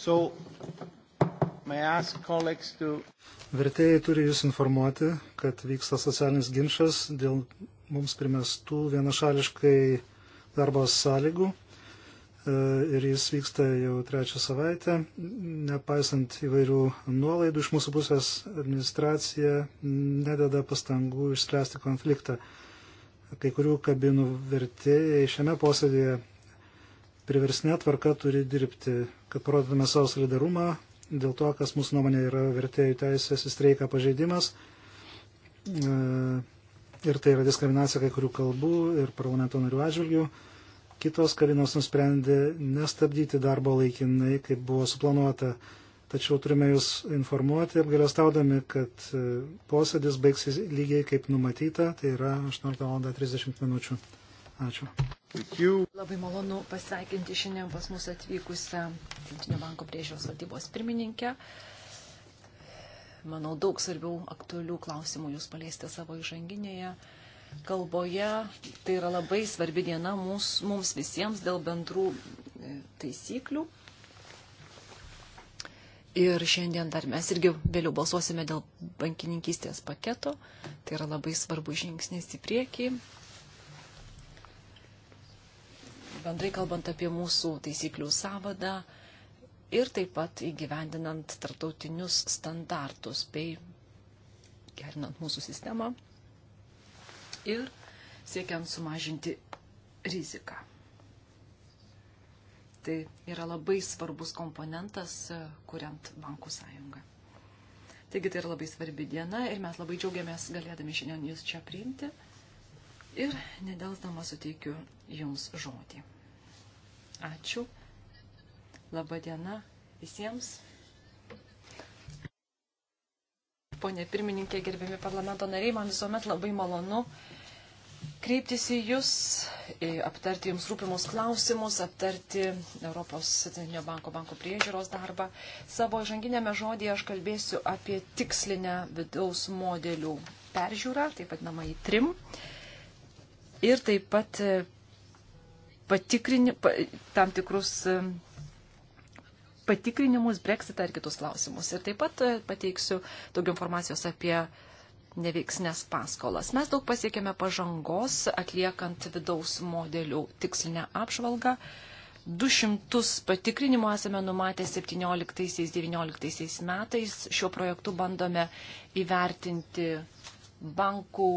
So, to... Vertėjai turi jūs informuoti, kad vyksta socialinis ginčas dėl mums primestų vienašališkai darbo sąlygų e, ir jis vyksta jau trečią savaitę. Nepaisant įvairių nuolaidų iš mūsų pusės administracija nededa pastangų išspręsti konfliktą. Kai kurių kabinų vertėjai šiame posėdėje priversne tvarka turi dirbti, kad parodytume savo solidarumą dėl to, kas mūsų nuomonė yra vertėjų teisės į streiką pažeidimas. E, ir tai yra diskriminacija kai kurių kalbų ir parlamento narių atžvilgių. Kitos kabinos nusprendė nestabdyti darbo laikinai, kaip buvo suplanuota. Tačiau turime jūs informuoti, apgalėstaudami, kad e, posėdis baigsis lygiai kaip numatyta, tai yra 18.30 minučių. Ačiū. Labai malonu pasveikinti šiandien pas mus atvykusią Centrinio banko priežiūros valdybos pirmininkę. Manau, daug svarbių aktualių klausimų jūs paliesite savo įžanginėje kalboje. Tai yra labai svarbi diena mums, mums visiems dėl bendrų e, taisyklių. Ir šiandien dar mes irgi vėliau balsuosime dėl bankininkystės paketo. Tai yra labai svarbus žingsnis į priekį bendrai kalbant apie mūsų taisyklių savadą ir taip pat įgyvendinant tartautinius standartus bei gerinant mūsų sistemą ir siekiant sumažinti riziką. Tai yra labai svarbus komponentas, e, kuriant bankų sąjungą. Taigi tai yra labai svarbi diena ir mes labai džiaugiamės galėdami šiandien jūs čia priimti ir nedelsdama suteikiu Jums žodį. Ačiū. Labadiena visiems. Pone pirmininkė, gerbiami parlamento nariai, man visuomet labai malonu kreiptis į Jūs, aptarti Jums rūpimus klausimus, aptarti Europos Centrinio banko banko priežiūros darbą. Savo žanginėme žodėje aš kalbėsiu apie tikslinę vidaus modelių peržiūrą, taip vadinamą į trim. Uh, ir taip pat e, patikrini, pa, tam tikrus e, patikrinimus, breksitą ir kitus klausimus. Ir taip pat e, pateiksiu daugiau informacijos apie neveiksnės paskolas. Mes daug pasiekėme pažangos, atliekant vidaus modelių tikslinę apžvalgą. 200 patikrinimų esame numatę 17-19 metais. Šiuo projektu bandome įvertinti bankų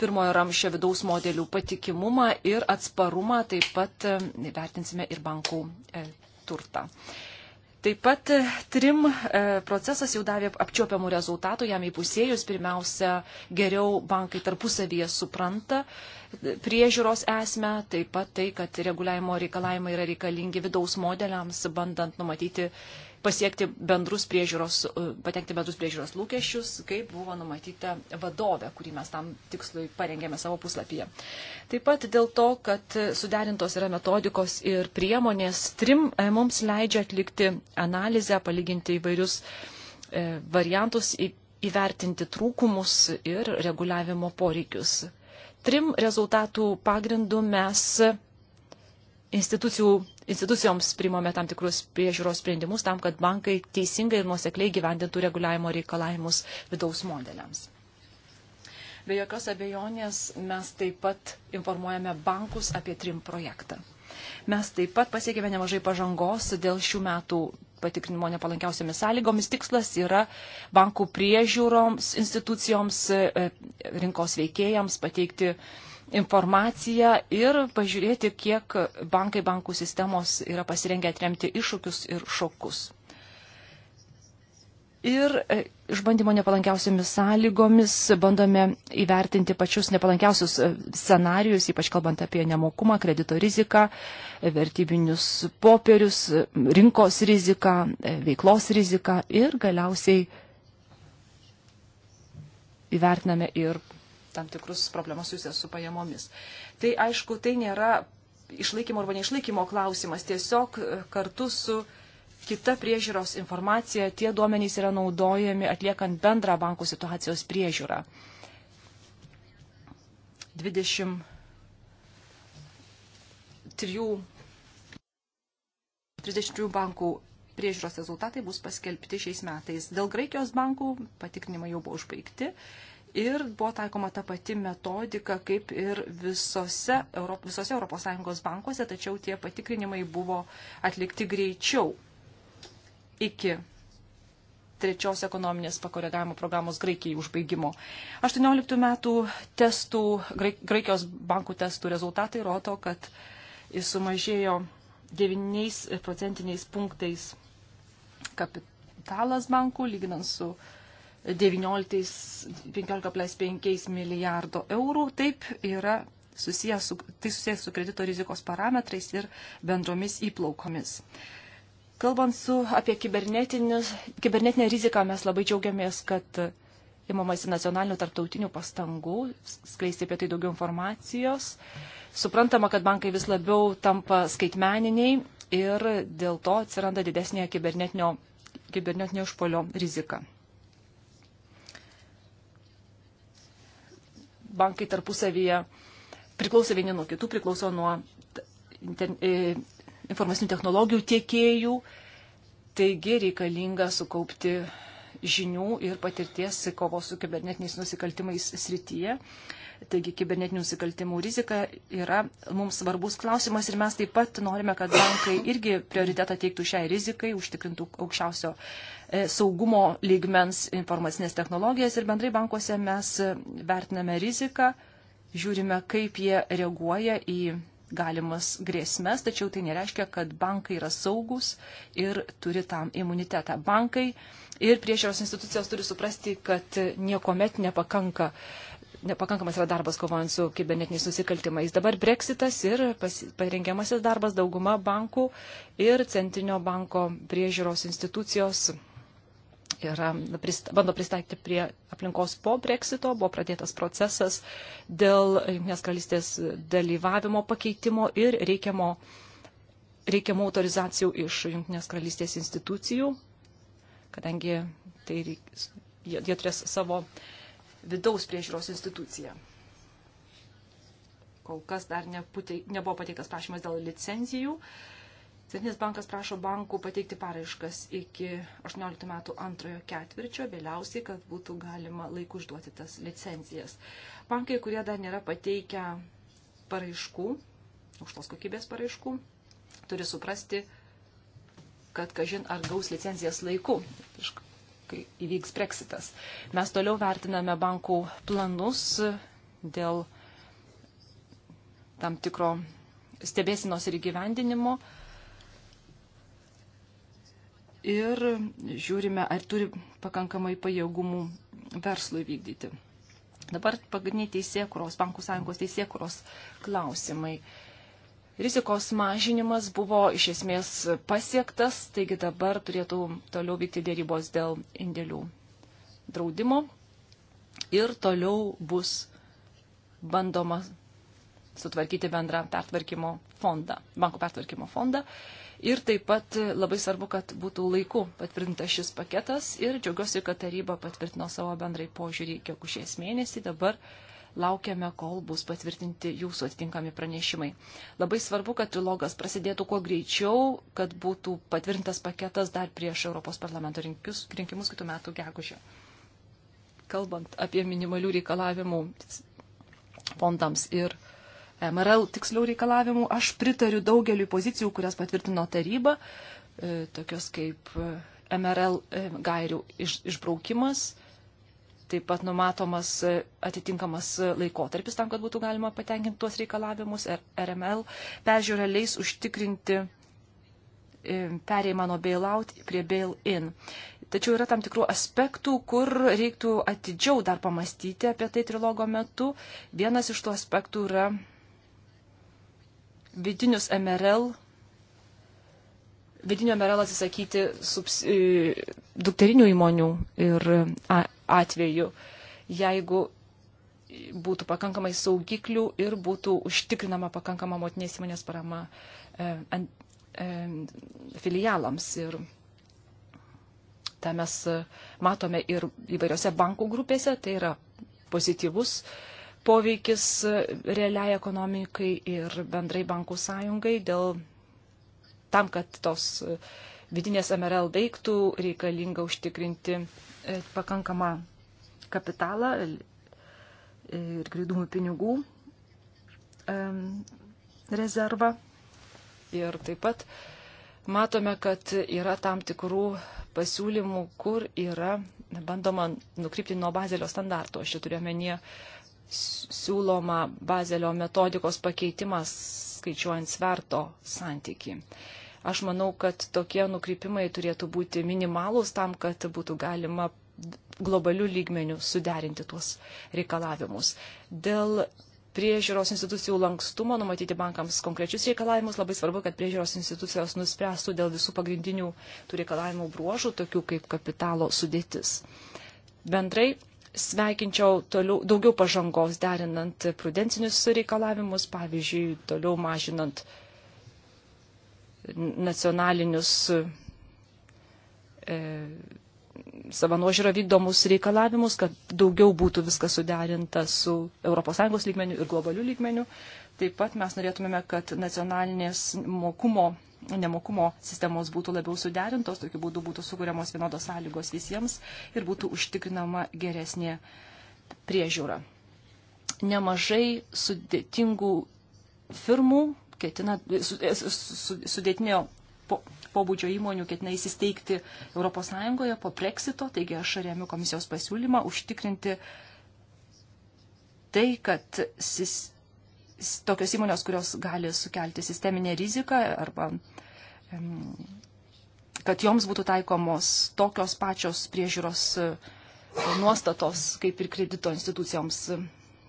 pirmojo ramščio vidaus modelių patikimumą ir atsparumą, taip pat e, vertinsime ir bankų e, turtą. Taip pat e, trim procesas jau davė apčiopiamų rezultatų, jam įpusėjus pirmiausia geriau bankai tarpusavyje supranta priežiūros esmę, taip pat tai, kad reguliavimo reikalavimai yra reikalingi vidaus modeliams, bandant numatyti pasiekti bendrus priežiūros, e, patekti bendrus priežiūros lūkesčius, kaip buvo numatyta vadovė, kurį mes tam tikslui parengėme savo puslapyje. Taip pat dėl to, kad suderintos yra metodikos ir priemonės, trim e, mums leidžia atlikti analizę, palyginti įvairius e, variantus, įvertinti trūkumus ir reguliavimo poreikius. Trim rezultatų pagrindu mes institucijų institucijoms primame tam tikrus priežiūros sprendimus tam, kad bankai teisingai ir nuosekliai gyvendintų reguliavimo reikalavimus vidaus modeliams. Be jokios abejonės mes taip pat informuojame bankus apie trim projektą. Mes taip pat pasiekėme nemažai pažangos dėl šių metų patikrinimo nepalankiausiamis sąlygomis. Tikslas yra bankų priežiūroms, institucijoms, e, rinkos veikėjams pateikti uh, informaciją ir pažiūrėti, kiek bankai bankų sistemos yra pasirengę atremti iššūkius ir šokus. Ir e, išbandymo nepalankiausiamis sąlygomis bandome įvertinti pačius nepalankiausius e, scenarius, ypač kalbant apie nemokumą, kredito riziką, e, vertybinius popierius, rinkos riziką, veiklos riziką ir galiausiai įvertiname ir tam tikrus problemas susijusias su pajamomis. Tai aišku, tai nėra išlaikymo arba neišlaikymo klausimas, tiesiog e, kartu su kita priežiūros informacija tie duomenys yra naudojami atliekant bendrą bankų situacijos priežiūrą. 23 33 bankų priežiūros rezultatai bus paskelbti šiais metais. Dėl Graikijos bankų patikrinimai jau buvo užbaigti ir buvo taikoma ta pati metodika kaip ir visose, Europ, visose ES bankuose, tačiau tie patikrinimai buvo atlikti greičiau iki trečios ekonominės pakoregavimo programos Graikijai užbaigimo. 18 metų testų, Graikijos bankų testų rezultatai rodo, kad jis sumažėjo 9 procentiniais punktais kapitalas bankų, lyginant su 15,5 milijardo eurų. Taip yra susijęs su, tai susijęs su kredito rizikos parametrais ir bendromis įplaukomis. Kalbant su, apie kibernetinę riziką, mes labai džiaugiamės, kad imamasi nacionalinių tarptautinių pastangų, skleisti apie tai daugiau informacijos. Suprantama, kad bankai vis labiau tampa skaitmeniniai ir dėl to atsiranda didesnė kibernetinio, kibernetinio išpolio rizika. bankai tarpusavyje priklauso vieni nuo kitų, priklauso nuo e, informacinių technologijų tiekėjų, taigi reikalinga sukaupti žinių ir patirties kovos su kibernetiniais nusikaltimais srityje. Uh, Taigi kibernetinių nusikaltimų rizika yra mums svarbus klausimas ir mes taip pat norime, kad bankai irgi prioritetą teiktų šiai rizikai, užtikrintų aukščiausio e, saugumo lygmens informacinės technologijas ir bendrai bankuose mes e, vertiname riziką, žiūrime, kaip jie reaguoja į galimas grėsmes, tačiau tai nereiškia, kad bankai yra saugus ir turi tam imunitetą. Bankai ir priešiaus institucijos turi suprasti, kad niekuomet nepakanka uh, nepakankamas yra darbas kovojant su kibernetiniais nusikaltimais. Dabar breksitas ir parengiamasis darbas dauguma bankų ir centrinio banko priežiūros institucijos yra, prist, bando pristaikyti prie aplinkos po breksito, buvo pradėtas procesas dėl Junktinės karalystės dalyvavimo pakeitimo ir reikiamo, reikiamų autorizacijų iš Junktinės karalystės institucijų, kadangi tai, jie, jie turės savo uh, vidaus priežiūros institucija. Kol kas dar nebuvo pateiktas prašymas dėl licenzijų. Centrinis bankas prašo bankų pateikti paraiškas iki 18 metų antrojo ketvirčio, vėliausiai, kad būtų galima laiku užduoti tas licencijas. Bankai, kurie dar nėra pateikę paraiškų, aukštos kokybės paraiškų, turi suprasti, kad kažin ar gaus licencijas laiku kai įvyks breksitas. Mes toliau vertiname bankų planus dėl tam tikro stebėsinos ir įgyvendinimo. Ir žiūrime, ar turi pakankamai pajėgumų verslui vykdyti. Dabar pagrindiniai teisėkuros, bankų sąjungos teisėkuros klausimai. Uh, Rizikos mažinimas buvo iš esmės pasiektas, taigi dabar turėtų toliau vykti dėrybos dėl indėlių draudimo ir toliau bus bandoma sutvarkyti bendrą pertvarkymo fondą, bankų pertvarkymo fondą. Ir taip pat labai svarbu, kad būtų laiku patvirtintas šis paketas ir džiaugiuosi, kad taryba patvirtino savo bendrai požiūrį kiekušės mėnesį. Dabar uh, laukiame, kol bus patvirtinti jūsų atitinkami pranešimai. Labai svarbu, kad trilogas prasidėtų kuo greičiau, kad būtų patvirtintas paketas dar prieš Europos parlamento rinkius, rinkimus kitų metų gegužę. Kalbant apie minimalių reikalavimų fondams ir MRL tiksliau reikalavimų, aš pritariu daugeliu pozicijų, kurias patvirtino taryba, e, tokios kaip e, MRL e, gairių iš, išbraukimas Taip pat numatomas e, atitinkamas e, laikotarpis tam, kad būtų galima patenkinti tuos reikalavimus. RML er, peržiūra leis užtikrinti e, perėjimą nuo bailout prie bail-in. Tačiau yra tam tikrų aspektų, kur reiktų atidžiau dar pamastyti apie tai trilogo metu. Vienas iš tų aspektų yra vidinius MRL, vidinio MRL atsisakyti subs, dukterinių įmonių ir atveju, jeigu būtų pakankamai saugiklių ir būtų užtikrinama pakankama motinės įmonės parama e, e, filialams. Ir tą mes e, matome ir įvairiose bankų grupėse, tai yra pozityvus poveikis e, realiai ekonomikai ir bendrai bankų sąjungai dėl tam, kad tos e, vidinės MRL veiktų, reikalinga užtikrinti E, pakankamą kapitalą e, ir greidumų pinigų e, rezervą. Ir taip pat matome, kad yra tam tikrų pasiūlymų, kur yra bandoma nukrypti nuo bazelio standarto. Aš čia turiu menyje siūloma bazelio metodikos pakeitimas, skaičiuojant sverto santyki. Aš manau, kad tokie nukrypimai turėtų būti minimalūs tam, kad būtų galima globalių lygmenių suderinti tuos reikalavimus. Dėl priežiūros institucijų lankstumo numatyti bankams konkrečius reikalavimus, labai svarbu, kad priežiūros institucijos nuspręstų dėl visų pagrindinių tų reikalavimų bruožų, tokių kaip kapitalo sudėtis. Bendrai sveikinčiau toliau, daugiau pažangos derinant prudencinius reikalavimus, pavyzdžiui, toliau mažinant uh, nacionalinius e, savanožiūro vykdomus reikalavimus, kad daugiau būtų viskas suderinta su ES lygmeniu ir globaliu lygmeniu. Taip pat mes norėtumėme, kad nacionalinės mokumo, nemokumo sistemos būtų labiau suderintos, tokiu būdu būtų sukūriamos vienodos sąlygos visiems ir būtų užtikrinama geresnė priežiūra. Nemažai sudėtingų firmų ketina sudėtinio su, su pobūdžio įmonių ketina įsisteigti ES po Brexito, taigi aš remiu komisijos pasiūlymą užtikrinti tai, kad sis, tokios įmonės, kurios gali sukelti sisteminę riziką arba kad joms būtų taikomos tokios pačios priežiūros e, nuostatos kaip ir kredito institucijoms.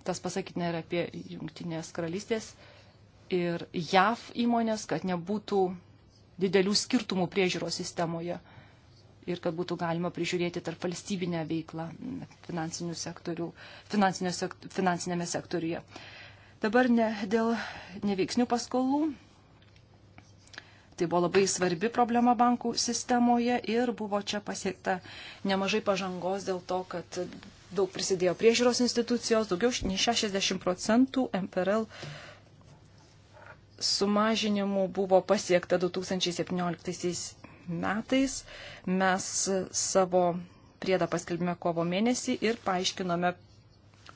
Tas pasakyti nėra apie Junktinės karalystės ir JAV įmonės, kad nebūtų didelių skirtumų priežiūros sistemoje ir kad būtų galima prižiūrėti tarp valstybinę veiklą sektorių, sekt, finansinėme sektoriuje. Dabar ne, dėl neveiksnių paskolų. Tai buvo labai svarbi problema bankų sistemoje ir buvo čia pasiekta nemažai pažangos dėl to, kad daug prisidėjo priežiūros institucijos, daugiau nei 60 procentų MPRL uh, sumažinimų buvo pasiekta 2017 metais. Mes savo priedą paskelbėme kovo mėnesį ir paaiškinome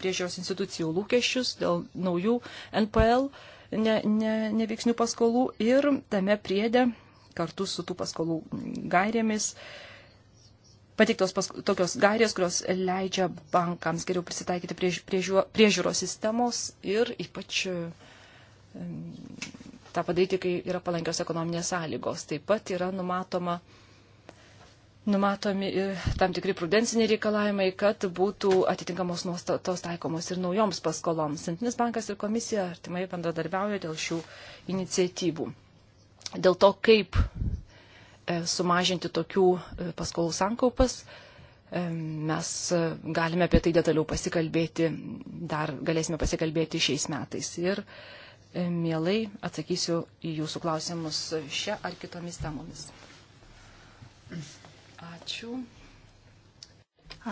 priežiūros institucijų lūkesčius dėl naujų NPL ne, ne, neveiksnių paskolų ir tame priede kartu su tų paskolų gairėmis pateiktos pas, tokios gairės, kurios leidžia bankams geriau prisitaikyti prie, prie, priežiūros sistemos ir ypač uh, tą padaryti, kai yra palankios ekonominės sąlygos. Taip pat yra numatoma, numatomi ir tam tikri prudenciniai reikalavimai, kad būtų atitinkamos nuostatos taikomos ir naujoms paskoloms. Centrinis bankas ir komisija artimai bendradarbiauja dėl šių iniciatyvų. Dėl to, kaip e, sumažinti tokių e, paskolų sankaupas, e, mes galime apie tai detaliau pasikalbėti, dar galėsime pasikalbėti šiais metais. Ir uh, E, mielai atsakysiu į jūsų klausimus šią ar kitomis temomis. Ačiū.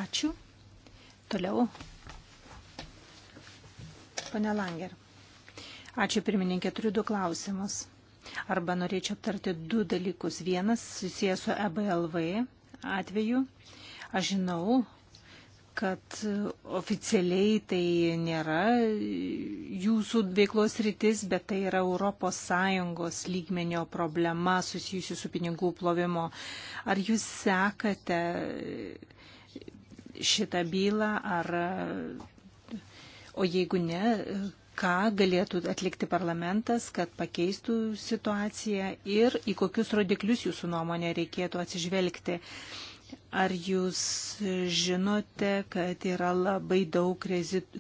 Ačiū. Toliau. Pane Langer. Ačiū pirmininkė, turiu du klausimus. Arba norėčiau aptarti du dalykus. Vienas susijęs su EBLV atveju. Aš žinau, kad oficialiai tai nėra jūsų veiklos rytis, bet tai yra ES lygmenio problema susijusi su pinigų plovimo. Ar jūs sekate šitą bylą, ar, o jeigu ne, ką galėtų atlikti parlamentas, kad pakeistų situaciją ir į kokius rodiklius jūsų nuomonė reikėtų atsižvelgti? Uh, Ar jūs žinote, kad yra labai daug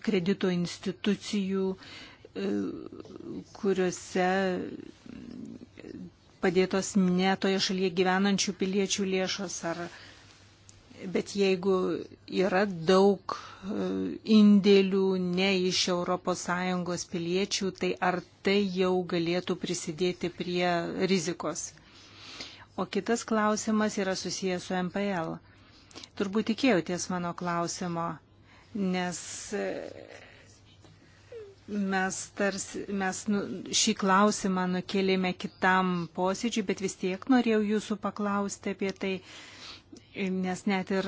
kredito institucijų, e, kuriuose padėtos minėtoje šalyje gyvenančių piliečių lėšos, ar, bet jeigu yra daug e, indėlių ne iš ES piliečių, tai ar tai jau galėtų prisidėti prie rizikos? O kitas klausimas yra susijęs su MPL. Turbūt tikėjotės mano klausimo, nes e, mes, tarsi, mes nu, šį klausimą nukėlėme kitam posėdžiui, bet vis tiek norėjau jūsų paklausti apie tai. Nes net ir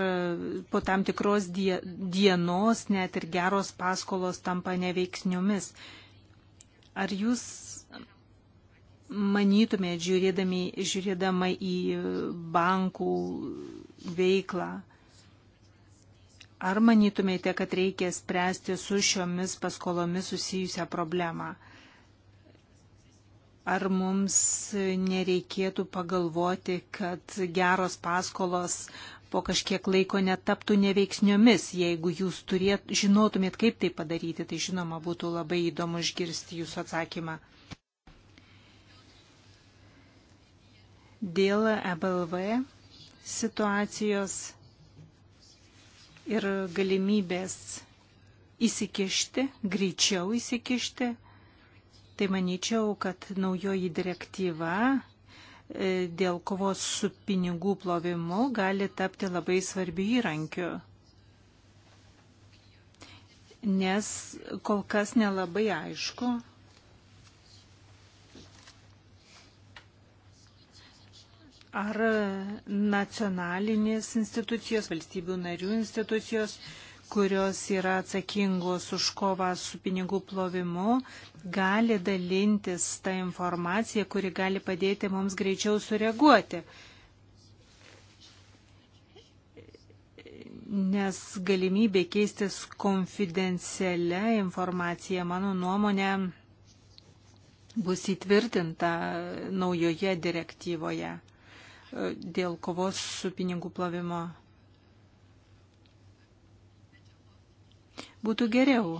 po tam tikros die, dienos, net ir geros paskolos tampa neveiksniomis. Ar jūs manytumėt žiūrėdami, žiūrėdama į bankų veiklą? Ar manytumėte, kad reikia spręsti su šiomis paskolomis susijusią problemą? Ar mums nereikėtų pagalvoti, kad geros paskolos po kažkiek laiko netaptų neveiksniomis, jeigu jūs turėt, žinotumėt, kaip tai padaryti, tai žinoma būtų labai įdomu išgirsti jūsų atsakymą. dėl EBLV situacijos ir galimybės įsikišti, greičiau įsikišti, tai manyčiau, kad naujoji direktyva e, dėl kovos su pinigų plovimu gali tapti labai svarbių įrankių. Nes kol kas nelabai aišku, ar nacionalinės institucijos, valstybių narių institucijos, kurios yra atsakingos už kovą su pinigų plovimu, gali dalintis tą informaciją, kuri gali padėti mums greičiau sureaguoti. Nes galimybė keistis konfidencialią informaciją, mano nuomonė, bus įtvirtinta naujoje direktyvoje dėl kovos su pinigų plovimo. Būtų geriau,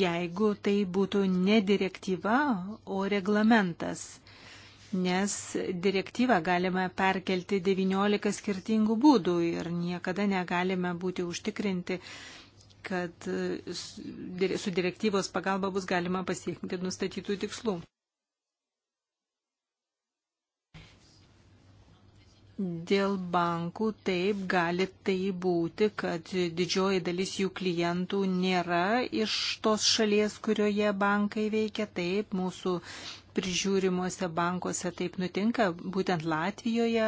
jeigu tai būtų ne direktyva, o reglamentas, nes direktyvą galime perkelti 19 skirtingų būdų ir niekada negalime būti užtikrinti, kad su direktyvos pagalba bus galima pasiekti nustatytų tikslų. Dėl bankų taip gali tai būti, kad didžioji dalis jų klientų nėra iš tos šalies, kurioje bankai veikia. Taip, mūsų prižiūrimuose bankuose taip nutinka, būtent Latvijoje,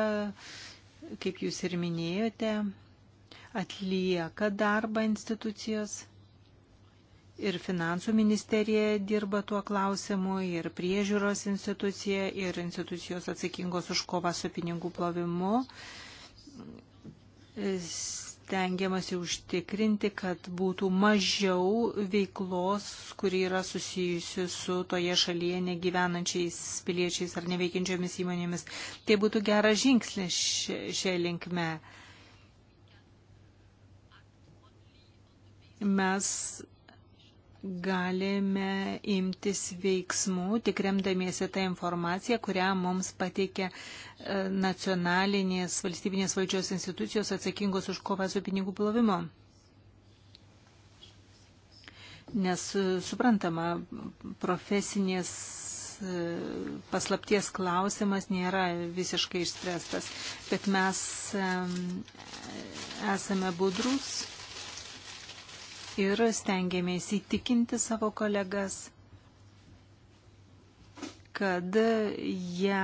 kaip jūs ir minėjote, atlieka darbą institucijos ir finansų ministerija dirba tuo klausimu, ir priežiūros institucija, ir institucijos atsakingos už kovą su pinigų plovimu. Stengiamasi užtikrinti, kad būtų mažiau veiklos, kuri yra susijusi su toje šalyje negyvenančiais piliečiais ar neveikiančiomis įmonėmis. Tai būtų geras žingsnis šią linkme. Mes galime imtis veiksmų, tik remdamiesi tą informaciją, kurią mums pateikia e, nacionalinės valstybinės valdžios institucijos atsakingos už kovą su pinigų plovimu. Nes e, suprantama, profesinės e, paslapties klausimas nėra visiškai išspręstas, bet mes esame budrus ir stengiamės įtikinti savo kolegas, kad jie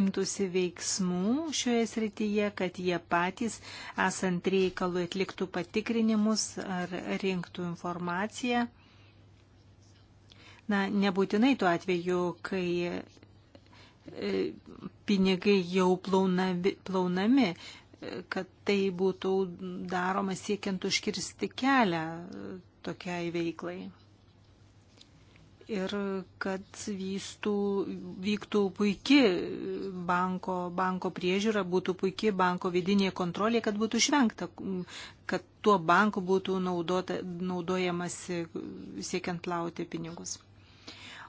imtųsi veiksmų šioje srityje, kad jie patys, esant reikalui, atliktų patikrinimus ar rinktų informaciją. Na, nebūtinai tuo atveju, kai e, pinigai jau plaunami, plaunami, kad tai būtų daroma siekiant užkirsti kelią tokiai veiklai. Ir kad vystų, vyktų puiki banko, banko priežiūra, būtų puiki banko vidinė kontrolė, kad būtų išvengta, kad tuo banku būtų naudota, naudojamasi siekiant plauti pinigus.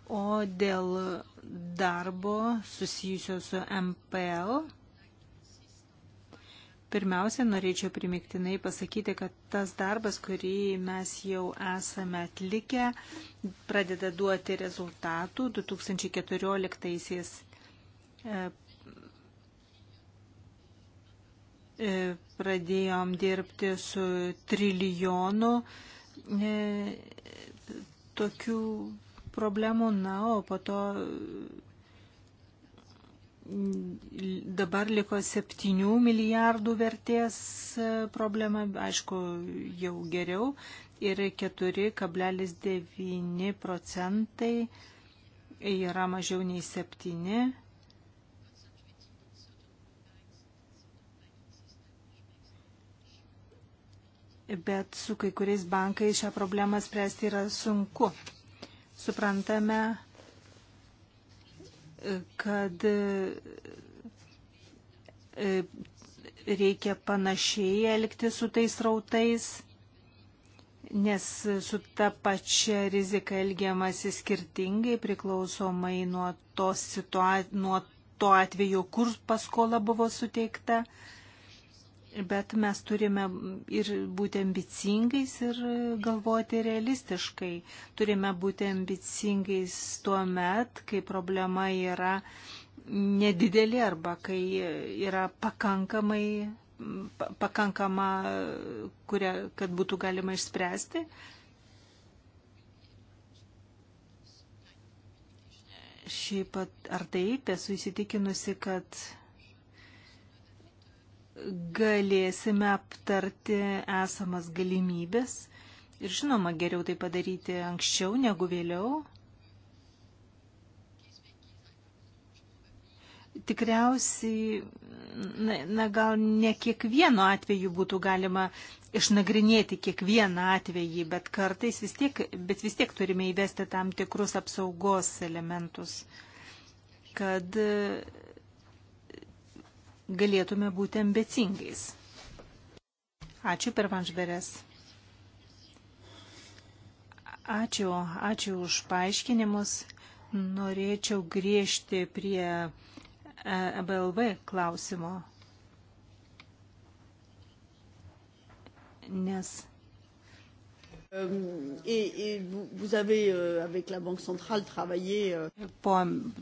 O dėl darbo susijusio su MPL Pirmiausia, norėčiau primiktinai pasakyti, kad tas darbas, kurį mes jau esame atlikę, pradeda duoti rezultatų. 2014-aisiais e, e, pradėjom dirbti su trilijonu e, tokių problemų, na, o po to dabar liko 7 milijardų vertės e, problema, aišku, jau geriau, ir 4,9 procentai yra mažiau nei 7. Bet su kai kuriais bankais šią problemą spręsti yra sunku. Suprantame, kad e, reikia panašiai elgti su tais rautais, nes su ta pačia rizika elgiamasi skirtingai priklausomai nuo to, situa nuo to atveju, kur paskola buvo suteikta. Bet mes turime ir būti ambicingais ir galvoti realistiškai. Turime būti ambicingais tuo met, kai problema yra nedidelė arba kai yra pakankamai, pakankama, kuria, kad būtų galima išspręsti. Šiaip ar taip esu įsitikinusi, kad galėsime aptarti esamas galimybės ir žinoma, geriau tai padaryti anksčiau negu vėliau. Tikriausiai, na, na gal ne kiekvieno atveju būtų galima išnagrinėti kiekvieną atvejį, bet kartais vis tiek, bet vis tiek turime įvesti tam tikrus apsaugos elementus, kad galėtume būti ambicingais. Ačiū per Vanžberės. Ačiū, ačiū už paaiškinimus. Norėčiau griežti prie EBLV e klausimo, nes um, Et, et vous, vous avez, euh, avec la Banque centrale, travaillé. Euh... Po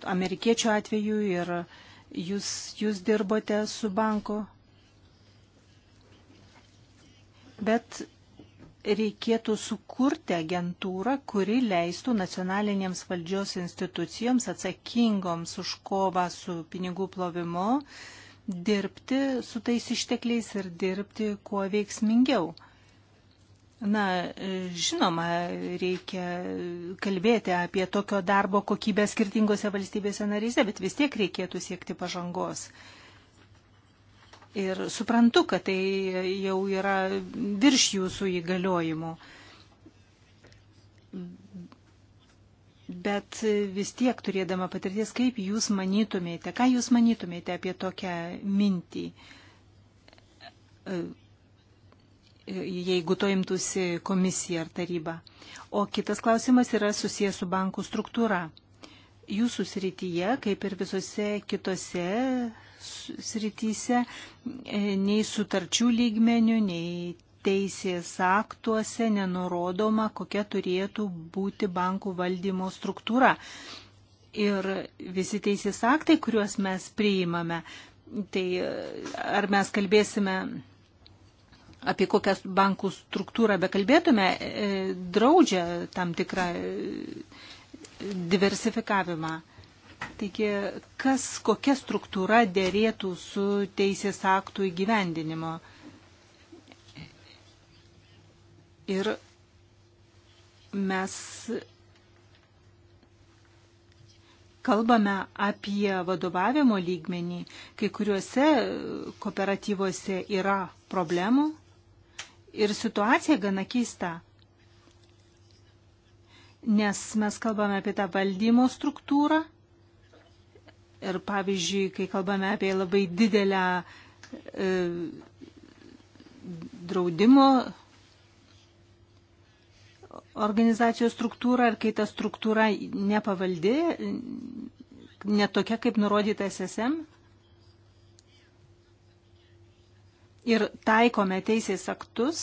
amerikiečių atveju ir euh, Jūs, jūs dirbote su banku. Bet reikėtų sukurti agentūrą, kuri leistų nacionalinėms valdžios institucijoms atsakingoms už kovą su pinigų plovimu dirbti su tais ištekliais ir dirbti kuo veiksmingiau. Na, žinoma, reikia kalbėti apie tokio darbo kokybę skirtingose valstybėse narise, bet vis tiek reikėtų siekti pažangos. Ir suprantu, kad tai jau yra virš jūsų įgaliojimų. Bet vis tiek turėdama patirties, kaip jūs manytumėte, ką jūs manytumėte apie tokią mintį? jeigu to imtųsi komisija ar taryba. O kitas klausimas yra susijęs su bankų struktūra. Jūsų srityje, kaip ir visose kitose srityse, e, nei sutarčių lygmenių, nei teisės aktuose nenurodoma, kokia turėtų būti bankų valdymo struktūra. Ir visi teisės aktai, kuriuos mes priimame, tai e, ar mes kalbėsime apie kokią bankų struktūrą bekalbėtume, e, draudžia tam tikrą e, diversifikavimą. Taigi, kas, kokia struktūra dėrėtų su teisės aktų įgyvendinimo? Ir mes kalbame apie vadovavimo lygmenį. Kai kuriuose kooperatyvuose yra problemų, ir situacija gana keista. Nes mes kalbame apie tą valdymo struktūrą ir pavyzdžiui, kai kalbame apie labai didelę e, draudimo organizacijos struktūrą ir kai ta struktūra nepavaldi, netokia kaip nurodyta SSM, ir taikome teisės aktus,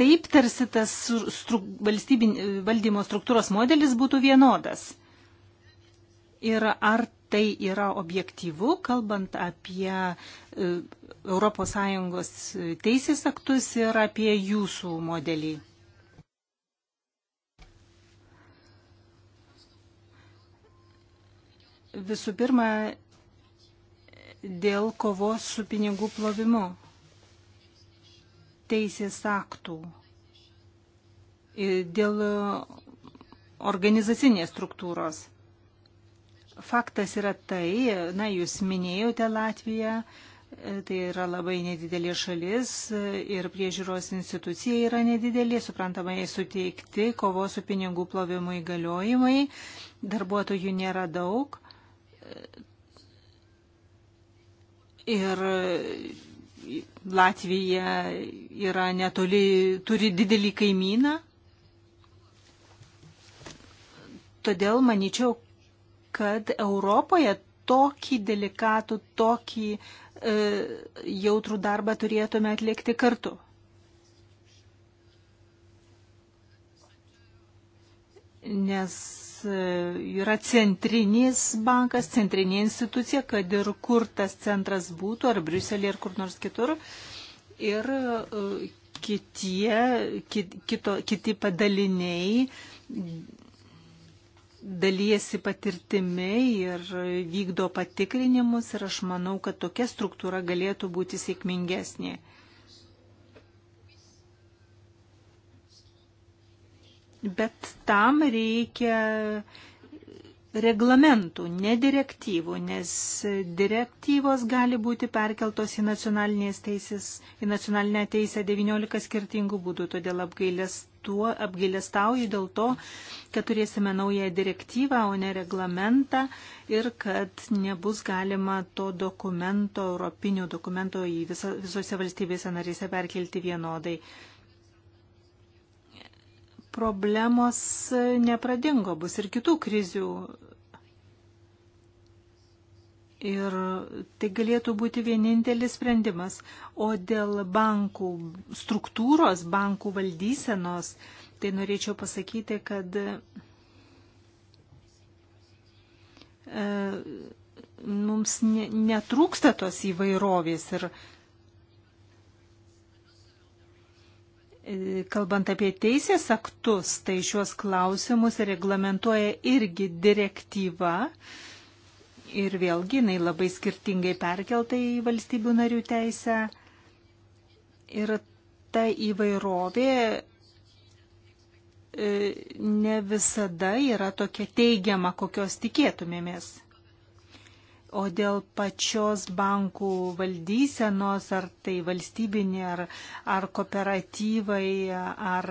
taip tarsi tas stru, valdymo struktūros modelis būtų vienodas. Ir ar tai yra objektyvu, kalbant apie ES teisės aktus ir apie jūsų modelį? Visų pirma, dėl kovos su pinigų plovimu teisės aktų dėl e, organizacinės struktūros. Faktas yra tai, na, jūs minėjote Latviją, e, tai yra labai nedidelė šalis e, ir priežiūros institucija yra nedidelė, suprantama, jai suteikti kovos su pinigų plovimu įgaliojimai, darbuotojų nėra daug. Ir Latvija yra netoli, turi didelį kaimyną. Todėl manyčiau, kad Europoje tokį delikatų, tokį e, jautrų darbą turėtume atlikti kartu. Nes yra centrinis bankas, centrinė institucija, kad ir kur tas centras būtų, ar Briuselė, ar kur nors kitur. Ir e, kitie, kit, kito, kiti padaliniai dalyjasi patirtimi ir vykdo patikrinimus ir aš manau, kad tokia struktūra galėtų būti sėkmingesnė. Bet tam reikia reglamentų, ne direktyvų, nes direktyvos gali būti perkeltos į, teisės, į nacionalinę teisę 19 skirtingų būdų, todėl apgailės tuo apgailestauju dėl to, kad turėsime naują direktyvą, o ne reglamentą ir kad nebus galima to dokumento, europinio dokumento į viso, visose valstybėse narėse perkelti vienodai problemos nepradingo, bus ir kitų krizių. Ir tai galėtų būti vienintelis sprendimas. O dėl bankų struktūros, bankų valdysenos, tai norėčiau pasakyti, kad e, mums netrūksta tos įvairovės ir E, kalbant apie teisės aktus, tai šiuos klausimus reglamentuoja irgi direktyva. Ir vėlgi, jinai labai skirtingai perkelta į valstybių narių teisę. Ir ta įvairovė e, ne visada yra tokia teigiama, kokios tikėtumėmės. O dėl pačios bankų valdysenos, ar tai valstybinė, ar, ar kooperatyvai, ar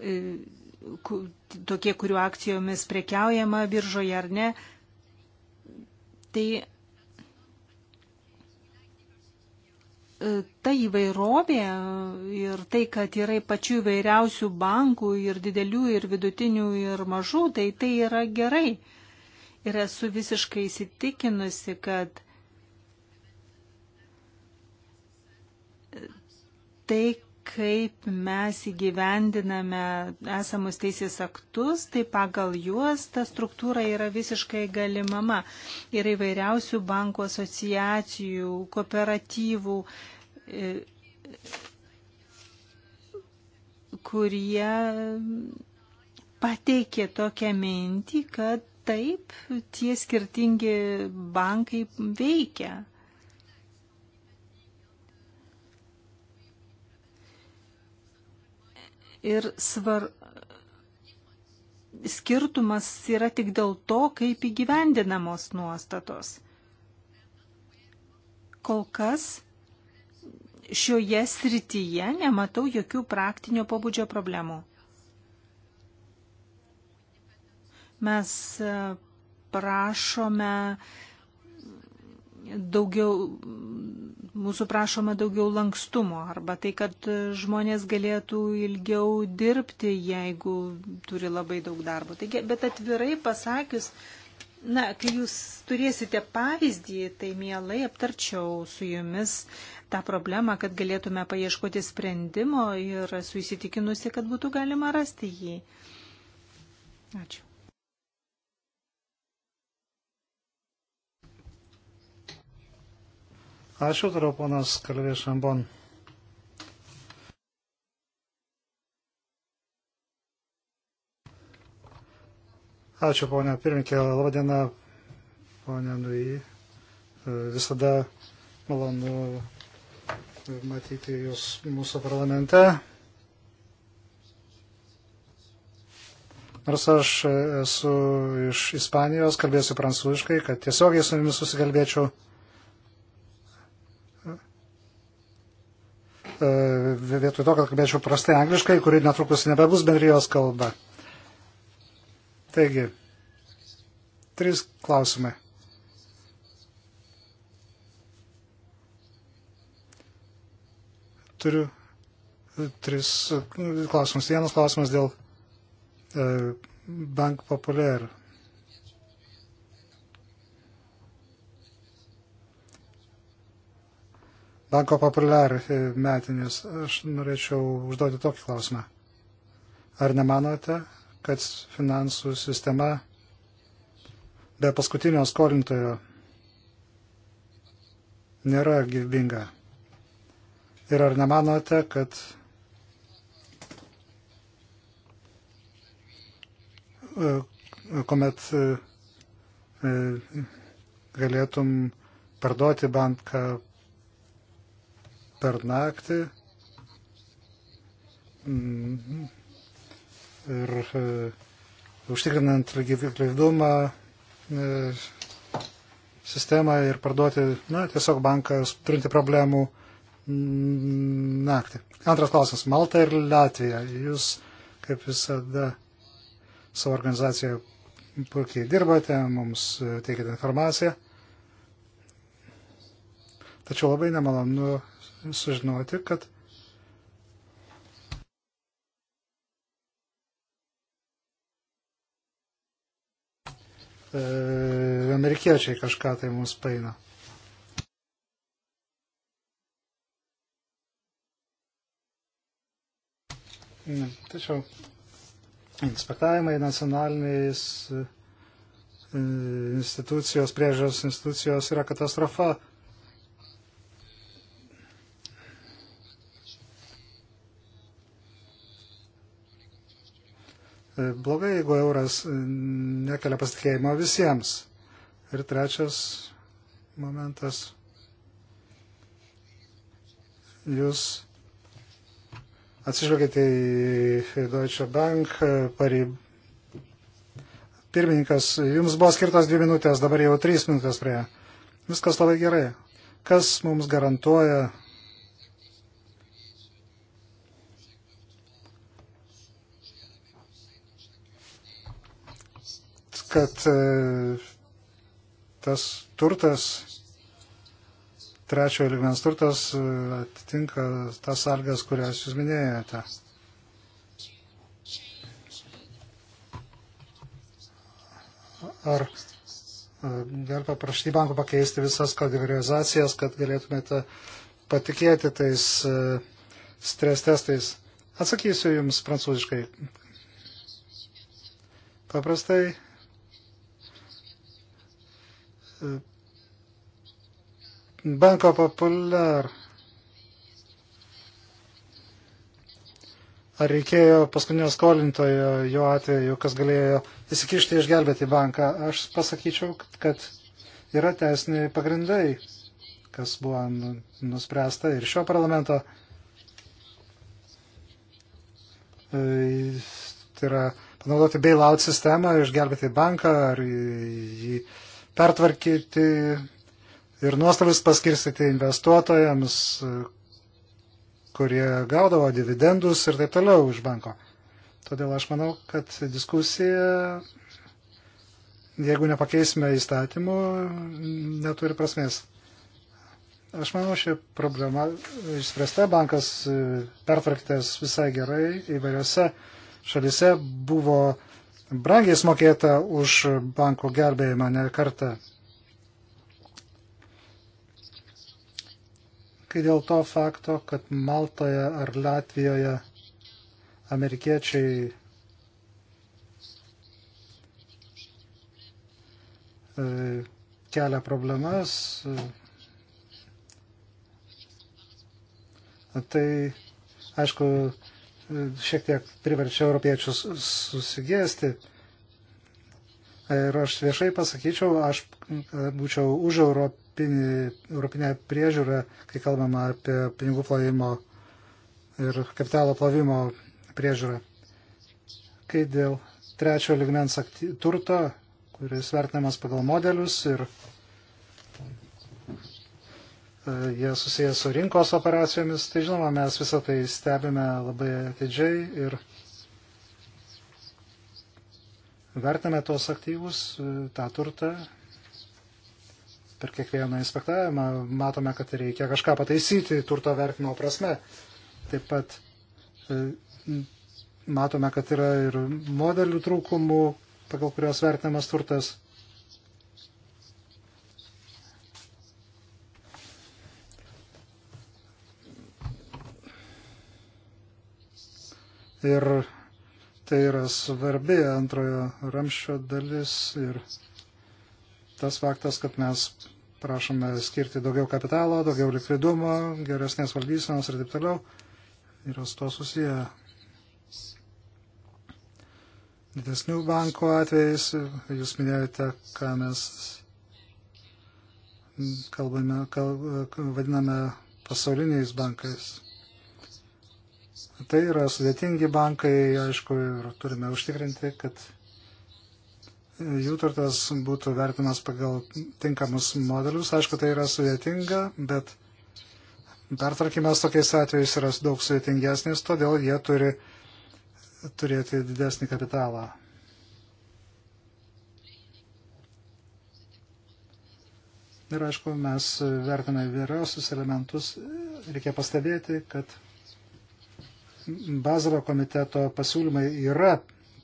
e, tokie, kurių akcijomis prekiaujama biržoje ar ne, tai e, ta įvairovė ir tai, kad yra pačių įvairiausių bankų ir didelių, ir vidutinių, ir mažų, tai tai yra gerai. Ir esu visiškai įsitikinusi, kad tai, kaip mes įgyvendiname esamus teisės aktus, tai pagal juos ta struktūra yra visiškai galimama. Yra įvairiausių bankų asociacijų, kooperatyvų, e, kurie pateikė tokią mintį, kad taip tie skirtingi bankai veikia. Ir svar... skirtumas yra tik dėl to, kaip įgyvendinamos nuostatos. Kol kas šioje srityje nematau jokių praktinio pobūdžio problemų. Mes e, prašome daugiau, mūsų prašoma daugiau lankstumo arba tai, kad žmonės galėtų ilgiau dirbti, jeigu turi labai daug darbo. Taigi, bet atvirai pasakius, na, kai jūs turėsite pavyzdį, tai mielai aptarčiau su jumis tą problemą, kad galėtume paieškoti sprendimo ir esu įsitikinusi, kad būtų galima rasti jį. Ačiū. Ačiū, turiu ponas Kalvė Šambon. Ačiū, ponia pirmininkė. Labadiena, ponia Nui. Visada malonu matyti jūs mūsų parlamente. Nors aš esu iš Ispanijos, kalbėsiu prancūziškai, kad tiesiogiai su jumis susikalbėčiau. E, vietoj to, kad kalbėčiau prastai angliškai, kuri netrukus nebebus bendrijos kalba. Taigi, trys klausimai. Turiu e, tris e, klausimus. Vienas klausimas dėl Bank Populiar Banko Populiar metinis. Aš norėčiau užduoti tokį klausimą. Ar nemanote, kad finansų sistema be paskutinio skolintojo nėra gyvybinga? Ir ar nemanote, kad kuomet e, galėtum parduoti banką per naktį mm. ir e, užtikrinant likvidumą e, sistemą ir parduoti, na, tiesiog bankas turinti problemų mm, naktį. Antras klausimas. Malta ir Latvija. Jūs, kaip visada, savo organizacijoje puikiai dirbate, mums teikite informaciją. Tačiau labai nemalonu sužinoti, kad e, amerikiečiai kažką tai mums paina. Tačiau inspektavimai nacionaliniais e, institucijos, priežiūros institucijos yra katastrofa blogai, jeigu euras nekelia pasitikėjimo visiems. Ir trečias momentas. Jūs atsižvelgėte į Deutsche Bank e, pareigų pirmininkas, jums buvo skirtos dvi minutės, dabar jau trys minutės prie. Viskas labai gerai. Kas mums garantuoja, kad e, tas turtas, trečiojo ligmens turtas e, atitinka tas sargas, kurias jūs minėjote. Ar galite paprašyti bankų pakeisti visas kategorizacijas, kad galėtumėte patikėti tais e, stres testais. Atsakysiu Jums prancūziškai. Paprastai Banko Populiar. Ar reikėjo paskutinio skolintojo jo atveju, kas galėjo įsikišti išgelbėti banką? Aš pasakyčiau, kad yra teisiniai pagrindai, kas buvo nu, nuspręsta ir šio parlamento. E, tai yra panaudoti bailout sistemą, išgelbėti banką ar jį. Į pertvarkyti ir nuostolius paskirstyti investuotojams, kurie gaudavo dividendus ir taip toliau iš banko. Todėl aš manau, kad diskusija, jeigu nepakeisime įstatymų, neturi prasmės. Aš manau, ši problema išspręsta, bankas pertvarkytas visai gerai įvairiose šalise buvo uh, Brangiai smokėta už banko gelbėjimą ne kartą. Kai dėl to fakto, kad Maltoje ar Latvijoje amerikiečiai e, kelia problemas. E, tai, aišku, šiek tiek priverčia europiečius susigėsti. Ir aš viešai pasakyčiau, aš e, būčiau už europinį, europinę priežiūrą, kai kalbama apie pinigų plovimo ir kapitalo plovimo priežiūrą. Kai dėl trečio ligmens turto, kuris vertinamas pagal modelius ir E, jie susijęs su rinkos operacijomis, tai žinoma, mes visą tai stebime labai atidžiai ir vertiname tos aktyvus, e, tą turtą. Per kiekvieną inspektavimą matome, kad reikia kažką pataisyti turto vertinimo prasme. Taip pat e, matome, kad yra ir modelių trūkumų, pagal kurios vertinamas turtas ir tai yra svarbi antrojo ramščio dalis ir tas faktas, kad mes prašome skirti daugiau kapitalo, daugiau likvidumo, geresnės valdysenos ir taip toliau, yra su to susiję didesnių bankų atvejais. Jūs minėjote, ką mes kalbame, kal, vadiname pasauliniais bankais. Tai yra sudėtingi bankai, aišku, ir turime užtikrinti, kad jų turtas būtų vertinamas pagal tinkamus modelius. Aišku, tai yra sudėtinga, bet pertvarkymas tokiais atvejais yra daug sudėtingesnis, todėl jie turi turėti didesnį kapitalą. Ir aišku, mes vertiname vyriausius elementus. Reikia pastebėti, kad Bazaro komiteto pasiūlymai yra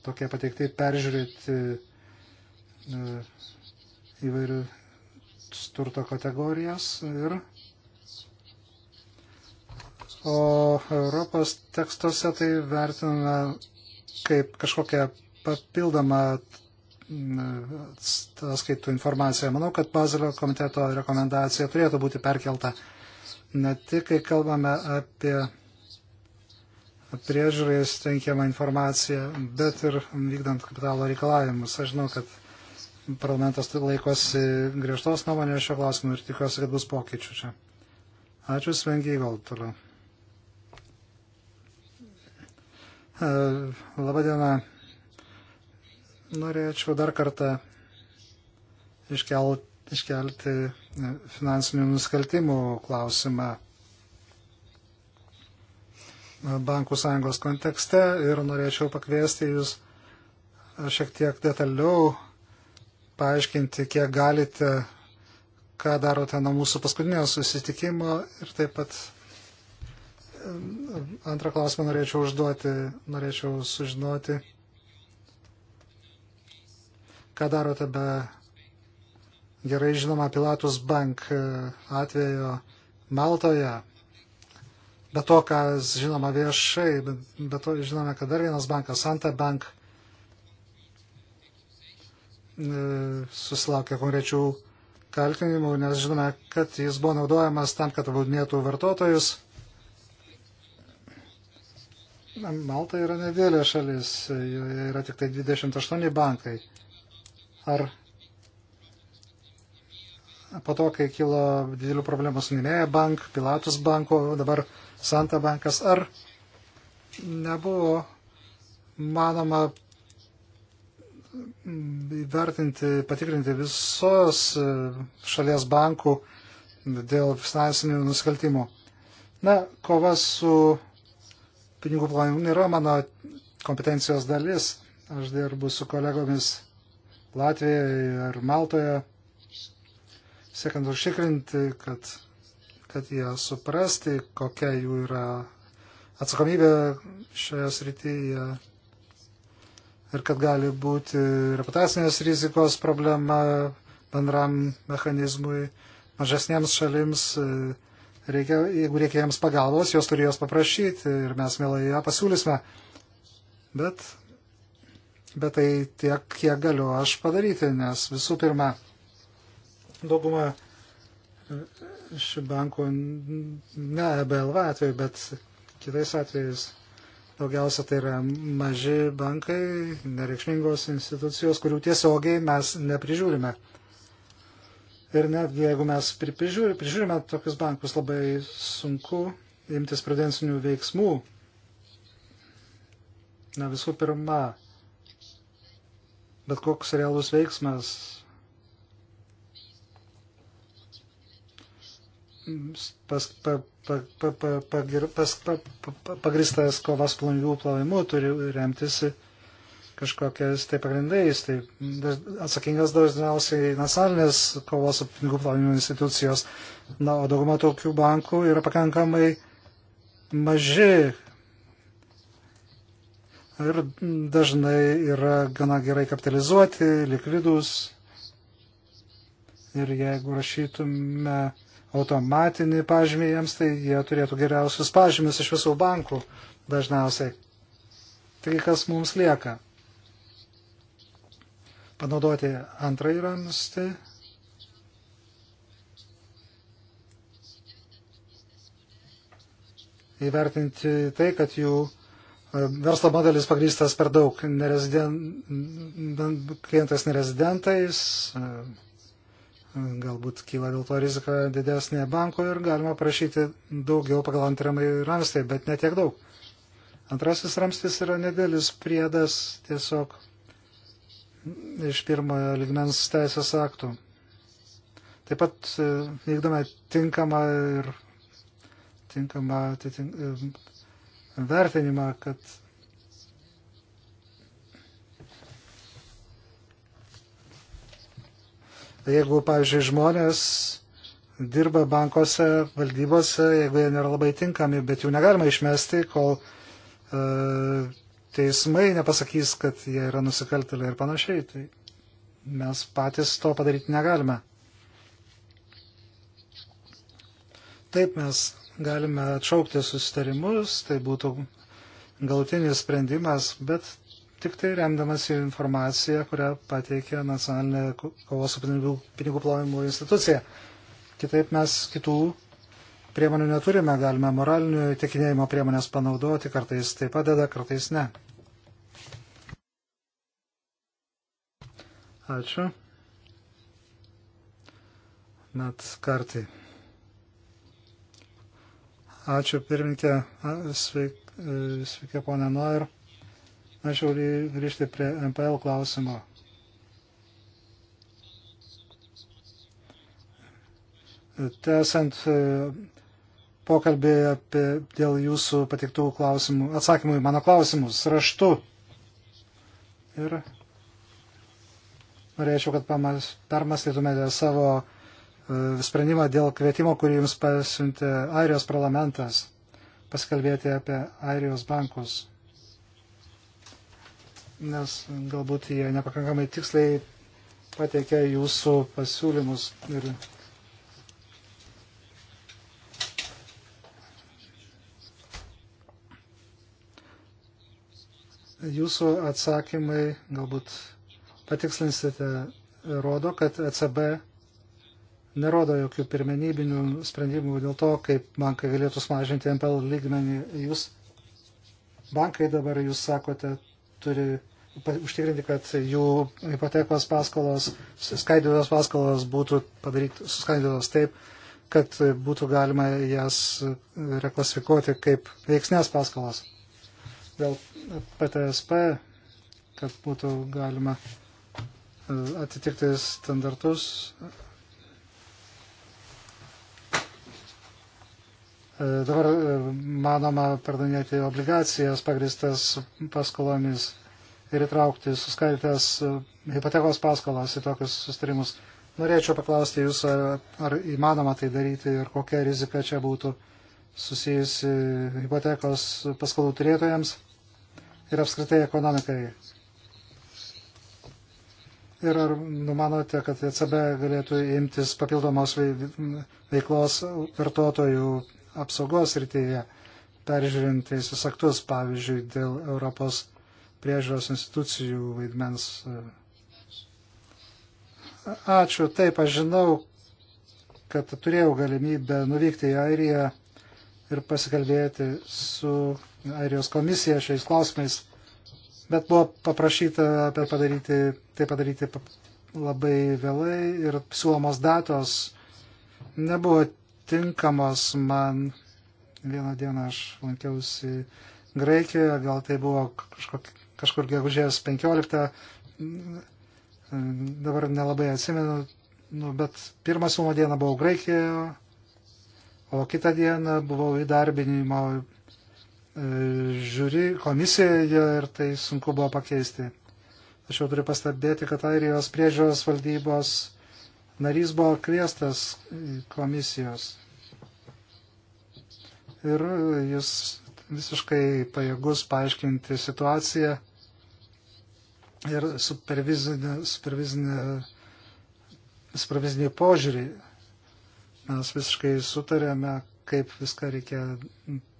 tokie pateikti peržiūrėti e, įvairių turto kategorijas ir o Europos tekstuose tai vertiname kaip kažkokią papildomą skaitų informaciją. Manau, kad Bazilio komiteto rekomendacija turėtų būti perkelta ne tik, kai kalbame apie priežiūrai stenkiamą informaciją, bet ir vykdant kapitalo reikalavimus. Aš žinau, kad parlamentas laikosi griežtos nuomonės šio klausimu ir tikiuosi, kad bus pokyčių čia. Ačiū Svengiai Galtulio. E, Labadiena. Norėčiau dar kartą iškelti, iškelti finansinių nusikaltimų klausimą bankų sąjungos kontekste ir norėčiau pakviesti jūs šiek tiek detaliau paaiškinti, kiek galite, ką darote nuo mūsų paskutinio susitikimo ir taip pat antrą klausimą norėčiau užduoti, norėčiau sužinoti, ką darote be gerai žinoma Pilatus Bank e, atvejo Maltoje Be to, kas žinoma viešai, be to žinome, kad dar vienas bankas, Santa Bank, e, susilaukė konkrečių kaltinimų, nes žinome, kad jis buvo naudojamas tam, kad apgaudinėtų vartotojus. Malta yra nedėlė šalis, joje yra tik tai 28 bankai. Ar po to, kai kilo didelių problemų su Minėja bank, Pilatus banku, dabar Santa bankas, ar nebuvo manoma vertinti, patikrinti visos e, šalies bankų dėl finansinių nusikaltimų. Na, kova su pinigų planimu nėra mano kompetencijos dalis. Aš dirbu su kolegomis Latvijoje ir Maltoje, siekiant užtikrinti, kad kad jie suprasti, kokia jų yra atsakomybė šioje srityje ir kad gali būti reputacinės rizikos problema bendram mechanizmui mažesniems šalims. Reikia, jeigu reikia jiems pagalbos, jos turi jos paprašyti ir mes mielai ją pasiūlysime. Bet, bet tai tiek, kiek galiu aš padaryti, nes visų pirma, dauguma šių bankų, ne e BLV atveju, bet kitais atvejais daugiausia tai yra maži bankai, nereikšmingos institucijos, kurių tiesiogiai mes neprižiūrime. Ir netgi jeigu mes prižiūrime, prižiūrime tokius bankus, labai sunku imtis prudencinių veiksmų. Na visų pirma, bet koks realus veiksmas pagristas kovas plangų plovimu turi remtis kažkokiais tai pagrindais. Tai atsakingas dažniausiai nacionalinės kovos su pinigų plovimu institucijos. Na, o dauguma tokių bankų yra pakankamai maži ir dažnai yra gana gerai kapitalizuoti, likvidus. Ir jeigu rašytume automatinį pažymį jiems, tai jie turėtų geriausius pažymius iš visų bankų dažniausiai. Tai kas mums lieka? Panaudoti antrąjį ramstį. Įvertinti tai, kad jų e, verslo modelis pagrįstas per daug nerezident, klientais nerezidentais, e, galbūt kyla dėl to rizika didesnė banko ir galima prašyti daugiau pagal antrąjį ramstį, bet ne tiek daug. Antrasis ramstis yra nedėlis priedas tiesiog iš pirmojo ligmens teisės aktų. Taip pat e, vykdome tinkamą ir tinkamą e, vertinimą, kad Jeigu, pavyzdžiui, žmonės dirba bankuose, valdybose, jeigu jie nėra labai tinkami, bet jų negalima išmesti, kol uh, teismai nepasakys, kad jie yra nusikaltėliai ir panašiai, tai mes patys to padaryti negalime. Taip mes galime atšaukti susitarimus, tai būtų galutinis sprendimas, bet tik tai remdamas informaciją, kurią pateikė nacionalinė kovos su pinigų, pinigų plovimo institucija. Kitaip mes kitų priemonių neturime, galime moralinių įtikinėjimo priemonės panaudoti, kartais tai padeda, kartais ne. Ačiū. Net kartai. Ačiū pirmininkė, sveiki, e, sveiki ponė Noir. Nu, Norėčiau grįžti prie MPL klausimo. Tęsant e, pokalbį apie, dėl jūsų patiktų klausimų, atsakymų į mano klausimus raštu. Ir norėčiau, kad pamas, permastytumėte savo uh, sprendimą dėl kvietimo, kurį jums pasiuntė Airijos parlamentas, pasikalbėti apie Airijos bankus nes galbūt jie nepakankamai tiksliai pateikia jūsų pasiūlymus. Ir jūsų atsakymai, galbūt patikslinsite, rodo, kad ECB nerodo jokių pirmenybinių sprendimų dėl to, kaip bankai galėtų sumažinti MPL lygmenį. Jūs, bankai dabar, jūs sakote, turi užtikrinti, kad jų ipotekos paskolos, skaidytos paskolos būtų padarytos, suskaidytos taip, kad būtų galima jas reklasifikuoti kaip veiksnės paskolos. Dėl PTSP, kad būtų galima e, atitikti standartus. E, dabar e, manoma pardavinėti obligacijas pagristas paskolomis ir įtraukti suskaidytas e, hipotekos paskolas į tokius sustarimus. Norėčiau paklausti Jūs, ar įmanoma tai daryti ir kokia rizika čia būtų susijusi hipotekos paskolų turėtojams ir apskritai ekonomikai. Ir ar numanote, kad ECB galėtų imtis papildomos veiklos vartotojų apsaugos rytyje, peržiūrint teisės aktus, pavyzdžiui, dėl Europos priežiūros institucijų vaidmens. Ačiū, taip, aš žinau, kad turėjau galimybę nuvykti į Airiją ir pasikalbėti su Airijos komisija šiais klausimais, bet buvo paprašyta padaryti, tai padaryti labai vėlai ir siūlomos datos nebuvo tinkamos man. Vieną dieną aš lankiausi Graikijoje, gal tai buvo kažkokia kažkur gegužės 15, dabar nelabai atsimenu, nu, bet pirmą sumo dieną buvau Graikijoje, o kitą dieną buvau įdarbinimo e, žiūri komisijoje ir tai sunku buvo pakeisti. Tačiau turiu pastebėti, kad Airijos priežiūros valdybos narys buvo kviestas komisijos. Ir jis visiškai pajėgus paaiškinti situaciją ir supervizinį, supervizinį, supervizinį požiūrį. Mes visiškai sutarėme, kaip viską reikia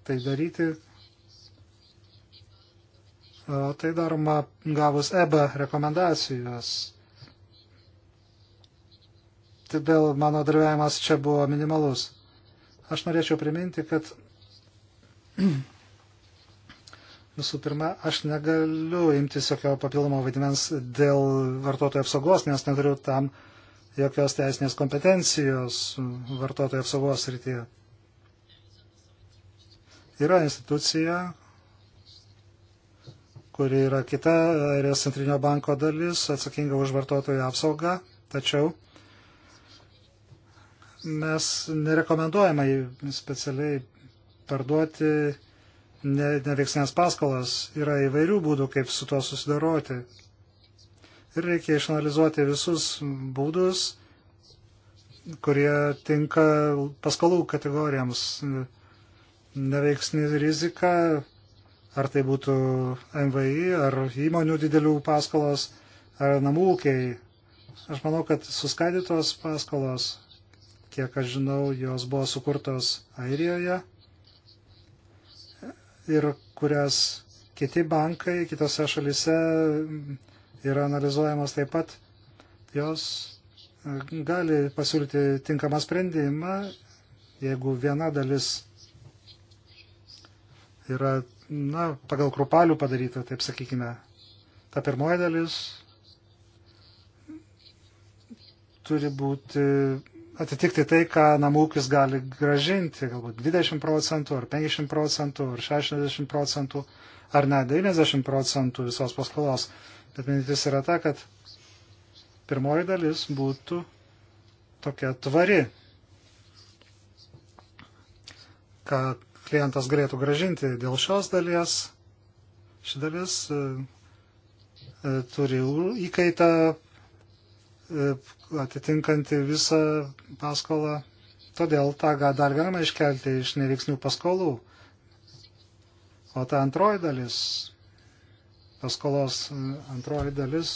tai daryti. O tai daroma gavus EBA rekomendacijos. Todėl mano dalyvavimas čia buvo minimalus. Aš norėčiau priminti, kad Visų pirma, aš negaliu imtis jokio papildomo vaidmens dėl vartotojų apsaugos, nes neturiu tam jokios teisinės kompetencijos vartotojų apsaugos rytyje. Yra institucija, kuri yra kita Airijos centrinio banko dalis, atsakinga už vartotojų apsaugą, tačiau mes nerekomenduojama specialiai parduoti neveiksnės paskolas, yra įvairių būdų, kaip su tuo susidaroti. Ir reikia išanalizuoti visus būdus, kurie tinka paskolų kategorijams. Neveiksni rizika, ar tai būtų MVI, ar įmonių didelių paskolos, ar namų ūkiai. Aš manau, kad suskaidytos paskolos, kiek aš žinau, jos buvo sukurtos Airijoje ir kurias kiti bankai kitose šalise mm, yra analizuojamas taip pat, jos e, gali pasiūlyti tinkamą sprendimą, jeigu viena dalis yra, na, pagal krupalių padaryta, taip sakykime. Ta pirmoji dalis turi būti atitikti tai, ką namų ūkis gali gražinti, galbūt 20 procentų, ar 50 procentų, ar 60 procentų, ar net 90 procentų visos paskolos. Bet mintis yra ta, kad pirmoji dalis būtų tokia tvari, ką klientas galėtų gražinti. Dėl šios dalies, ši dalis e, e, turi įkaitą E, atitinkanti visą paskolą. Todėl tą dar galima iškelti iš neveiksnių paskolų. O ta antroji dalis, paskolos e, antroji dalis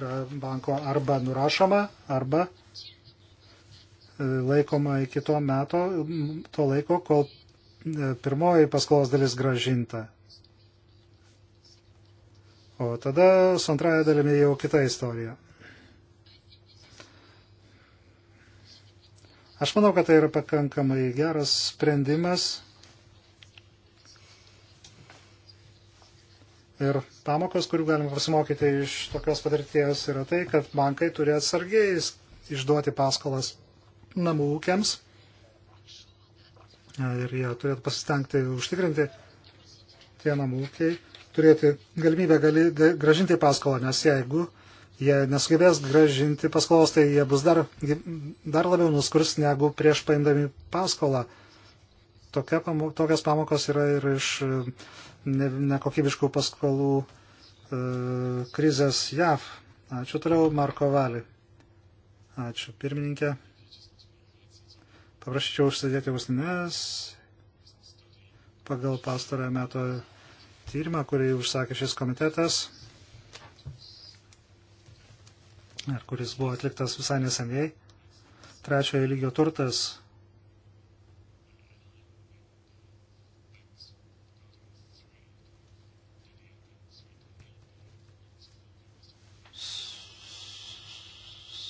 yra banko arba nurašoma, arba e, laikoma iki to meto, to laiko, kol pirmoji paskolos dalis gražinta. O tada su antraja dalimi jau kita istorija. Aš manau, kad tai yra pakankamai geras sprendimas. Ir pamokos, kurių galima pasimokyti iš tokios patirties, yra tai, kad bankai turi atsargiai išduoti paskolas namų ūkiams. Ir jie turėtų pasistengti užtikrinti tie namų ūkiai, turėti galimybę gali, gražinti paskolą, nes jeigu jie nesugebės gražinti paskolos, tai jie bus dar, dar labiau nuskurs negu prieš paimdami paskolą. Tokia, tokios pamokos yra ir iš e, nekokybiškų paskolų e, krizės JAV. Ačiū toliau, Marko Valį. Ačiū, pirmininkė. Paprašyčiau užsidėti ausinės pagal pastarąją metų tyrimą, kurį užsakė šis komitetas kuris buvo atliktas visai neseniai. Trečiojo lygio turtas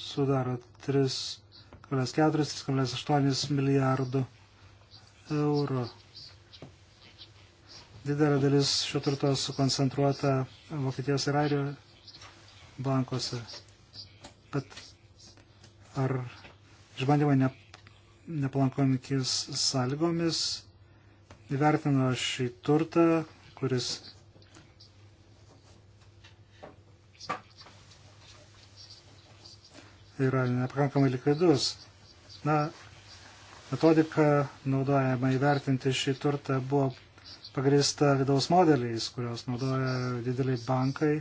sudaro 3,4-3,8 milijardų eurų. Didelė dalis šio turto sukoncentruota Vokietijos ir Airijos bankuose bet ar išbandymai ne, nepalankomis sąlygomis įvertino šį turtą, kuris yra nepakankamai likvidus. Na, metodika naudojama įvertinti šį turtą buvo pagrįsta vidaus modeliais, kurios naudoja dideliai bankai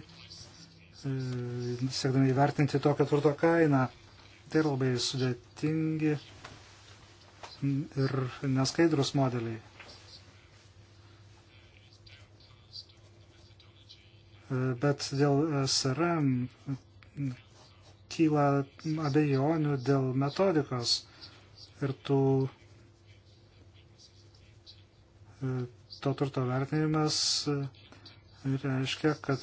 siekdami įvertinti tokio turto kainą. Tai yra labai sudėtingi ir neskaidrus modeliai. Bet dėl SRM kyla abejonių dėl metodikos ir tų e, to turto vertinimas Tai reiškia, kad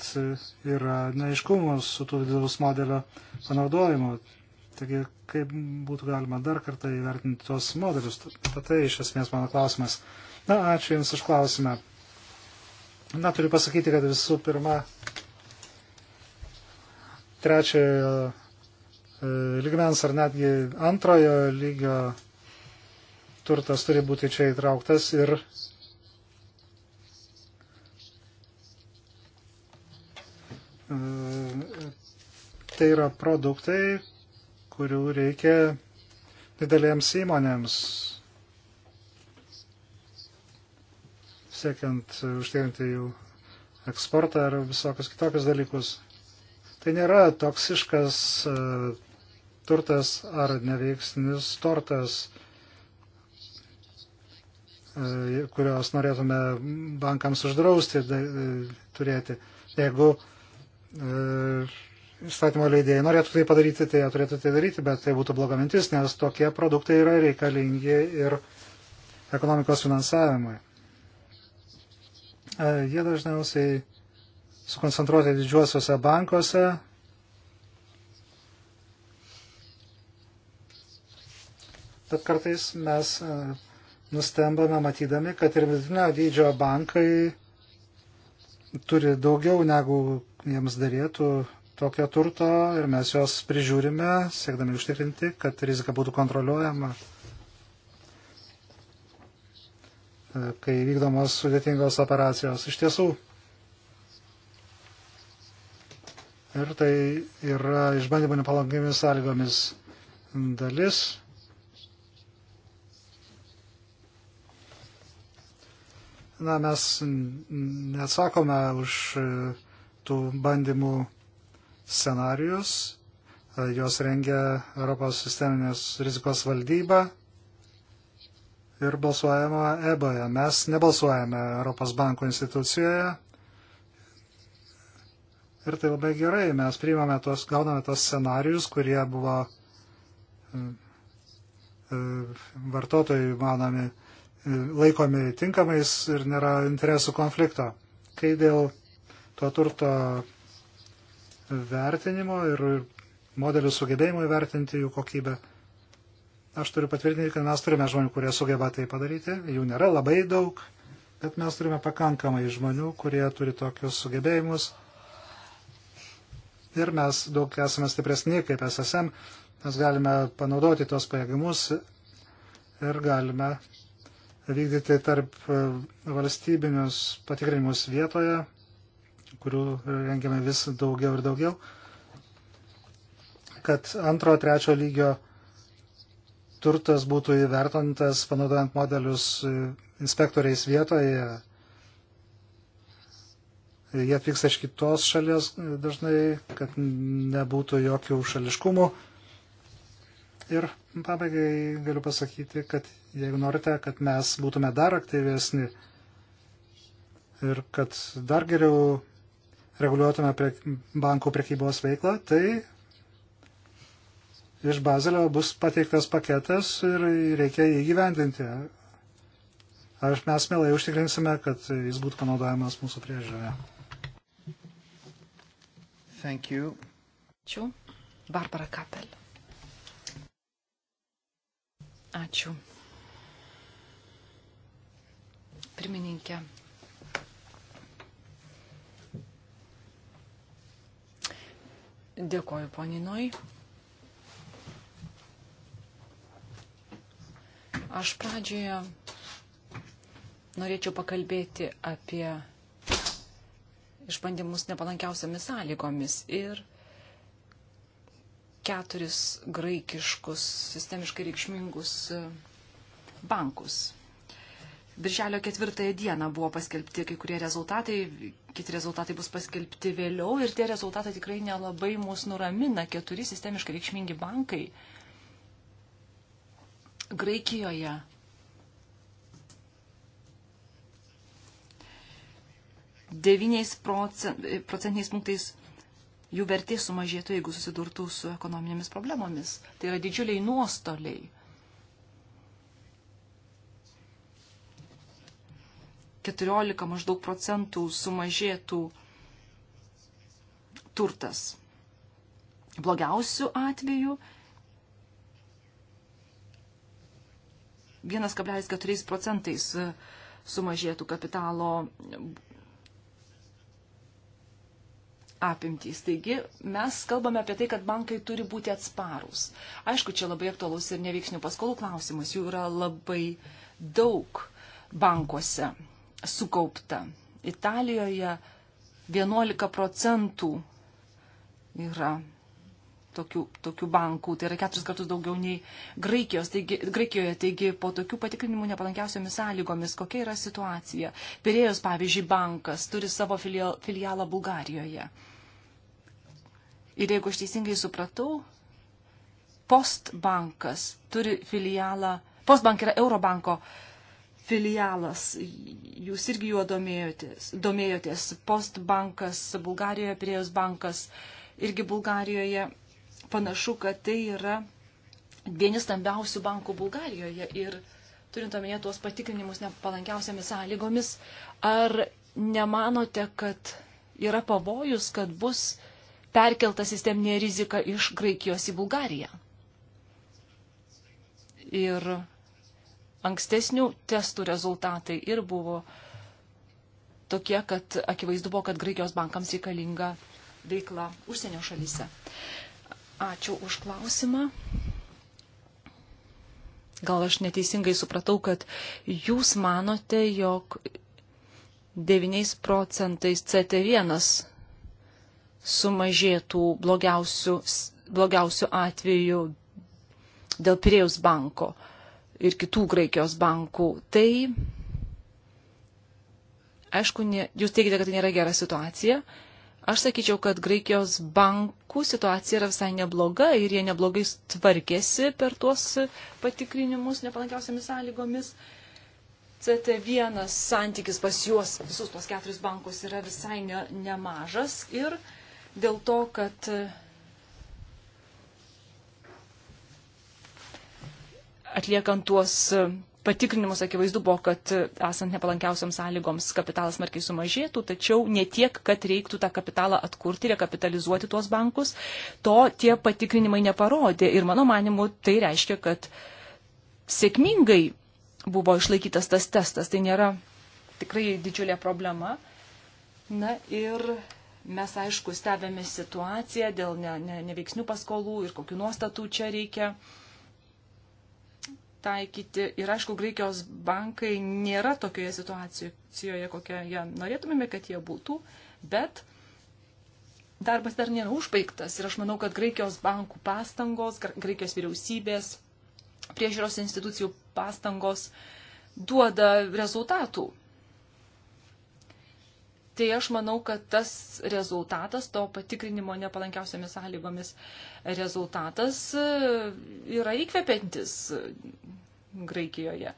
yra neaiškumus su tų vidaus modelio panaudojimu. Taigi, kaip būtų galima dar kartą įvertinti tuos modelius? Tai iš esmės mano klausimas. Na, ačiū Jums už klausimą. Na, turiu pasakyti, kad visų pirma, trečiojo e, lygmens ar netgi antrojo lygio turtas turi būti čia įtrauktas ir Mm, tai yra produktai, kurių reikia didelėms įmonėms, siekiant užtikrinti jų eksportą ar visokius kitokius dalykus. Tai nėra toksiškas e, turtas ar neveiksnis tortas, e, kurios norėtume bankams uždrausti e, turėti. Jeigu uh, E, įstatymo leidėjai norėtų tai padaryti, tai jie turėtų tai daryti, bet tai būtų bloga mintis, nes tokie produktai yra reikalingi ir ekonomikos finansavimui. E, jie dažniausiai sukoncentruoti didžiuosiuose bankuose. Bet kartais mes e, nustembame matydami, kad ir vidutinio dydžio bankai turi daugiau negu jiems darėtų tokio turto ir mes juos prižiūrime, siekdami užtikrinti, kad rizika būtų kontroliuojama. kai vykdomos sudėtingos operacijos. Iš tiesų. Ir tai yra išbandymų nepalankiamis sąlygomis dalis. Na, mes neatsakome už tų bandymų scenarius. E, Jos rengia Europos sisteminės rizikos valdyba ir balsuojama EBOje. E. Mes nebalsuojame Europos banko institucijoje. Ir tai labai gerai, mes priimame tos, gauname tos scenarius, kurie buvo e, vartotojai manomi laikomi tinkamais ir nėra interesų konflikto. Kai dėl to turto vertinimo ir modelių sugebėjimo įvertinti jų kokybę. Aš turiu patvirtinti, kad mes turime žmonių, kurie sugeba tai padaryti. Jų nėra labai daug, bet mes turime pakankamai žmonių, kurie turi tokius sugebėjimus. Ir mes daug esame stipresni kaip SSM. Mes galime panaudoti tos pajėgimus ir galime vykdyti tarp valstybinius patikrinimus vietoje, kurių rengiame vis daugiau ir daugiau, kad antro, trečio lygio turtas būtų įvertintas panaudojant modelius inspektoriais vietoje. Jie atvyksta iš kitos šalies dažnai, kad nebūtų jokių šališkumų. Ir pabaigai galiu pasakyti, kad jeigu norite, kad mes būtume dar aktyvesni ir kad dar geriau reguliuotume prie, bankų prekybos veiklą, tai iš Bazelio bus pateiktas paketas ir reikia jį gyvendinti. Ar mes mielai užtikrinsime, kad jis būtų panaudojamas mūsų priežiūroje. Thank you. Ačiū. Barbara Kapel. Ačiū. Pirmininkė. Dėkoju, poninoj. Aš pradžioje norėčiau pakalbėti apie išbandymus nepalankiausiamis sąlygomis ir keturis graikiškus sistemiškai reikšmingus bankus. Birželio ketvirtąją dieną buvo paskelbti kai kurie rezultatai, kiti rezultatai bus paskelbti vėliau ir tie rezultatai tikrai nelabai mus nuramina. Keturi sistemiškai reikšmingi bankai Graikijoje. Devyniais procent, procentiniais punktais jų vertė sumažėtų, jeigu susidurtų su ekonominėmis problemomis. Tai yra didžiuliai nuostoliai. 14 maždaug procentų sumažėtų turtas. Blogiausių atvejų 1,4 procentais e, sumažėtų kapitalo apimtys. Taigi mes kalbame apie tai, kad bankai turi būti atsparūs. Aišku, čia labai aktualus ir neveiksnių paskolų klausimas. Jų yra labai daug bankuose sukaupta. Italijoje 11 procentų yra tokių, tokių bankų, tai yra keturis kartus daugiau nei Graikijos, taigi, Graikijoje. Taigi po tokių patikrinimų nepalankiausiomis sąlygomis, kokia yra situacija. Pirėjos, pavyzdžiui, bankas turi savo filialą Bulgarijoje. Ir jeigu aš teisingai supratau, Postbankas turi filialą, Postbank yra Eurobanko uh, filialas. Jūs irgi juo domėjotės. domėjotės. Postbankas, Bulgarijoje, Pirėjus bankas, irgi Bulgarijoje. Panašu, kad tai yra vieni stambiausių bankų Bulgarijoje. Ir turint omenyje tuos patikrinimus nepalankiausiamis sąlygomis, ar nemanote, kad yra pavojus, kad bus perkelta sisteminė rizika iš Graikijos į Bulgariją? Ir ankstesnių testų rezultatai ir buvo tokie, kad akivaizdu buvo, kad Graikijos bankams reikalinga veikla užsienio šalyse. Ačiū už klausimą. Gal aš neteisingai supratau, kad jūs manote, jog 9 procentais CT1 sumažėtų blogiausių, blogiausių atvejų dėl Pirėjus banko ir kitų Graikijos bankų. Tai, aišku, ne, jūs teigite, kad tai nėra gera situacija. Aš sakyčiau, kad Graikijos bankų situacija yra visai nebloga ir jie neblogai tvarkėsi per tuos patikrinimus nepalankiausiamis sąlygomis. CT1 santykis pas juos, visus tuos keturis bankus yra visai ne, nemažas ir dėl to, kad atliekant tuos e, patikrinimus akivaizdu buvo, kad e, esant nepalankiausiams sąlygoms kapitalas markiai sumažėtų, tačiau ne tiek, kad reiktų tą kapitalą atkurti, rekapitalizuoti tuos bankus, to tie patikrinimai neparodė. Ir mano manimu, tai reiškia, kad sėkmingai buvo išlaikytas tas testas. Tai nėra tikrai didžiulė problema. Na ir mes, aišku, stebėme situaciją dėl ne, ne, neveiksnių paskolų ir kokiu nuostatų čia reikia taikyti. Ir aišku, Graikijos bankai nėra tokioje situacijoje, kokią jie norėtumėme, kad jie būtų, bet darbas dar nėra užbaigtas. Ir aš manau, kad Graikijos bankų pastangos, Graikijos vyriausybės, priežiūros institucijų pastangos duoda rezultatų. Tai aš manau, kad tas rezultatas, to patikrinimo nepalankiausiamis sąlygomis rezultatas e, yra įkvepiantis Graikijoje.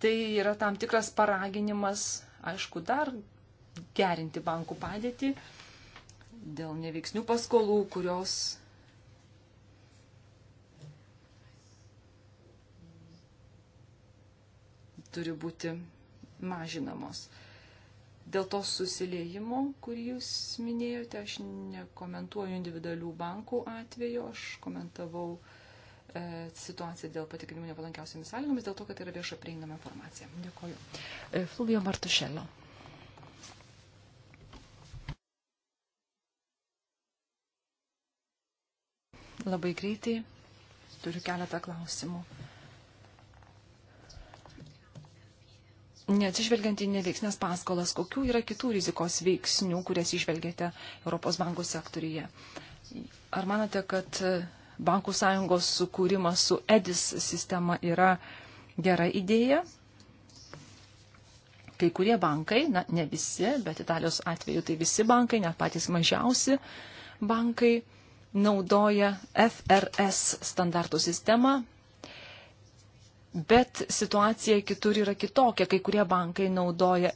Tai yra tam tikras paraginimas, aišku, dar gerinti bankų padėtį dėl neveiksnių paskolų, kurios turi būti mažinamos. Dėl to susiliejimo, kurį jūs minėjote, aš nekomentuoju individualių bankų atveju, aš komentavau e, situaciją dėl patikrinimų nepalankiausiamis sąlygomis, dėl to, kad tai yra vieša prieinama informacija. Dėkoju. E, Fluvio Martušelio. Labai greitai turiu keletą klausimų. neatsižvelgiant į neveiksnės paskolas, kokių yra kitų rizikos veiksnių, kurias išvelgėte Europos bankų sektoriuje? Ar manote, kad bankų sąjungos sukūrimas su EDIS sistema yra gera idėja? Kai kurie bankai, na ne visi, bet Italijos atveju tai visi bankai, net patys mažiausi bankai, naudoja FRS standartų sistemą, bet situacija kitur yra kitokia. Kai kurie bankai naudoja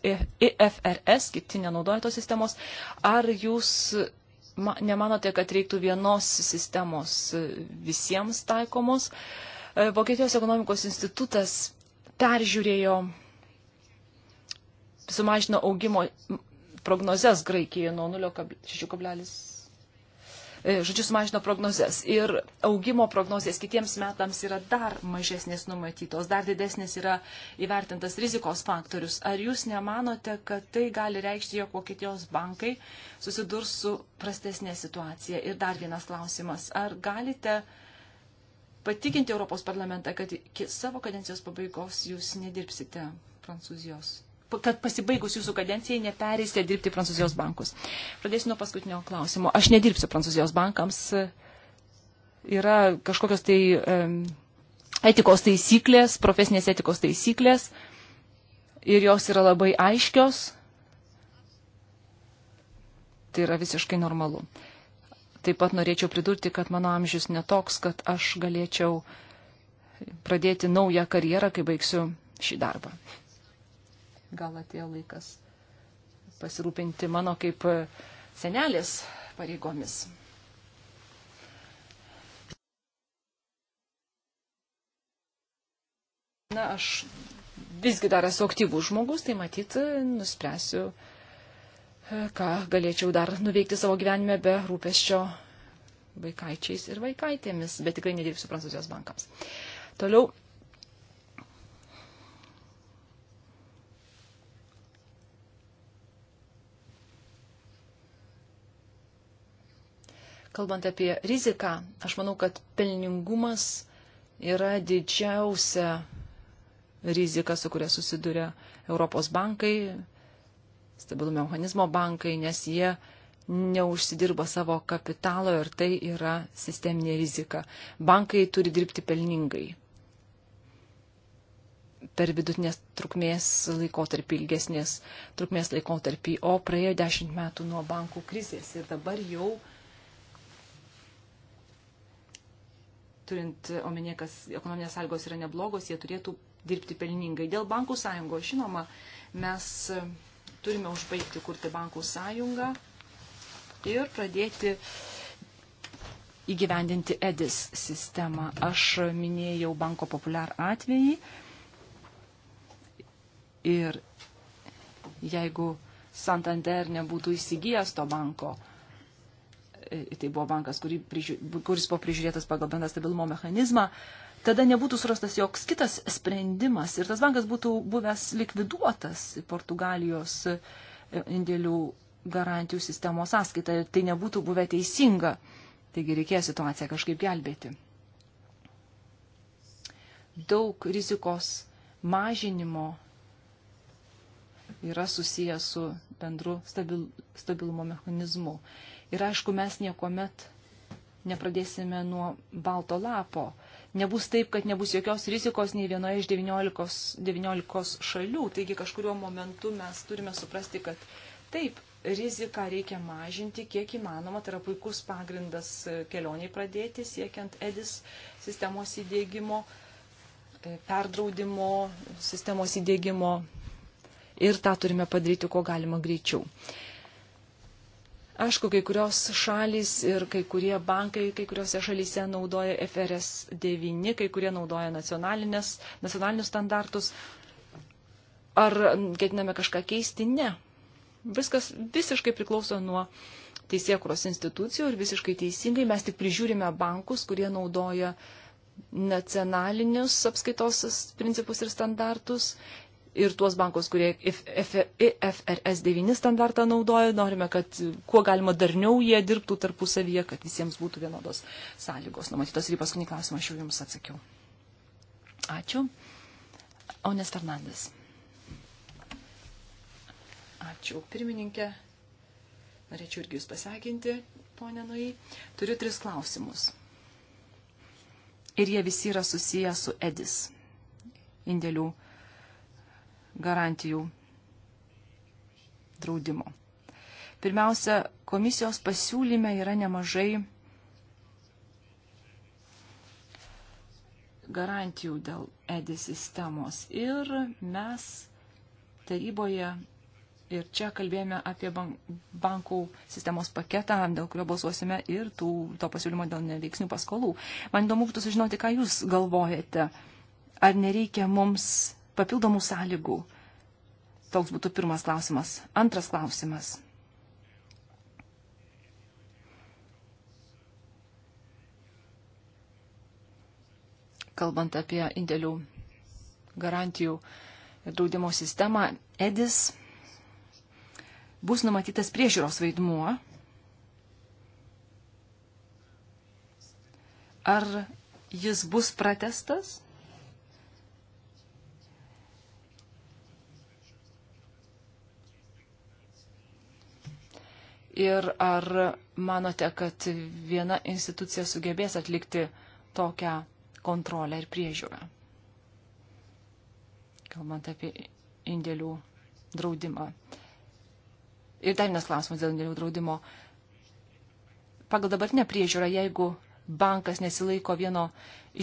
IFRS, kiti nenaudoja tos sistemos. Ar jūs nemanote, kad reiktų vienos sistemos visiems taikomos? E, Vokietijos ekonomikos institutas peržiūrėjo, sumažino augimo prognozes Graikijoje nuo 0,6 E, žodžiu, sumažino prognozes. Ir augimo prognozijas kitiems metams yra dar mažesnės numatytos, dar didesnės yra įvertintas rizikos faktorius. Ar jūs nemanote, kad tai gali reikšti, jog Vokietijos bankai susidurs su prastesnė situacija? Ir dar vienas klausimas. Ar galite patikinti Europos parlamentą, kad iki savo kadencijos pabaigos jūs nedirbsite Prancūzijos kad pasibaigus jūsų kadencijai nepereisite dirbti Prancūzijos bankus. Pradėsiu nuo paskutinio klausimo. Aš nedirbsiu Prancūzijos bankams. Yra kažkokios tai um, etikos taisyklės, profesinės etikos taisyklės ir jos yra labai aiškios. Tai yra visiškai normalu. Taip pat norėčiau pridurti, kad mano amžius netoks, kad aš galėčiau pradėti naują karjerą, kai baigsiu šį darbą. Gal atėjo laikas pasirūpinti mano kaip senelės pareigomis. Na, aš visgi dar esu aktyvus žmogus, tai matyt, nuspręsiu, ką galėčiau dar nuveikti savo gyvenime be rūpesčio vaikaičiais ir vaikaitėmis, bet tikrai nedirbsiu prancūzijos bankams. Toliau Kalbant apie riziką, aš manau, kad pelningumas yra didžiausia rizika, su kuria susiduria Europos bankai, stabilumo mechanizmo bankai, nes jie neužsidirba savo kapitalo ir tai yra sisteminė rizika. Bankai turi dirbti pelningai per vidutinės trukmės laikotarpį, ilgesnės trukmės laikotarpį, o praėjo dešimt metų nuo bankų krizės ir dabar jau uh, turint omenyje, kas ekonominės sąlygos yra neblogos, jie turėtų dirbti pelningai. Dėl bankų sąjungos, žinoma, mes turime užbaigti kurti bankų sąjungą ir pradėti įgyvendinti EDIS sistemą. Aš minėjau banko populiar atvejį ir jeigu Santander nebūtų įsigijęs to banko, E, tai buvo bankas, kurį, kuris buvo prižiūrėtas pagal bendrą stabilumo mechanizmą, tada nebūtų surastas joks kitas sprendimas ir tas bankas būtų buvęs likviduotas Portugalijos e, indėlių garantijų sistemos sąskaita ir tai nebūtų buvę teisinga. Taigi reikėjo situaciją kažkaip gelbėti. Daug rizikos mažinimo yra susijęs su bendru stabil, stabilumo mechanizmu. Ir aišku, mes niekuomet nepradėsime nuo balto lapo. Nebus taip, kad nebus jokios rizikos nei vienoje iš 19, 19 šalių. Taigi kažkurio momentu mes turime suprasti, kad taip, riziką reikia mažinti kiek įmanoma. Tai yra puikus pagrindas kelioniai pradėti, siekiant EDIS sistemos įdėgymo, e, perdraudimo sistemos įdėgymo. Ir tą turime padaryti, ko galima greičiau. Aišku, kai kurios šalys ir kai kurie bankai, kai kuriuose šalyse naudoja FRS 9, kai kurie naudoja nacionalinius standartus. Ar ketiname kažką keisti? Ne. Viskas visiškai priklauso nuo teisėkuros institucijų ir visiškai teisingai mes tik prižiūrime bankus, kurie naudoja nacionalinius apskaitos principus ir standartus ir tuos bankus, kurie IFRS 9 standartą naudoja. Norime, kad kuo galima darniau jie dirbtų tarpusavyje, kad visiems būtų vienodos sąlygos. Numatytos ir į paskutinį klausimą aš jau jums atsakiau. Ačiū. Ones Fernandes. Ačiū, pirmininkė. Norėčiau irgi Jūs pasakinti, ponė Nui. Turiu tris klausimus. Ir jie visi yra susiję su Edis, indėlių garantijų draudimo. Pirmiausia, komisijos pasiūlyme yra nemažai garantijų dėl EDI sistemos ir mes taryboje ir čia kalbėjome apie bankų sistemos paketą, dėl kurio balsuosime ir tų, to pasiūlymo dėl neveiksnių paskolų. Man įdomu būtų sužinoti, ką Jūs galvojate. Ar nereikia mums papildomų sąlygų? Toks būtų pirmas klausimas. Antras klausimas. Kalbant apie indėlių garantijų ir draudimo sistemą, EDIS bus numatytas priežiūros vaidmuo. Ar jis bus pratestas? Ir ar manote, kad viena institucija sugebės atlikti tokią kontrolę ir priežiūrą? Kalbant apie indėlių draudimą. Ir dar vienas klausimas dėl indėlių draudimo. Pagal dabartinę priežiūrą, jeigu bankas nesilaiko vieno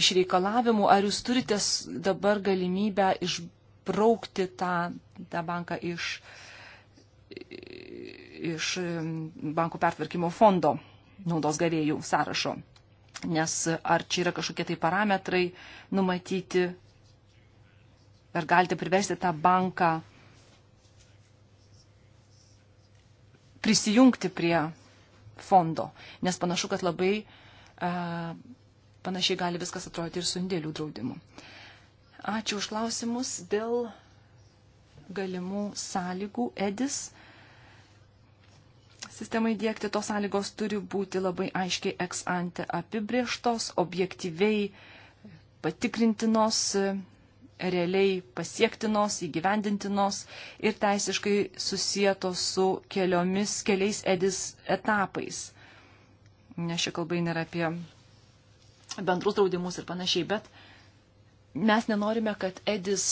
iš reikalavimų, ar jūs turite dabar galimybę išbraukti tą, tą banką iš, iš bankų pertvarkymo fondo naudos gavėjų sąrašo. Nes ar čia yra kažkokie tai parametrai numatyti, ar galite priversti tą banką prisijungti prie fondo. Nes panašu, kad labai uh, panašiai gali viskas atrodyti ir su indėlių draudimu. Ačiū už klausimus dėl galimų sąlygų. Edis sistemai dėkti, tos sąlygos turi būti labai aiškiai eksante apibrieštos, objektyviai patikrintinos, realiai pasiektinos, įgyvendintinos ir teisiškai susijėtos su keliomis, keliais edis etapais. Nes šia kalba nėra apie bendrus draudimus ir panašiai, bet mes nenorime, kad edis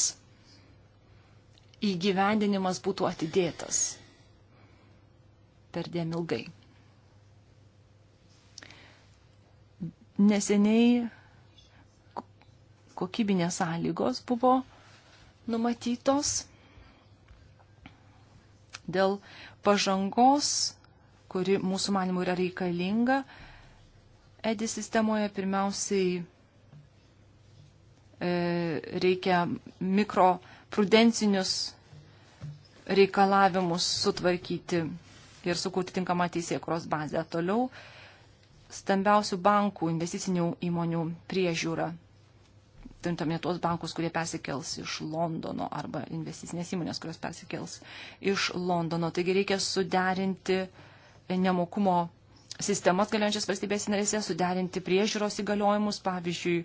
įgyvendinimas būtų atidėtas per dėm ilgai. Neseniai kokybinės sąlygos buvo numatytos dėl pažangos, kuri mūsų manimų yra reikalinga. EDI sistemoje pirmiausiai e, reikia mikroprudencinius reikalavimus sutvarkyti ir sukurti tinkamą teisėkros bazę. Toliau stambiausių bankų, investicinių įmonių priežiūra. Turintumė tuos bankus, kurie persikels iš Londono arba investicinės įmonės, kurios persikels iš Londono. Taigi reikia suderinti nemokumo sistemas galiojančias valstybės narėse, suderinti priežiūros įgaliojimus, pavyzdžiui,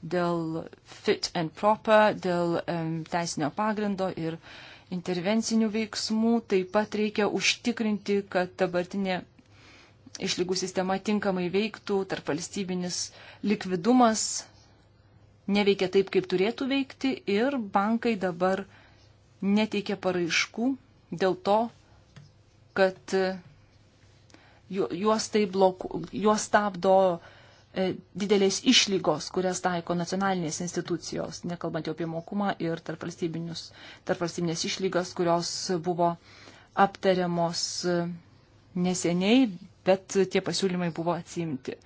dėl fit and proper, dėl um, teisinio pagrindo ir uh, intervencinių veiksmų, taip pat reikia užtikrinti, kad dabartinė išlygų sistema tinkamai veiktų, tarp valstybinis likvidumas neveikia taip, kaip turėtų veikti ir bankai dabar neteikia paraiškų dėl to, kad juos tai bloku, juos stabdo E, didelės išlygos, kurias taiko nacionalinės institucijos, nekalbant jau apie mokumą ir tarpvalstybinės išlygas, kurios buvo aptariamos e, neseniai, bet tie pasiūlymai buvo atsimti.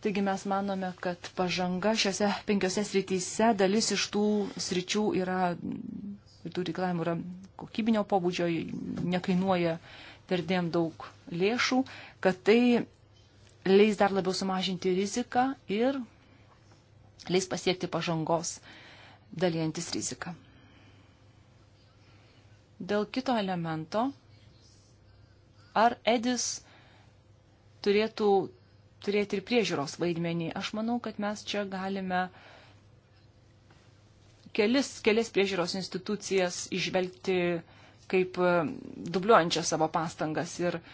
Taigi mes manome, kad pažanga šiuose penkiose srityse dalis iš tų sričių yra, tų reikalavimų yra kokybinio pobūdžio, nekainuoja perdėm daug lėšų, kad tai leis dar labiau sumažinti riziką ir leis pasiekti pažangos dalyjantis riziką. Dėl kito elemento, ar Edis turėtų turėti ir priežiūros vaidmenį, aš manau, kad mes čia galime kelis, kelias priežiūros institucijas išvelgti kaip dubliuojančią savo pastangas ir uh,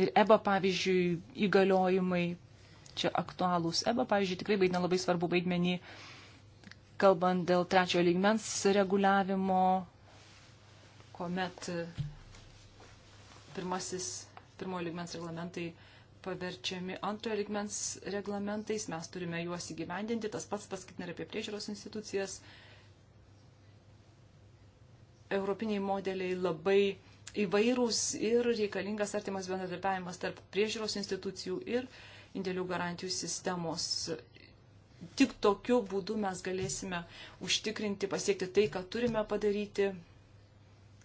ir EBA, pavyzdžiui, įgaliojimai čia aktualūs. EBA, pavyzdžiui, tikrai vaidina labai svarbu vaidmenį, kalbant dėl trečiojo lygmens reguliavimo, kuomet e, pirmasis, pirmojo lygmens reglamentai paverčiami antrojo lygmens reglamentais, mes turime juos įgyvendinti, tas pats paskaitin ir apie priežiūros institucijas. Europiniai modeliai labai įvairūs ir reikalingas artimas bendradarbiavimas tarp priežiūros institucijų ir indėlių garantijų sistemos. Tik tokiu būdu mes galėsime užtikrinti, pasiekti tai, ką turime padaryti,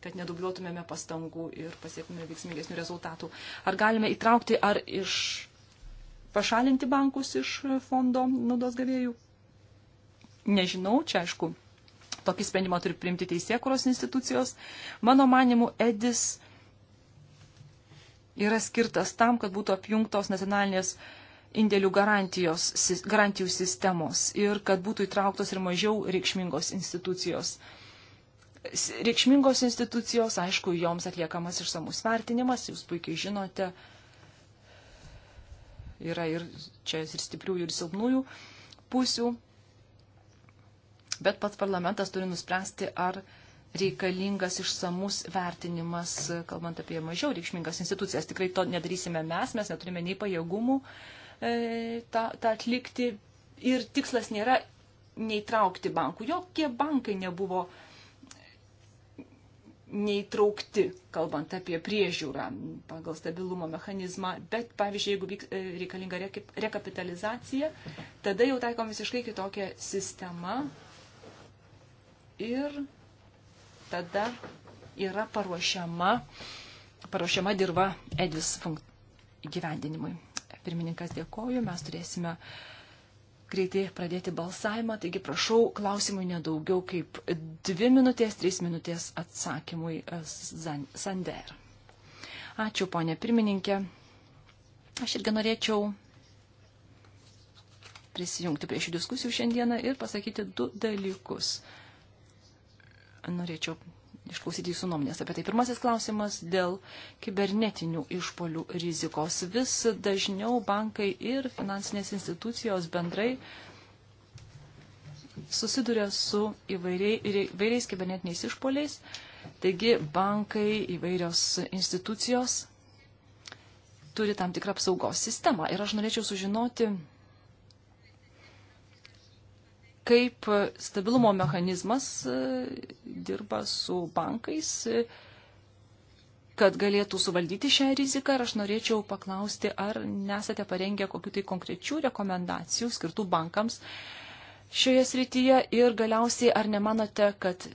kad nedubliuotumėme pastangų ir pasiektume veiksmingesnių rezultatų. Ar galime įtraukti ar iš pašalinti bankus iš fondo naudos gavėjų? Nežinau, čia aišku tokį sprendimą turi priimti teisėkuros institucijos. Mano manimu, Edis yra skirtas tam, kad būtų apjungtos nacionalinės indėlių garantijos, garantijų sistemos ir kad būtų įtrauktos ir mažiau reikšmingos institucijos. Reikšmingos institucijos, aišku, joms atliekamas išsamus vertinimas, jūs puikiai žinote, yra ir čia ir stipriųjų, ir silpnųjų pusių bet pats parlamentas turi nuspręsti, ar reikalingas išsamus vertinimas, kalbant apie mažiau reikšmingas institucijas. Tikrai to nedarysime mes, mes neturime nei pajėgumų e, tą, tą atlikti. Ir tikslas nėra neįtraukti bankų. Jokie bankai nebuvo neįtraukti, kalbant apie priežiūrą pagal stabilumo mechanizmą, bet pavyzdžiui, jeigu vyks, e, reikalinga rekapitalizacija, tada jau taikom visiškai kitokią sistemą, ir tada yra paruošiama, paruošiama dirba Edvis įgyvendinimui. Pirmininkas dėkoju, mes turėsime greitai pradėti balsavimą, taigi prašau klausimų nedaugiau kaip dvi minutės, trys minutės atsakymui e, Sander. Ačiū, ponė pirmininkė. Aš irgi norėčiau prisijungti prie šių diskusijų šiandieną ir pasakyti du dalykus norėčiau išklausyti jūsų nuomonės apie tai. Pirmasis klausimas dėl kibernetinių išpolių rizikos. Vis dažniau bankai ir finansinės institucijos bendrai susiduria su įvairiai, įvairiais kibernetiniais išpoliais. Taigi bankai, įvairios institucijos turi tam tikrą apsaugos sistemą. Ir aš norėčiau sužinoti, kaip stabilumo mechanizmas e, dirba su bankais, e, kad galėtų suvaldyti šią riziką. Ir aš norėčiau paklausti, ar nesate parengę kokiu tai konkrečių rekomendacijų skirtų bankams šioje srityje. Ir galiausiai, ar nemanote, kad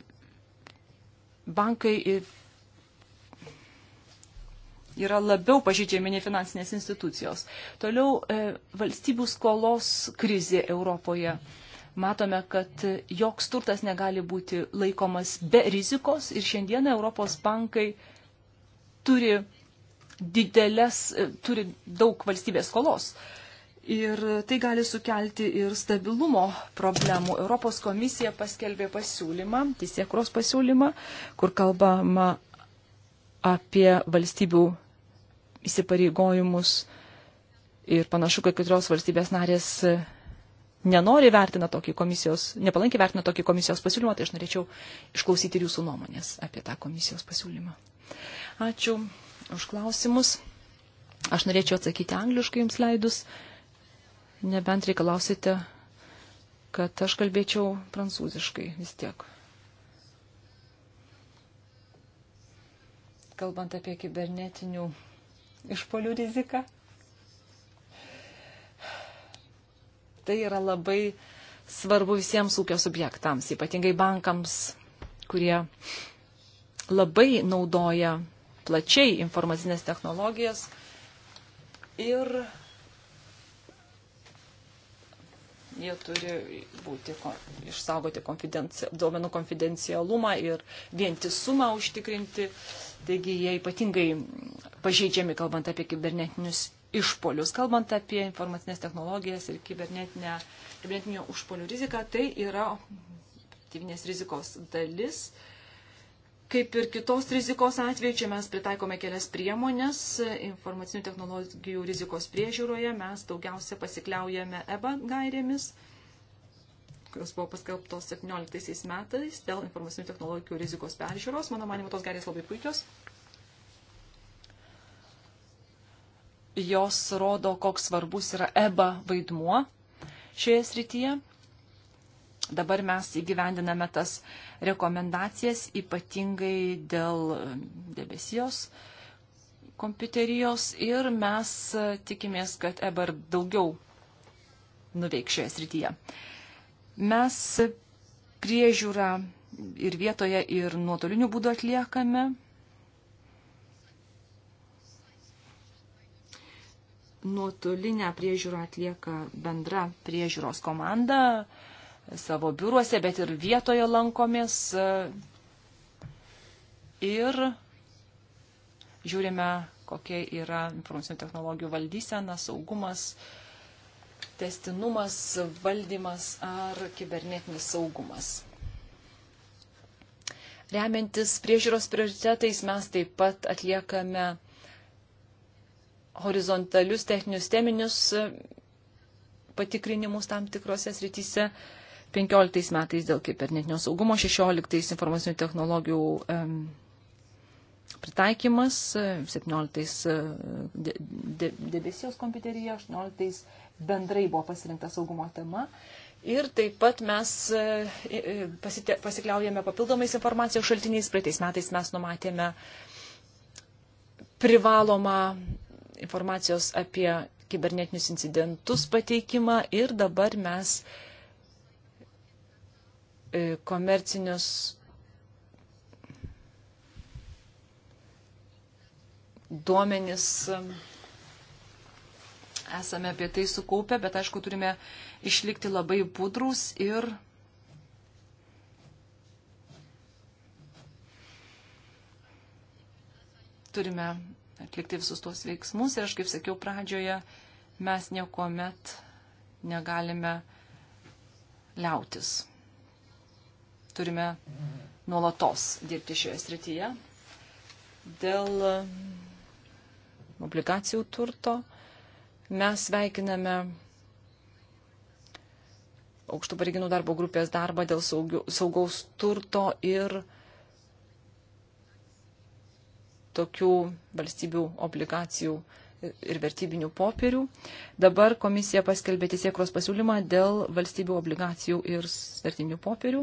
bankai yra labiau pažydžiami nei finansinės institucijos. Toliau e, valstybių skolos krizė Europoje. Mm matome, kad joks turtas negali būti laikomas be rizikos ir šiandieną Europos bankai turi didelės, e, turi daug valstybės skolos. Ir tai gali sukelti ir stabilumo problemų. Europos komisija paskelbė pasiūlymą, teisėkros pasiūlymą, kur kalbama apie valstybių įsipareigojimus ir panašu, kad keturios valstybės narės nenori vertina tokį komisijos, nepalankiai vertina tokį komisijos pasiūlymą, tai aš norėčiau išklausyti ir jūsų nuomonės apie tą komisijos pasiūlymą. Ačiū už klausimus. Aš norėčiau atsakyti angliškai jums leidus, nebent reikalausite, kad aš kalbėčiau prancūziškai vis tiek. Kalbant apie kibernetinių išpolių riziką. Tai yra labai svarbu visiems ūkio subjektams, ypatingai bankams, kurie labai naudoja plačiai informacinės technologijas ir jie turi būti, išsaugoti konfidenci, duomenų konfidencialumą ir vientisumą užtikrinti. Taigi jie ypatingai pažeidžiami, kalbant apie kibernetinius išpolius. Kalbant apie informacinės technologijas ir kibernetinio užpolių riziką, tai yra aktyvinės rizikos dalis. Kaip ir kitos rizikos atveju, čia mes pritaikome kelias priemonės informacinių technologijų rizikos priežiūroje. Mes daugiausia pasikliaujame EBA gairėmis, kurios buvo paskelbtos 17 metais dėl informacinių technologijų rizikos peržiūros. Mano manimo, tos gairės labai puikios. jos rodo, koks svarbus yra EBA vaidmuo šioje srityje. Dabar mes įgyvendiname tas rekomendacijas, ypatingai dėl debesijos kompiuterijos ir mes tikimės, kad EBA daugiau nuveik šioje srityje. Mes priežiūrą ir vietoje, ir nuotoliniu būdu atliekame nuotolinę priežiūrą atlieka bendra priežiūros komanda savo biuruose, bet ir vietoje lankomės ir žiūrime, kokia yra informacinių technologijų valdysena, saugumas, testinumas, valdymas ar kibernetinis saugumas. Remiantis priežiūros prioritetais mes taip pat atliekame horizontalius techninius teminius e, patikrinimus tam tikrose srityse. 15 metais dėl kibernetinio saugumo, 16 informacinių technologijų um, pritaikymas, 17 e, e, de, de, debesijos kompiuterija, 18 bendrai buvo pasirinkta saugumo tema. Ir taip pat mes pasite, pasikliaujame papildomais informacijos šaltiniais. Praeitais metais mes numatėme privalomą informacijos apie kibernetinius incidentus pateikimą ir dabar mes e, komercinius duomenis e, esame apie tai sukaupę, bet aišku, turime išlikti labai budrus ir turime atlikti visus tuos veiksmus. Ir aš, kaip sakiau pradžioje, mes niekuomet negalime liautis. Turime nuolatos dirbti šioje srityje. Dėl um, obligacijų turto mes veikiname aukštų pareiginų darbo grupės darbą dėl saugių, saugaus turto ir tokių valstybių obligacijų ir vertybinių popierių. Dabar komisija paskelbė teisėkros pasiūlymą dėl valstybių obligacijų ir vertybinių popierių.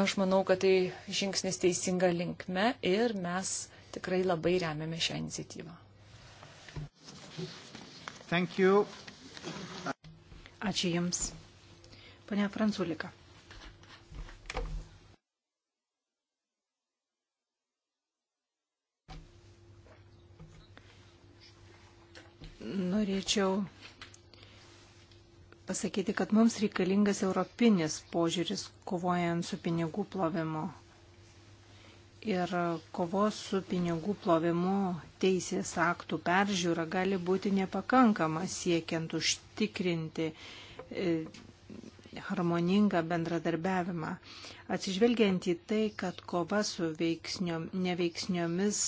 Aš manau, kad tai žingsnis teisinga linkme ir mes tikrai labai remiame šią iniciatyvą. Ačiū Jums. Pane Franculika. norėčiau pasakyti, kad mums reikalingas europinis požiūris kovojant su pinigų plovimu. Ir kovos su pinigų plovimu teisės aktų peržiūra gali būti nepakankama siekiant užtikrinti e, harmoningą bendradarbiavimą. Atsižvelgiant į tai, kad kova su veiksniom, neveiksniomis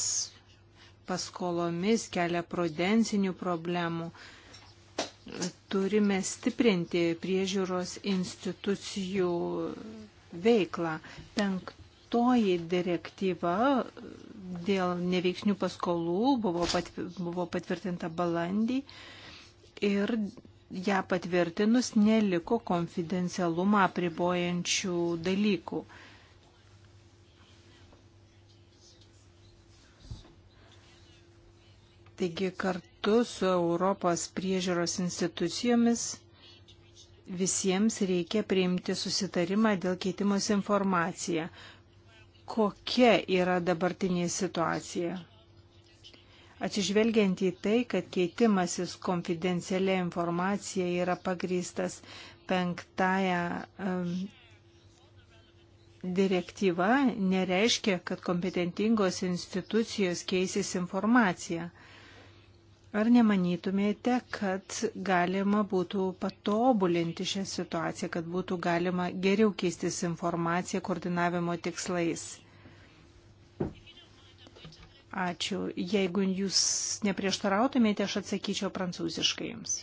paskolomis, kelia prudencinių problemų. Turime stiprinti priežiūros institucijų veiklą. Penktoji direktyva dėl neveiksnių paskolų buvo, pat, buvo patvirtinta balandį ir ją patvirtinus neliko konfidencialumą apribojančių dalykų. Taigi kartu su Europos priežiūros institucijomis visiems reikia priimti susitarimą dėl keitimus informaciją. Kokia yra dabartinė situacija? Atsižvelgiant į tai, kad keitimasis konfidencialia informacija yra pagrįstas penktąją um, direktyvą, nereiškia, kad kompetentingos institucijos keisis informaciją. Ar nemanytumėte, kad galima būtų patobulinti šią situaciją, kad būtų galima geriau keistis informaciją koordinavimo tikslais? Ačiū. Jeigu jūs neprieštarautumėte, aš atsakyčiau prancūziškai jums.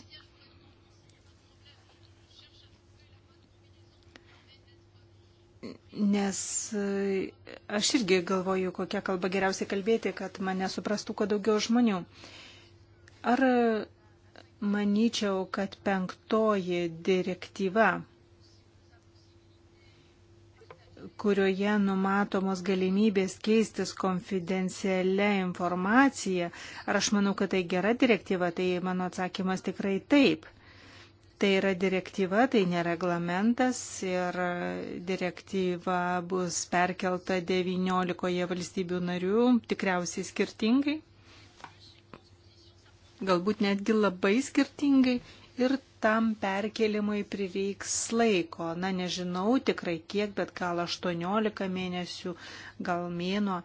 Nes e, aš irgi galvoju, kokią kalbą geriausiai kalbėti, kad mane suprastų kuo daugiau žmonių. Uh, Ar manyčiau, kad penktoji direktyva, kurioje numatomos galimybės keistis konfidencialia informacija, ar aš manau, kad tai gera direktyva, tai mano atsakymas tikrai taip. Tai yra direktyva, tai nereglamentas ir direktyva bus perkelta 19 valstybių narių, tikriausiai skirtingai galbūt netgi labai skirtingai ir tam perkelimui prireiks laiko. Na, nežinau tikrai kiek, bet gal 18 mėnesių, gal mėno.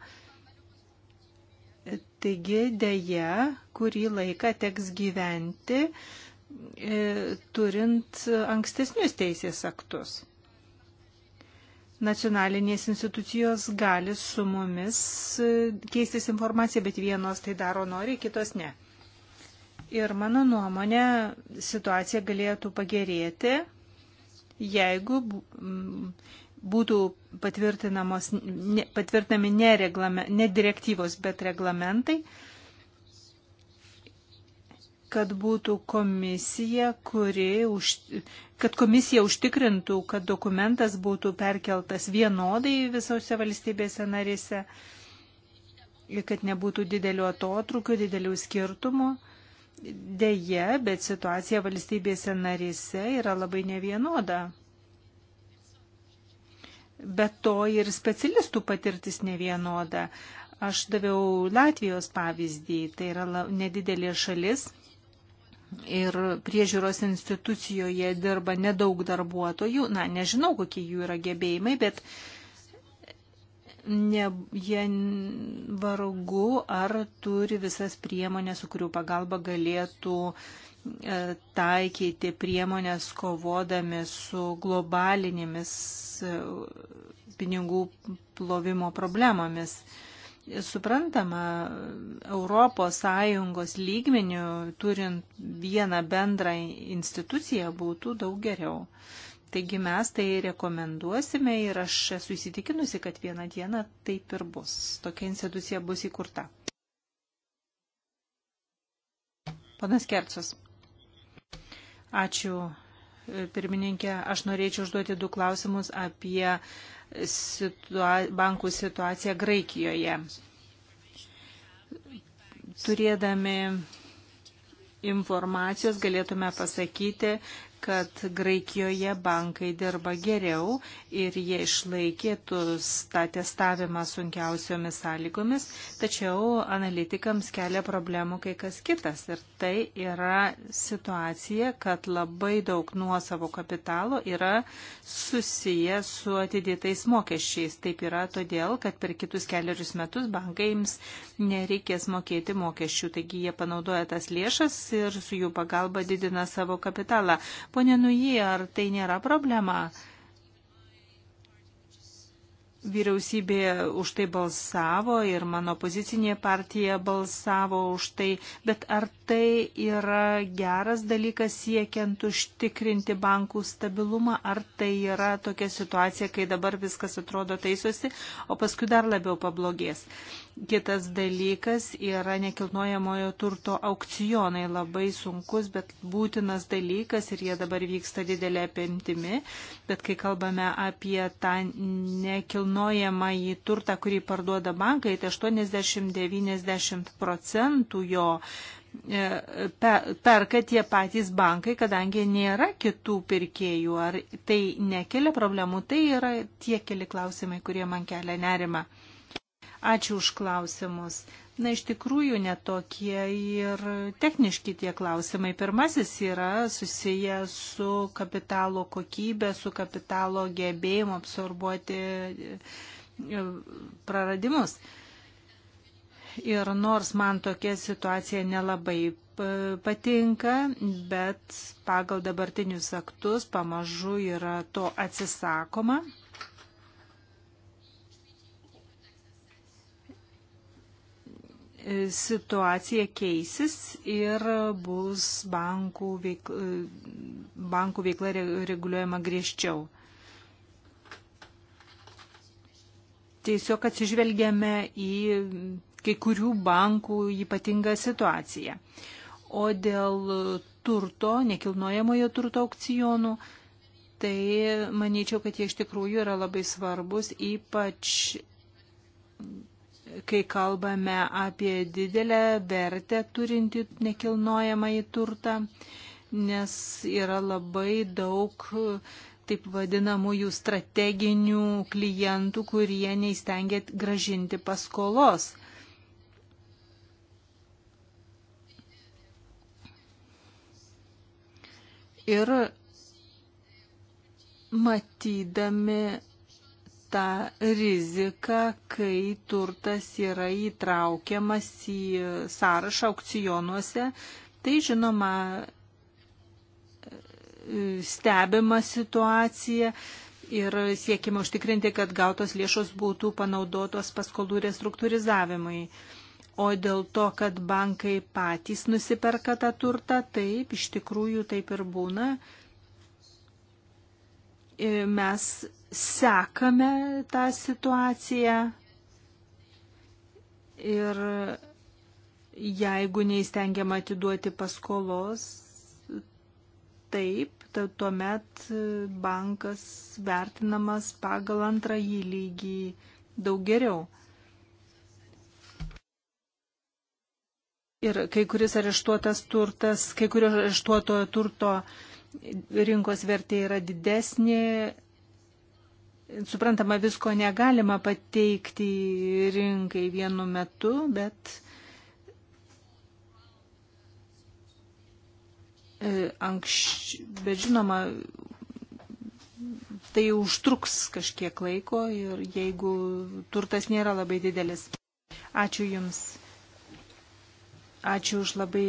Taigi dėja, kurį laiką teks gyventi e, turint ankstesnius teisės aktus. Nacionalinės institucijos gali su mumis e, keistis informaciją, bet vienos tai daro nori, kitos ne. Ir mano nuomonė, situacija galėtų pagerėti, jeigu būtų patvirtinami ne, reglame, ne direktyvos, bet reglamentai, kad būtų komisija, kuri už, kad komisija užtikrintų, kad dokumentas būtų perkeltas vienodai visose valstybėse narėse ir kad nebūtų didelio atotrukio, didelių skirtumų Deja, bet situacija valstybėse narėse yra labai nevienoda. Bet to ir specialistų patirtis nevienoda. Aš daviau Latvijos pavyzdį, tai yra nedidelė šalis ir priežiūros institucijoje dirba nedaug darbuotojų. Na, nežinau, kokie jų yra gebėjimai, bet uh, ne, jie vargu ar turi visas priemonės, su kurių pagalba galėtų e, taikyti priemonės kovodami su globalinėmis e, pinigų plovimo problemomis. Suprantama, ES lygmenių turint vieną bendrą instituciją būtų daug geriau. Taigi mes tai rekomenduosime ir aš esu įsitikinusi, kad vieną dieną taip ir bus. Tokia institucija bus įkurta. Panas Kercas. Ačiū, pirmininkė. Aš norėčiau užduoti du klausimus apie situa bankų situaciją Graikijoje. Turėdami informacijos galėtume pasakyti, kad Graikijoje bankai dirba geriau ir jie išlaikėtų tą testavimą sunkiausiomis sąlygomis, tačiau analitikams kelia problemų kai kas kitas. Ir tai yra situacija, kad labai daug nuosavo kapitalo yra susiję su atidėtais mokesčiais. Taip yra todėl, kad per kitus keliarius metus bankai jums nereikės mokėti mokesčių, taigi jie panaudoja tas lėšas ir su jų pagalba didina savo kapitalą. Pone Nujį, ar tai nėra problema? Vyriausybė už tai balsavo ir mano pozicinė partija balsavo už tai, bet ar tai yra geras dalykas siekiant užtikrinti bankų stabilumą, ar tai yra tokia situacija, kai dabar viskas atrodo taisosi, o paskui dar labiau pablogės. Uh, Kitas dalykas yra nekilnojamojo turto aukcionai, labai sunkus, bet būtinas dalykas ir jie dabar vyksta didelė apimtimi. Bet kai kalbame apie tą nekilnojamąjį turtą, kurį parduoda bankai, tai 80-90 procentų jo e, perka tie patys bankai, kadangi nėra kitų pirkėjų. Ar tai nekelia problemų? Tai yra tie keli klausimai, kurie man kelia nerima. Ačiū už klausimus. Na, iš tikrųjų, netokie ir techniški tie klausimai. Pirmasis yra susijęs su kapitalo kokybė, su kapitalo gebėjimu absorbuoti e, praradimus. Ir nors man tokia situacija nelabai e, patinka, bet pagal dabartinius aktus pamažu yra to atsisakoma. situacija keisis ir bus bankų veikla, bankų veikla reguliuojama griežčiau. Tiesiog atsižvelgiame į kai kurių bankų ypatingą situaciją. O dėl turto, nekilnojamojo turto aukcijonų, tai manyčiau, kad jie iš tikrųjų yra labai svarbus, ypač kai kalbame apie didelę vertę turinti nekilnojamą į turtą, nes yra labai daug taip vadinamųjų strateginių klientų, kurie neįstengia gražinti paskolos. Ir matydami tą riziką, kai turtas yra įtraukiamas į sąrašą aukcionuose, tai žinoma stebima situacija ir siekime užtikrinti, kad gautos lėšos būtų panaudotos paskolų restruktūrizavimui. O dėl to, kad bankai patys nusiperka tą turtą, taip, iš tikrųjų taip ir būna. E, mes sekame tą situaciją ir jeigu neįstengiama atiduoti paskolos, taip, tai tuomet bankas vertinamas pagal antrąjį lygį daug geriau. Ir kai kuris areštuotas turtas, kai kurio areštuotojo turto rinkos vertė yra didesnė suprantama, visko negalima pateikti rinkai vienu metu, bet e, anksč... bet žinoma, tai užtruks kažkiek laiko ir jeigu turtas nėra labai didelis. Ačiū Jums. Ačiū už labai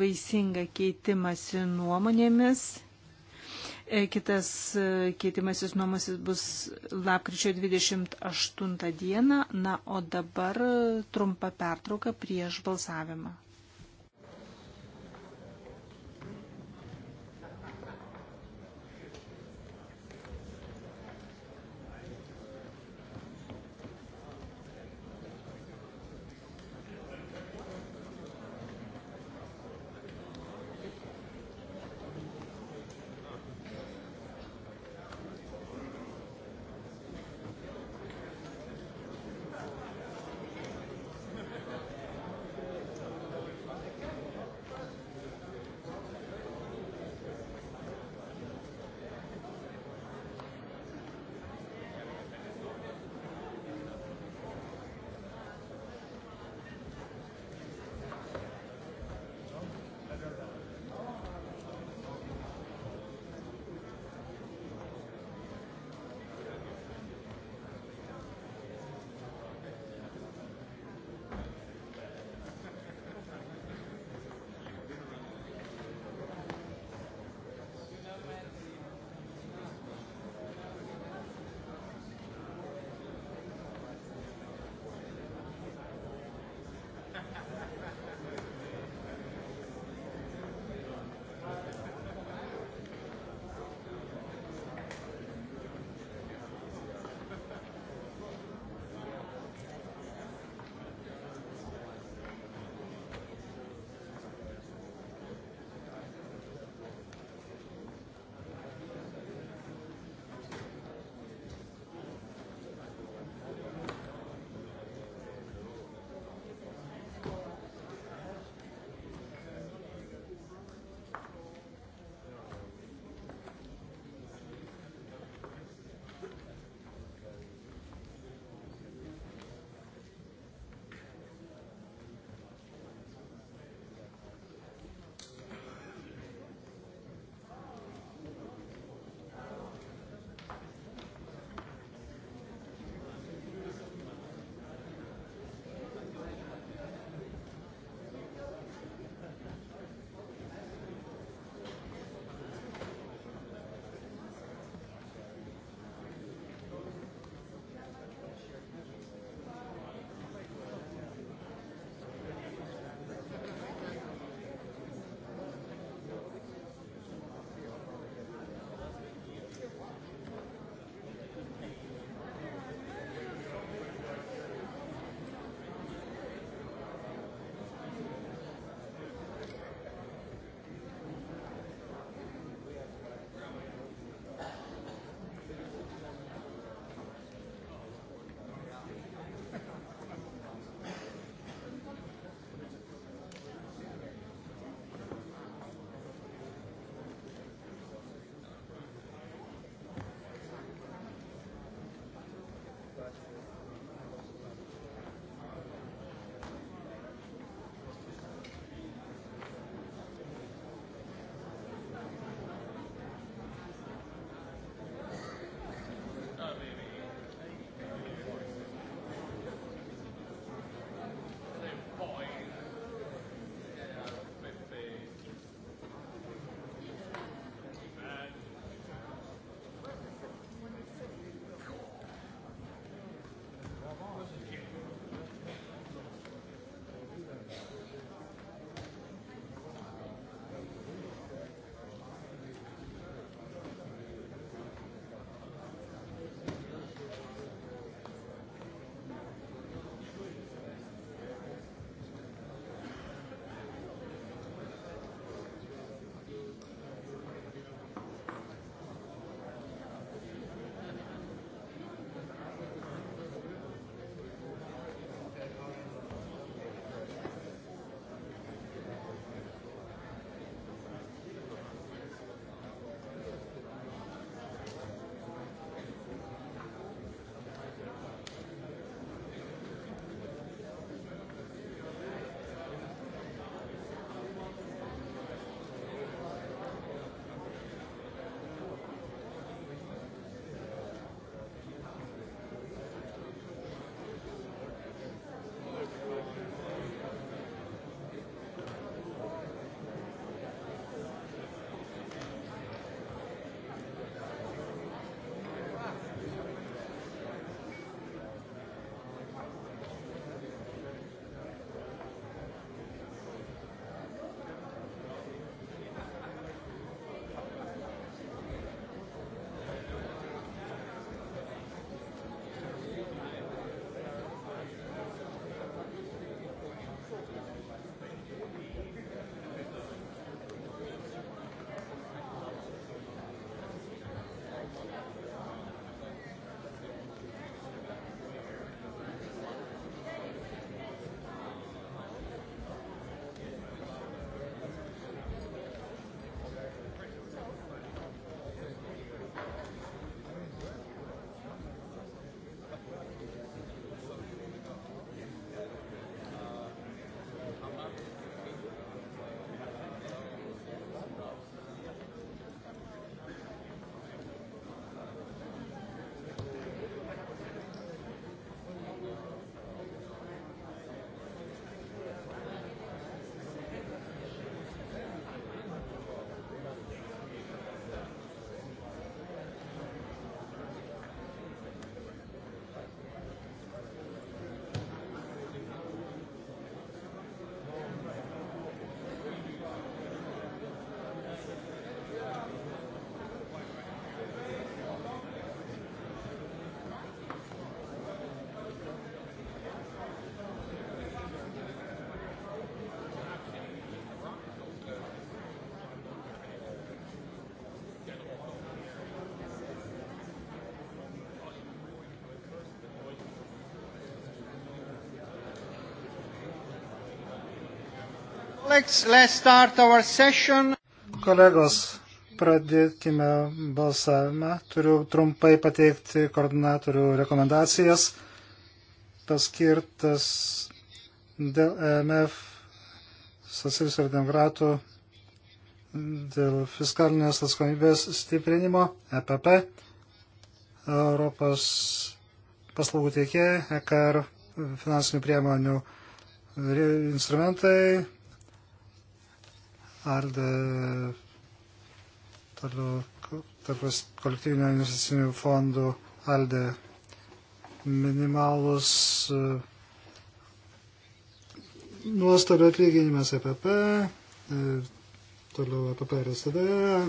vaisingą keitimąsi nuomonėmis. E, kitas e, keitimasis nuomasis bus lapkričio 28 dieną. Na, o dabar trumpa pertrauka prieš balsavimą. Let's, let's start our session. Kolegos, pradėkime balsavimą. Turiu trumpai pateikti koordinatorių rekomendacijas paskirtas dėl EMF socialistų ir demokratų dėl fiskalinės atsakomybės stiprinimo EPP, Europos paslaugų teikėjai, EKR finansinių priemonių instrumentai, ar toliau tarpus kolektyvinio investicinių fondų aldė minimalus e, nuostolių atlyginimas EPP, e, toliau EPP ir STD,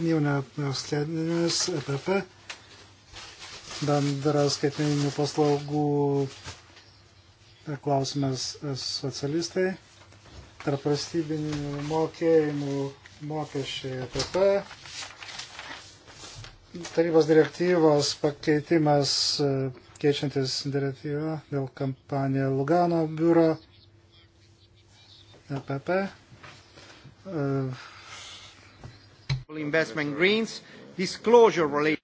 jaunė apskėdinis EPP, bendras skaitmeninių paslaugų e, klausimas socialistai tarprastybinių mokėjimų mokesčiai EPP, tarybos direktyvos pakeitimas e, keičiantis direktyvą dėl kampaniją Lugano biuro EPP. E, investment Greens, disclosure related.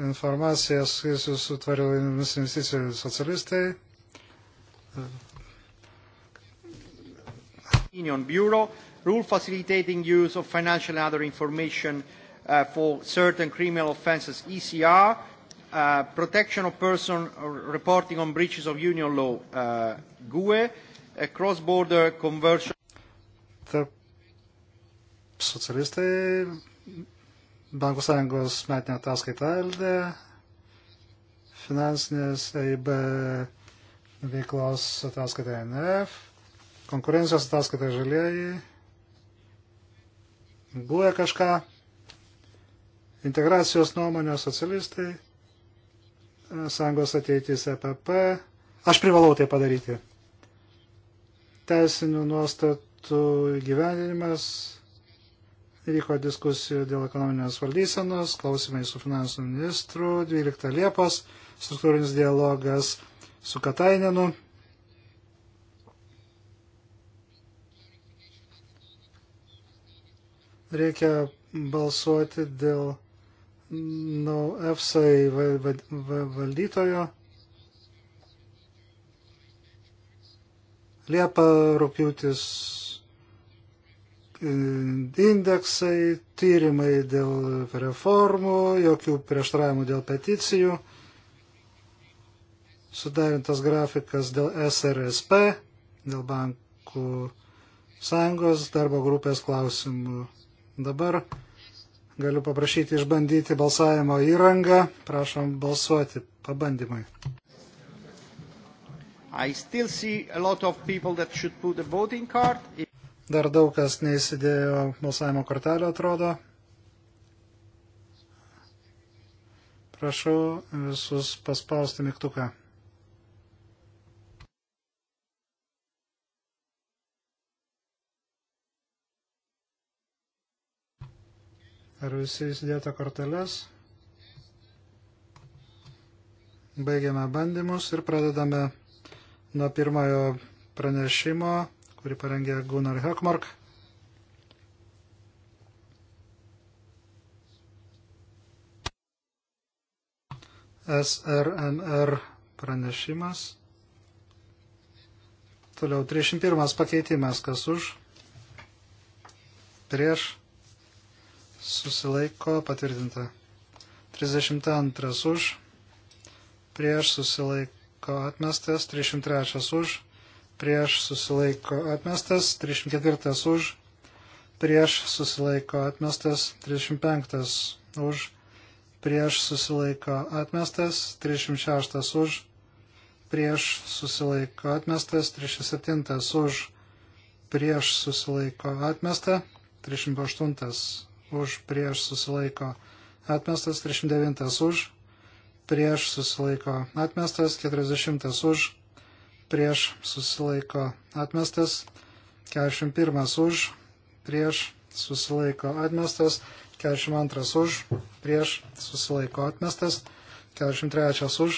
Informacija susijusi su tvariomis investicijomis socialistai. E, Union Bureau, rule facilitating use of financial and other information uh, for certain criminal offences, ECR, uh, protection of person uh, reporting on breaches of union law, uh, GUE, uh, cross-border conversion. Tarp socialistai, Bankų sąjungos metinė ataskaita LD, finansinės EIB veiklos ataskaita NF, Konkurencijos ataskaita žalieji. Guoja kažką. Integracijos nuomonė socialistai. Sąjungos ateitis EPP. Aš privalau tai padaryti. Teisinių nuostatų gyvenimas. Vyko diskusijų dėl ekonominės valdysenos, klausimai su finansų ministru, 12 Liepos, struktūrinis dialogas su Katainenu. reikia balsuoti dėl no, EFSA valdytojo. Liepa, rūpjūtis, e, indeksai, tyrimai dėl reformų, jokių prieštaravimų dėl peticijų, sudarintas grafikas dėl SRSP, dėl bankų sąjungos darbo grupės klausimų Dabar galiu paprašyti išbandyti balsavimo įrangą. Prašom balsuoti pabandymui. Dar daug kas neįsidėjo balsavimo kortelio, atrodo. Prašau visus paspausti mygtuką. Ar visi įsidėjote korteles? Baigiame bandymus ir pradedame nuo pirmojo pranešimo, kurį parengė Gunnar Hökmark. SRNR pranešimas. Toliau 31 pakeitimas, kas už, prieš, susilaiko patvirtinta. 32 už, prieš susilaiko atmestas, 303 už, prieš susilaiko atmestas, 304 už, prieš susilaiko atmestas, 35 už, prieš susilaiko atmestas, 306 už, prieš susilaiko atmestas, 307 už, prieš susilaiko atmestą, 308 už prieš susilaiko atmestas, 39 už prieš susilaiko atmestas, 40 už prieš susilaiko atmestas, 41 už prieš susilaiko atmestas, 42 už prieš susilaiko atmestas, 43 už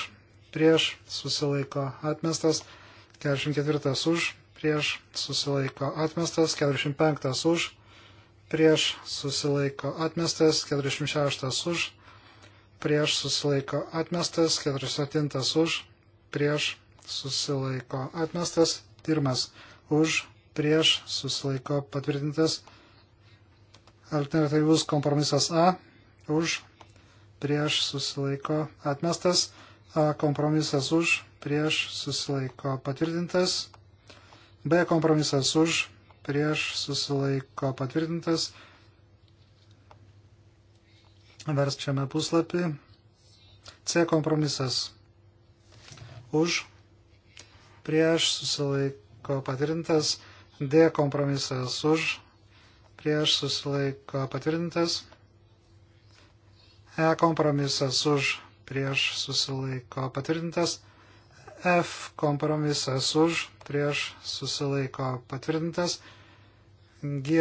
prieš susilaiko atmestas, 44 už prieš susilaiko atmestas, 45 už prieš susilaiko atmestas, 46 už, prieš susilaiko atmestas, 47 už, prieš susilaiko atmestas, 1 už, prieš susilaiko patvirtintas, alternatyvus kompromisas A, už, prieš susilaiko atmestas, A kompromisas už, prieš susilaiko patvirtintas, B kompromisas už, prieš susilaiko patvirtintas. Verčiame puslapį. C kompromisas. Už prieš susilaiko patvirtintas. D kompromisas už prieš susilaiko patvirtintas. E kompromisas už prieš susilaiko patvirtintas. F kompromisas už, prieš susilaiko patvirtintas. G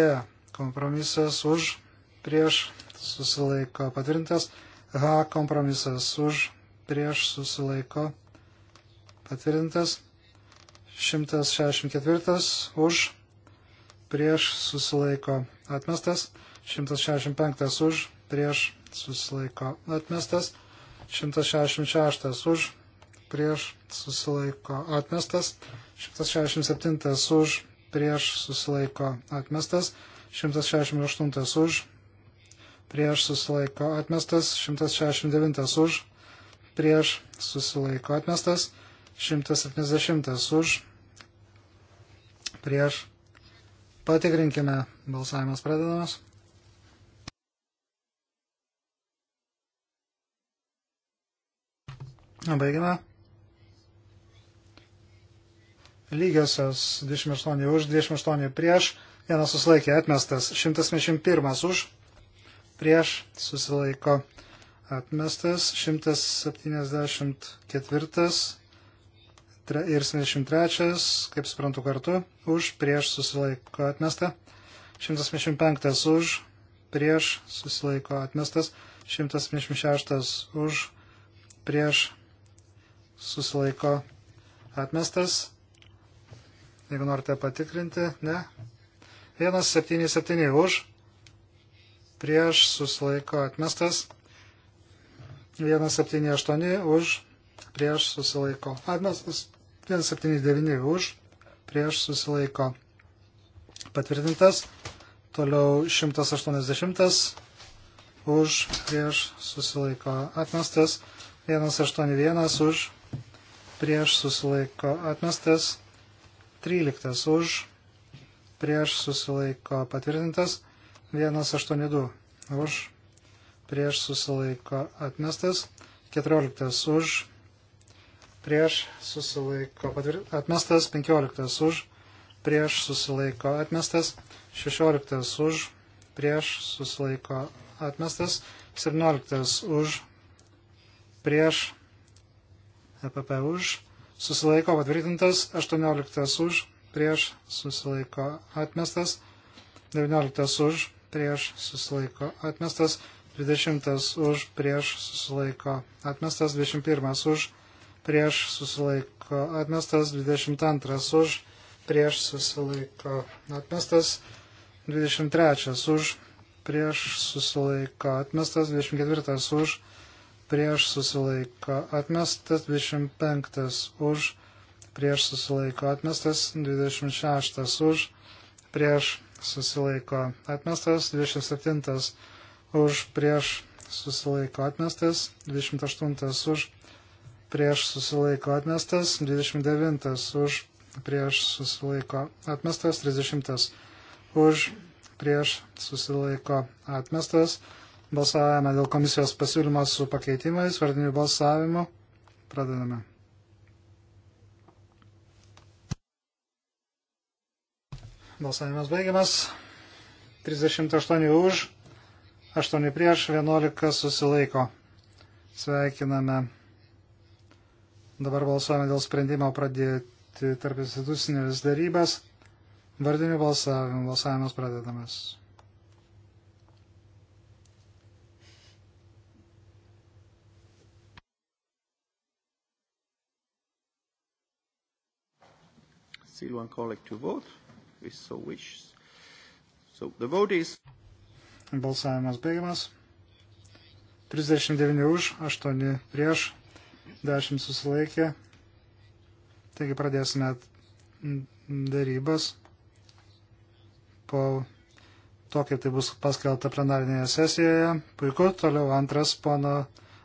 kompromisas už, prieš susilaiko patvirtintas. H kompromisas už, prieš susilaiko patvirtintas. 164 už, prieš susilaiko atmestas. 165 už, prieš susilaiko atmestas. 166 už, prieš susilaiko atmestas, 167 už prieš susilaiko atmestas, 168 už prieš susilaiko atmestas, 169 už prieš susilaiko atmestas, 170 už prieš patikrinkime balsavimas pradedamas. Baigime lygiosios 28 už, 28 prieš, vienas susilaikė atmestas, 121 už, prieš susilaiko atmestas, 174 ir 73, kaip suprantu kartu, už, prieš susilaiko atmestą, 175 už, prieš susilaiko atmestas, 176 už, prieš susilaiko atmestas, Jeigu norite patikrinti, ne. 177 už, prieš susilaiko atmestas. 178 už, prieš susilaiko atmestas. 179 už, prieš susilaiko patvirtintas. Toliau 180 už, prieš susilaiko atmestas. 181 už, prieš susilaiko atmestas. 13 už, prieš susilaiko patvirtintas, 182 už, prieš susilaiko atmestas, 14 už, prieš susilaiko patvirtintas, atmestas, 15 už, prieš susilaiko atmestas, 16 už, prieš susilaiko atmestas, 17 už, prieš EPP už, susilaiko patvirtintas, 18 už, prieš susilaiko atmestas, 19 už, prieš susilaiko atmestas, 20 už, prieš susilaiko atmestas, 21 už, prieš susilaiko atmestas, 22 už, prieš susilaiko atmestas, 23 už, prieš susilaiko atmestas, 24 už, prieš susilaiko atmestas, 25 už, prieš susilaiko atmestas, 26 už, prieš susilaiko atmestas, 27 už, prieš susilaiko atmestas, 28 už, prieš susilaiko atmestas, 29 už, prieš susilaiko atmestas, 30 už, prieš susilaiko atmestas, 30 Balsavome dėl komisijos pasiūlymo su pakeitimais, vardiniu balsavimu. Pradedame. Balsavimas baigiamas. 38 už, 8 prieš, 11 susilaiko. Sveikiname. Dabar balsuojame dėl sprendimo pradėti tarp institucinės darybas. Vardinių balsavimų. Balsavimas pradedamas. still one colleague to vote, if so wishes. So the vote is... Balsavimas baigiamas. 39 už, 8 prieš, 10 susilaikė. Taigi pradėsime darybas po to, kaip tai bus paskelbta plenarinėje sesijoje. Puiku, toliau antras pono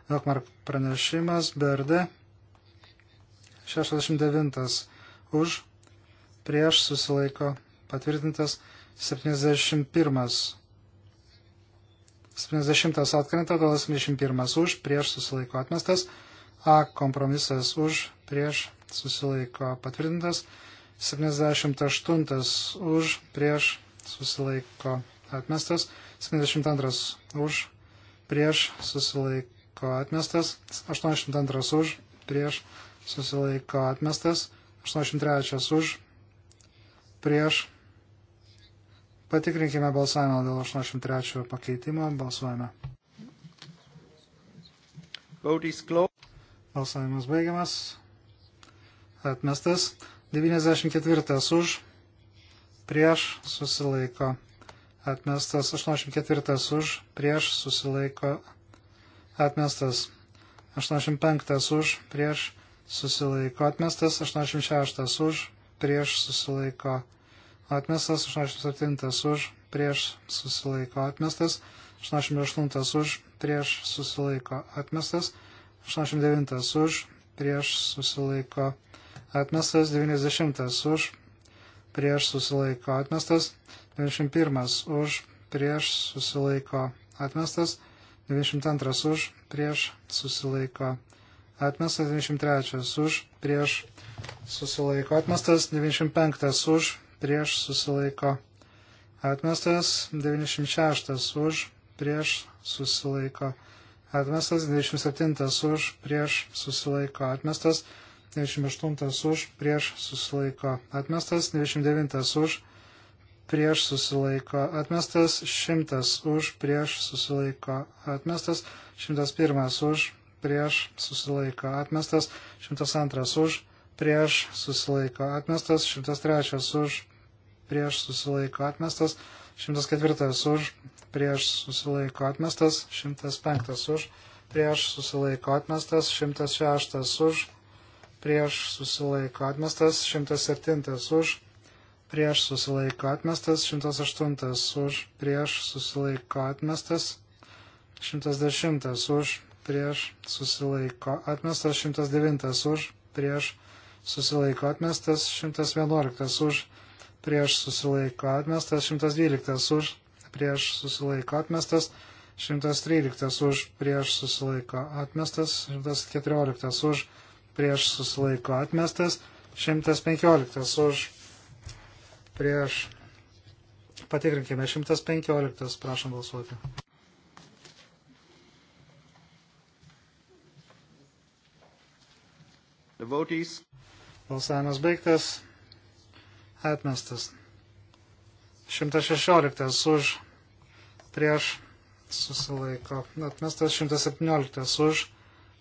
Jokmark pranešimas, BRD 69 už, prieš susilaiko patvirtintas 71. 70 atkrenta, todėl 71 už, prieš susilaiko atmestas, A kompromisas už, prieš susilaiko patvirtintas, 78 už, prieš susilaiko atmestas, 72 už, prieš susilaiko atmestas, 82 už, prieš susilaiko atmestas, 83 už, prieš. Patikrinkime balsavimą dėl 83 pakeitimo. Balsuojame. Balsavimas baigiamas. Atmestas. 94 už. Prieš susilaiko. Atmestas. 84 už. Prieš susilaiko. Atmestas. 85 už. Prieš susilaiko. Atmestas. 86 už. Prieš susilaiko. Atmestas atmestas, 87 už, prieš susilaiko atmestas, 88 už, prieš susilaiko atmestas, 89 už, prieš susilaiko atmestas, 90 už, prieš susilaiko atmestas, 91 už, prieš susilaiko atmestas, 92 už, prieš susilaiko atmestas, 93 už, prieš susilaiko atmestas, 95 už, prieš susilaiko atmestas, 96 už prieš susilaiko atmestas, 97 už prieš susilaiko atmestas, 98 už prieš susilaiko atmestas, 99 už prieš susilaiko atmestas, 100 už prieš susilaiko atmestas, 101 už prieš susilaiko atmestas, 102 už prieš susilaiko atmestas, 103 už, prieš susilaiko atmestas, 104 už, prieš susilaiko atmestas, 105 už, prieš susilaiko atmestas, 106 už, prieš susilaiko atmestas, 107 už, prieš susilaiko atmestas, 108 už, prieš susilaiko atmestas, 110 už, prieš susilaiko atmestas, 109 už, prieš susilaiko atmestas, 111 už, prieš susilaiko atmestas, 112 už, prieš susilaiko atmestas, 113 už, prieš susilaiko atmestas, 114 už, prieš susilaiko atmestas, 115 už, prieš. Patikrinkime, 115, prašom balsuoti. The vote is Balsavimas baigtas. Atmestas. 116 už prieš susilaiko. Atmestas 117 už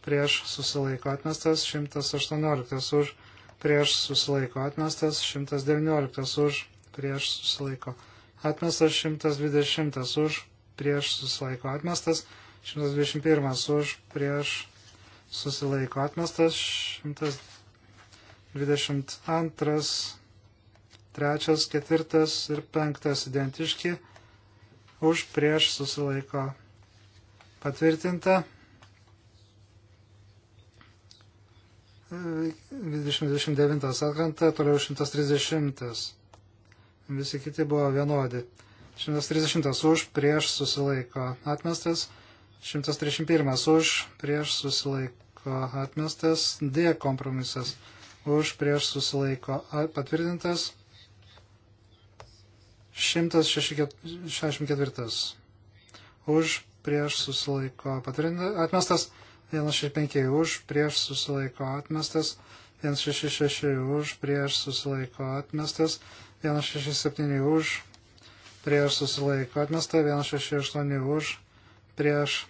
prieš susilaiko. Atmestas 118 už prieš susilaiko. Atmestas 119 už prieš susilaiko. Atmestas 120 už prieš susilaiko. Atmestas 121 už prieš susilaiko. Atmestas 120. 22, 3, 4 ir 5 identiški. Už prieš susilaiko patvirtinta. 29 atkrenta, toliau 130. Visi kiti buvo vienodi. 130 už, prieš susilaiko atmestas. 131 už, prieš susilaiko atmestas. D kompromisas už prieš susilaiko patvirtintas 164 už prieš susilaiko patvirtintas atmestas 165 už prieš susilaiko atmestas 166 už prieš susilaiko atmestas 167 už prieš susilaiko atmestą 168 už prieš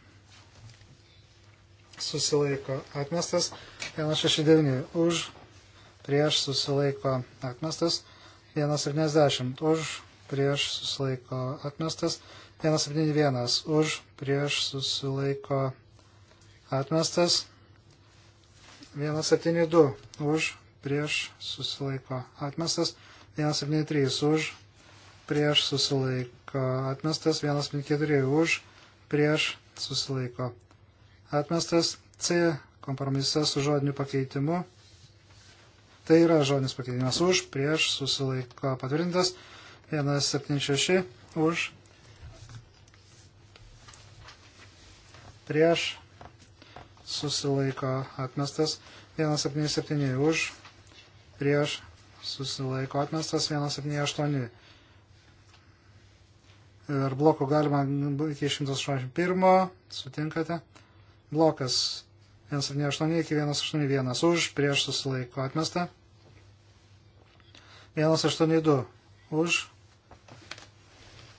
susilaiko atmestas 169 už prieš susilaiko atmestas, 1,70 už, prieš susilaiko atmestas, 1,71 už, prieš susilaiko atmestas, 1,72 už, prieš susilaiko atmestas, 1,73 už, prieš susilaiko atmestas, 1,74 už, prieš susilaiko atmestas, C kompromisas su žodiniu pakeitimu Tai yra žodinis pakeitimas už, prieš, susilaiko patvirtintas. 176 už, prieš, susilaiko atmestas. 177 už, prieš, susilaiko atmestas. 178. Ir blokų galima iki 181, sutinkate. Blokas 178 iki 181 už, prieš susilaiko atmesta. 182 už,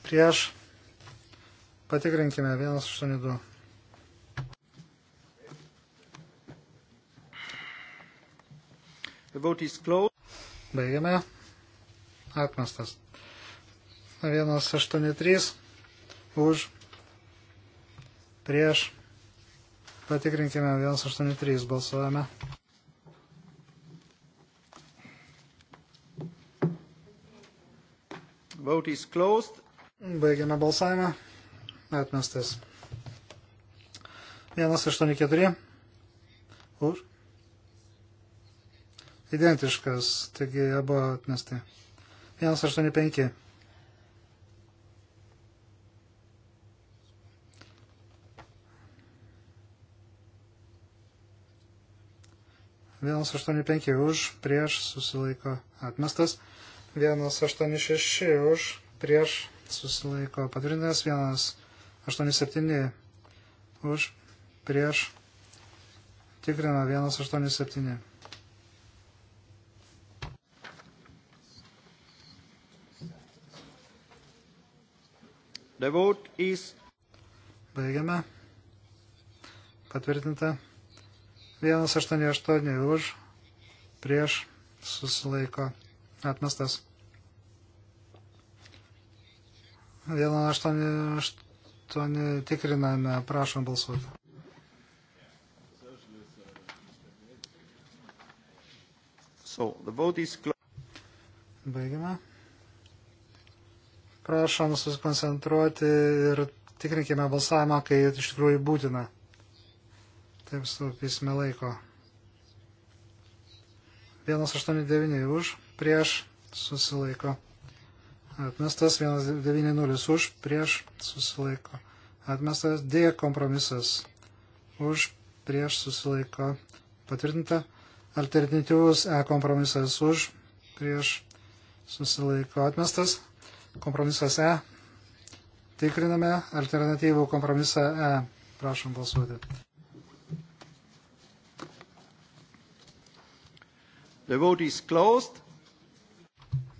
prieš, patikrinkime 182. The vote is closed. Baigiame. Atmestas. 183 už, prieš, Patikrinkime 183 balsuojame. Vote is closed. Baigiame balsavimą. Atmestas. 184. Už. Identiškas, taigi jie buvo atmesti. 185. 185 už, prieš susilaiko atmestas, 186 už, prieš susilaiko patvirtintas, 187 už, prieš tikrina 187. The vote is. Baigiame. Patvirtinta. 188 už, prieš, susilaiko, atmestas. 188 tikriname, prašom balsuoti. So, the vote is Baigime. Prašom susikoncentruoti ir tikrinkime balsavimą, kai iš tikrųjų būtina. Taip sutaupysime laiko. 189 už, prieš susilaiko. Atmestas 190 už, prieš susilaiko. Atmestas D kompromisas. Už, prieš susilaiko. Patvirtinta. Alternatyvus E kompromisas už, prieš susilaiko. Atmestas. Kompromisas E. Tikriname alternatyvų kompromisą E. Prašom balsuoti. The vote is closed.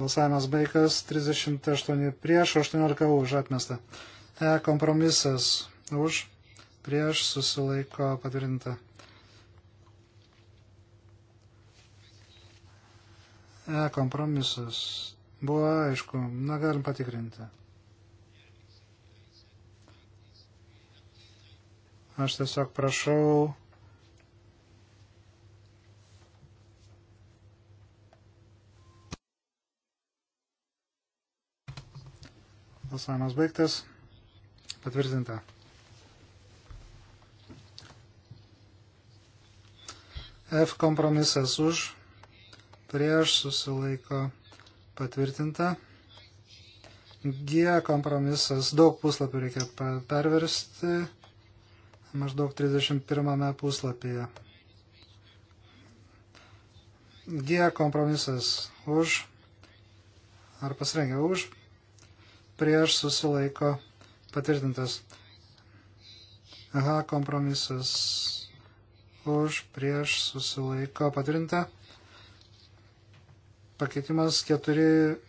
Balsavimas baigtas 38 prieš, 18 už atmesta. E kompromisas už, prieš susilaiko patvirtinta. E kompromisas buvo aišku, na galim patikrinti. Aš tiesiog prašau Balsavimas baigtas. Patvirtinta. F kompromisas už, prieš susilaiko patvirtinta. G kompromisas, daug puslapių reikia perversti, maždaug 31 puslapyje. G kompromisas už, ar pasirengę už, prieš susilaiko patvirtintas. H kompromisas už prieš susilaiko patvirtinta. Pakeitimas 413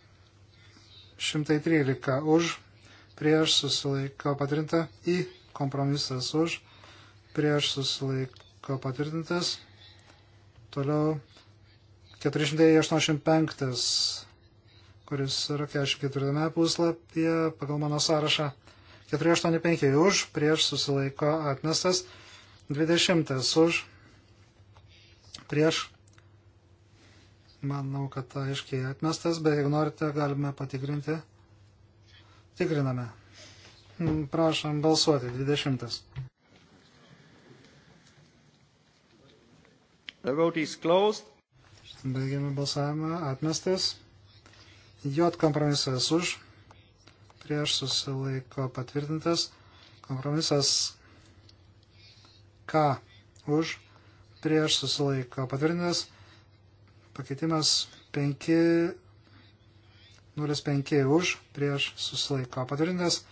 už prieš susilaiko patvirtinta. I kompromisas už prieš susilaiko patvirtintas. Toliau 485 kuris yra 44 puslapyje pagal mano sąrašą. 485 už, prieš susilaiko atmestas, 20 už, prieš, manau, kad aiškiai atmestas, bet jeigu norite, galime patikrinti. Tikriname. Hmm, prašom balsuoti, 20. The vote is closed. Baigiame balsavimą, atmestas. J kompromisas už, prieš susilaiko patvirtintas. Kompromisas K už, prieš susilaiko patvirtintas. Pakeitimas 5, 05 už, prieš susilaiko patvirtintas.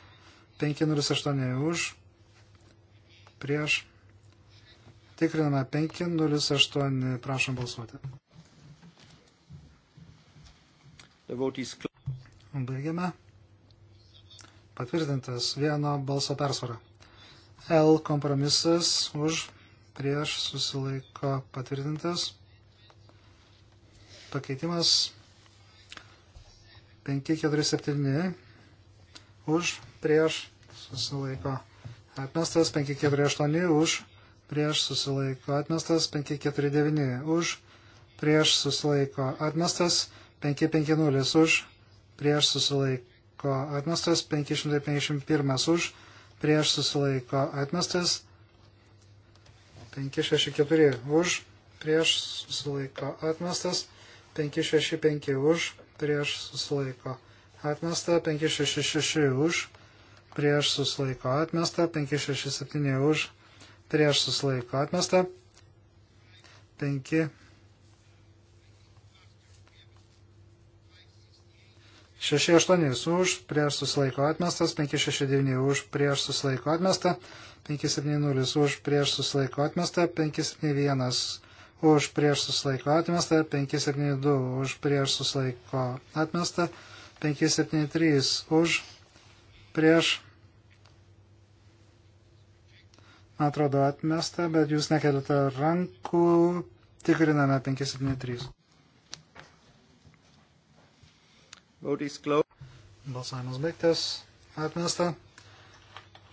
508 už, prieš. Tikriname 508, prašom balsuoti. Baigiame. Patvirtintas vieno balso persvara. L kompromisas už prieš susilaiko patvirtintas. Pakeitimas 547 už prieš susilaiko atmestas, 548 už prieš susilaiko atmestas, 549 už prieš susilaiko atmestas, 549 550 už, prieš susilaiko atmestas, 551 už, prieš susilaiko atmestas, 564 už, prieš susilaiko atmestas, 565 už, prieš susilaiko atmesta, 566 už, prieš susilaiko atmesta, 567 už, prieš susilaiko atmesta, 5 6-8 už, prieš susilaiko atmestas, 5-6-9 už, prieš susilaiko atmestą, 5-7-0 už, prieš susilaiko atmestą, 5-7-1 už, prieš susilaiko atmestą, 5-7-2 už, prieš susilaiko atmestą, 5-7-3 už, prieš. Man atrodo atmesta, bet jūs nekeliate rankų, tikriname 573. Balsavimas baigtas. Atmesta.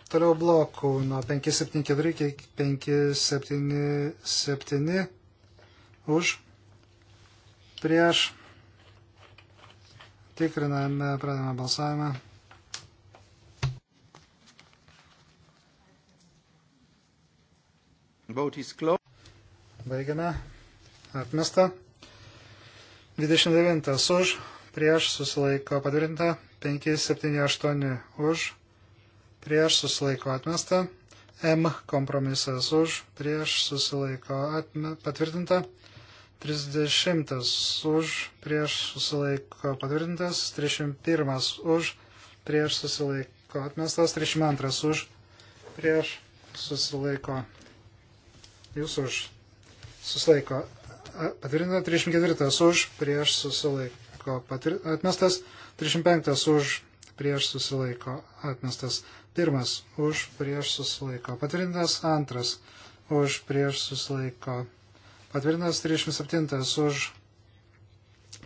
Toliau blokų nuo 574 iki 577 už. Prieš. Tikriname, pradame balsavimą. Baigiame. Atmesta. 29 už prieš susilaiko patvirtinta, 578 už, prieš susilaiko atmesta, M kompromisas už, prieš susilaiko atme, patvirtinta, 30 už, prieš susilaiko patvirtintas, 31 už, prieš susilaiko atmestas, 32 už, prieš susilaiko, jūs už, susilaiko patvirtinta, 34 už, prieš susilaiko susilaiko patri, atmestas, 35 už prieš susilaiko atmestas, 1 už prieš susilaiko patvirtintas, 2 už prieš susilaiko patvirtintas, 37 už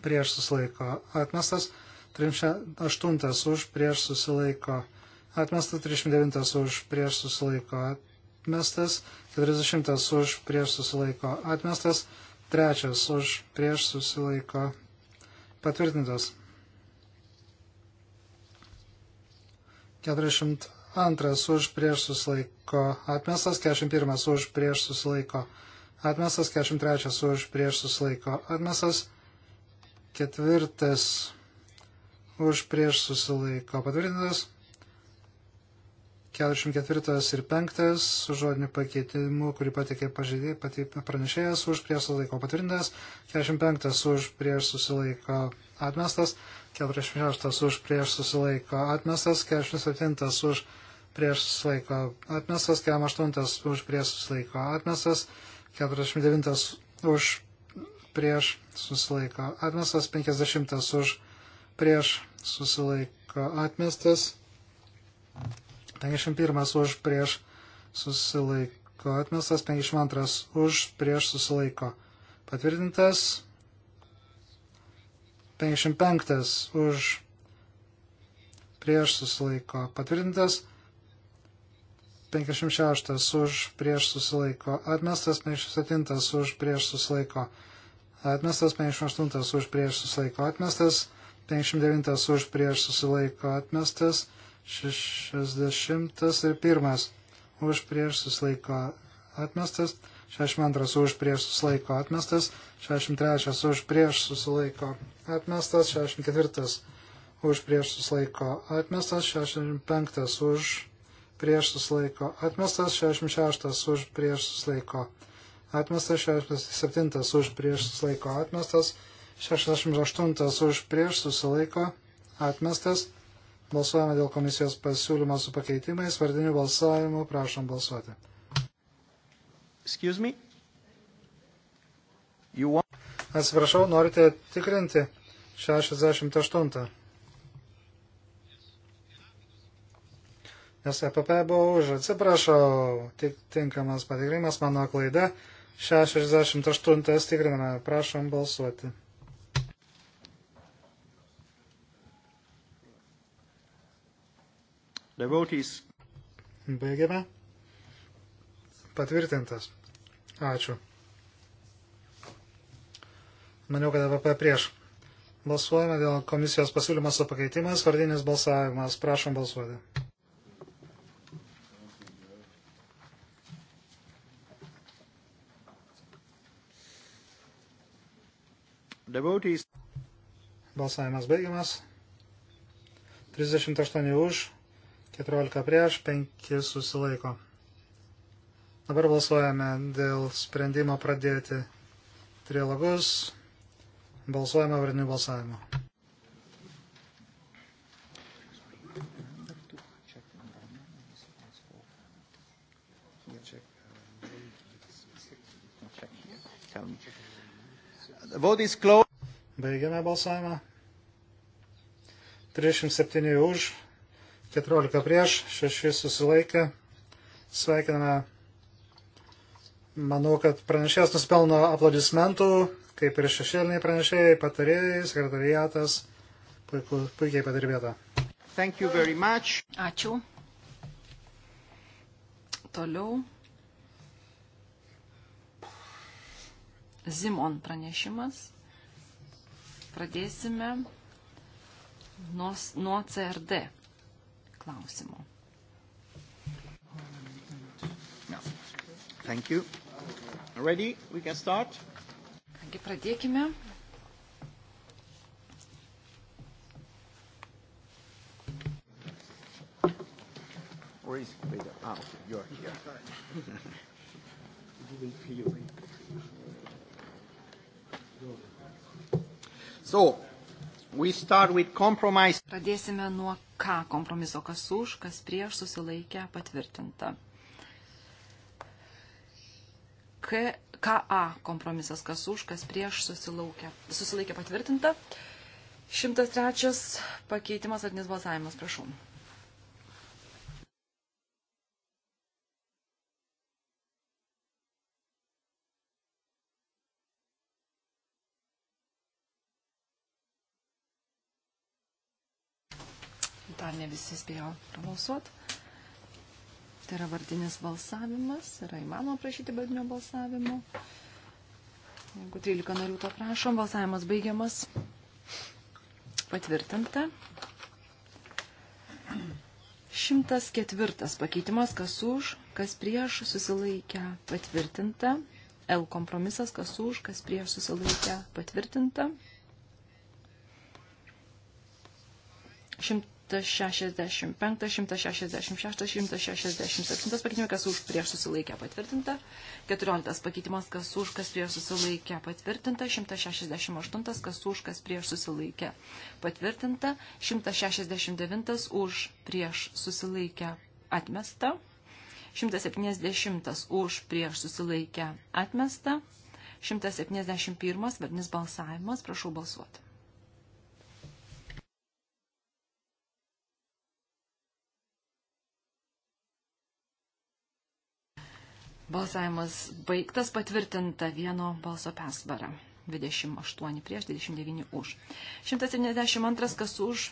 prieš susilaiko atmestas, 38 už prieš susilaiko atmestas, 39 už prieš susilaiko atmestas, 40 už prieš susilaiko atmestas, trečias už prieš susilaiko Patvirtintas. 42 už prieš susilaiko atmestas, 41 už prieš susilaiko atmestas, 43 už prieš susilaiko atmestas, 4 už prieš susilaiko patvirtintas, 44 ir 5 su žodiniu pakeitimu, kurį patikė pranešėjas už prieš susilaiko patvirtintas, 45 už prieš susilaiko atmestas, 46 už prieš susilaiko atmestas, 47 už prieš susilaiko atmestas, 48 už prieš susilaiko atmestas, 49 už prieš susilaiko atmestas, 50 už prieš susilaiko atmestas. Thank you. 51 už prieš susilaiko atmestas, 52 už prieš susilaiko patvirtintas, 55 už prieš susilaiko patvirtintas, 56 už prieš susilaiko atmestas, 57 už prieš susilaiko atmestas, 58 už prieš susilaiko atmestas, 59 už prieš susilaiko atmestas, 60 ir 1 už prieš susilaiko atmestas, 62 už prieš susilaiko atmestas, 63 už prieš susilaiko atmestas, 64 už prieš susilaiko atmestas, 65 už prieš susilaiko atmestas, 66 už prieš susilaiko atmestas, 67 už prieš susilaiko atmestas, 68 už prieš susilaiko atmestas, Balsuojame dėl komisijos pasiūlymo su pakeitimais. Vardiniu balsavimu prašom balsuoti. Excuse me? You want... Atsiprašau, norite tikrinti 68. Nes EPP buvo už. Atsiprašau, tik tinkamas patikrimas, mano klaida. 68 tikriname, prašom balsuoti. Devotees. Baigiame. Patvirtintas. Ačiū. Maniau, kad AVP prieš. Balsuojame dėl komisijos pasiūlymas su pakeitimas, vardinis balsavimas. Prašom balsuoti. Devotees. Balsavimas baigiamas. 38 už, 14 prieš, 5 susilaiko. Dabar balsuojame dėl sprendimo pradėti trilogus. Balsuojame varinių balsavimo. Baigiame balsavimą. 307 už, 14 prieš, 6 susilaikė. Sveikiname. Manau, kad pranešėjas nusipelno aplodismentų, kaip ir šešėliniai pranešėjai, patarėjai, sekretariatas. Puiku, puikiai padirbėta. Ačiū. Toliau. Zimon pranešimas. Pradėsime nuo, nuo CRD klausimų. Thank you. Ready? We can start. Kągi pradėkime. Where is Peter? Ah, okay, you're here. so, Pradėsime nuo ką kompromiso, kas už, kas prieš susilaikę patvirtinta. K, KA kompromisas, kas už, kas prieš susilaikę patvirtinta. 103 pakeitimas ar nesbalsavimas, prašau. ne visi spėjo prabalsuoti. Tai yra vardinis balsavimas, yra įmanoma prašyti vardinio balsavimo. Jeigu 13 narių to prašom, balsavimas baigiamas. Patvirtinta. 104 pakeitimas, kas už, kas prieš susilaikę patvirtinta. L kompromisas, kas už, kas prieš susilaikę patvirtinta. 100 165, 166, 167 pakeitimai, kas už prieš susilaikę patvirtinta, 14 pakeitimas, kas už, kas prieš susilaikę patvirtinta, 168, kas už, kas prieš susilaikę patvirtinta, 169 už prieš susilaikę atmesta, 170 už prieš susilaikę atmesta, 171 vardinis balsavimas, prašau balsuoti. Balsavimas baigtas patvirtinta vieno balso persvara. 28 prieš, 29 už. 172 kas už.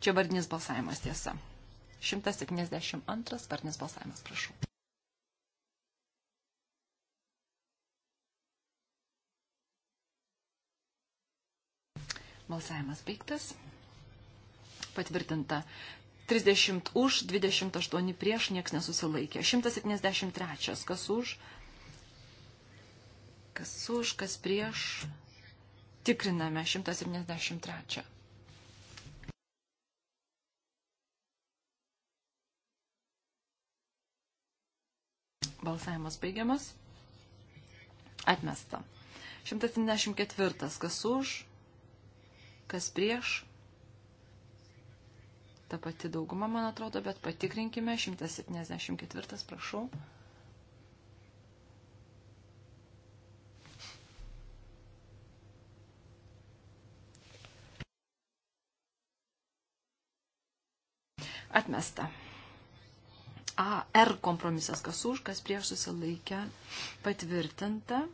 Čia vardinis balsavimas tiesa. 172 vardinis balsavimas, prašau. Balsavimas baigtas. Patvirtinta 30 už, 28 prieš, nieks nesusilaikė. 173. Kas už? Kas už, kas prieš? Tikriname 173. Balsavimas baigiamas. Atmesta. 174. Kas už, kas prieš, ta pati dauguma, man atrodo, bet patikrinkime. 174, prašau. Atmesta. AR kompromisas, kas už, kas prieš susilaikę, patvirtinta.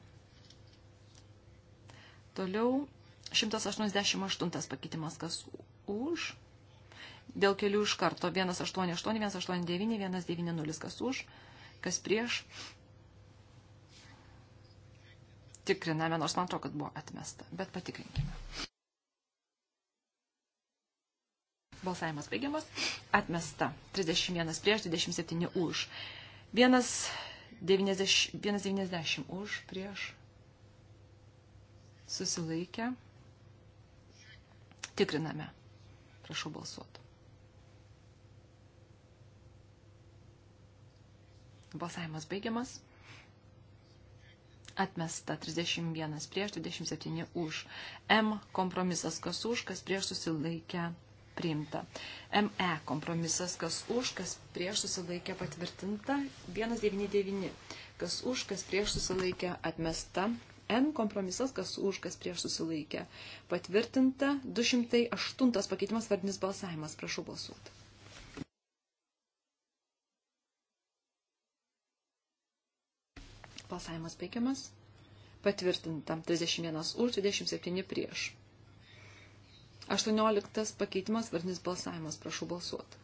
Toliau 188 pakeitimas, kas už, Dėl kelių iš karto 188, 189, 190, kas už, kas prieš. Tikriname, nors man atrodo, kad buvo atmesta, bet patikrinkime. Balsavimas baigiamas. Atmesta. 31 prieš, 27 už. 1,90 už prieš. Susilaikę. Tikriname. Prašau balsuoti. Balsavimas baigiamas. Atmesta 31 prieš 27 už. M kompromisas kas už, kas prieš susilaikę priimta. ME kompromisas kas už, kas prieš susilaikę patvirtinta. 199 kas už, kas prieš susilaikę atmesta. N kompromisas kas už, kas prieš susilaikę patvirtinta. 208 pakeitimas vardinis balsavimas. Prašau balsuoti. Balsavimas baigiamas. Patvirtinta. 31 už, 27 prieš. 18 pakeitimas, vardinis balsavimas. Prašau balsuoti.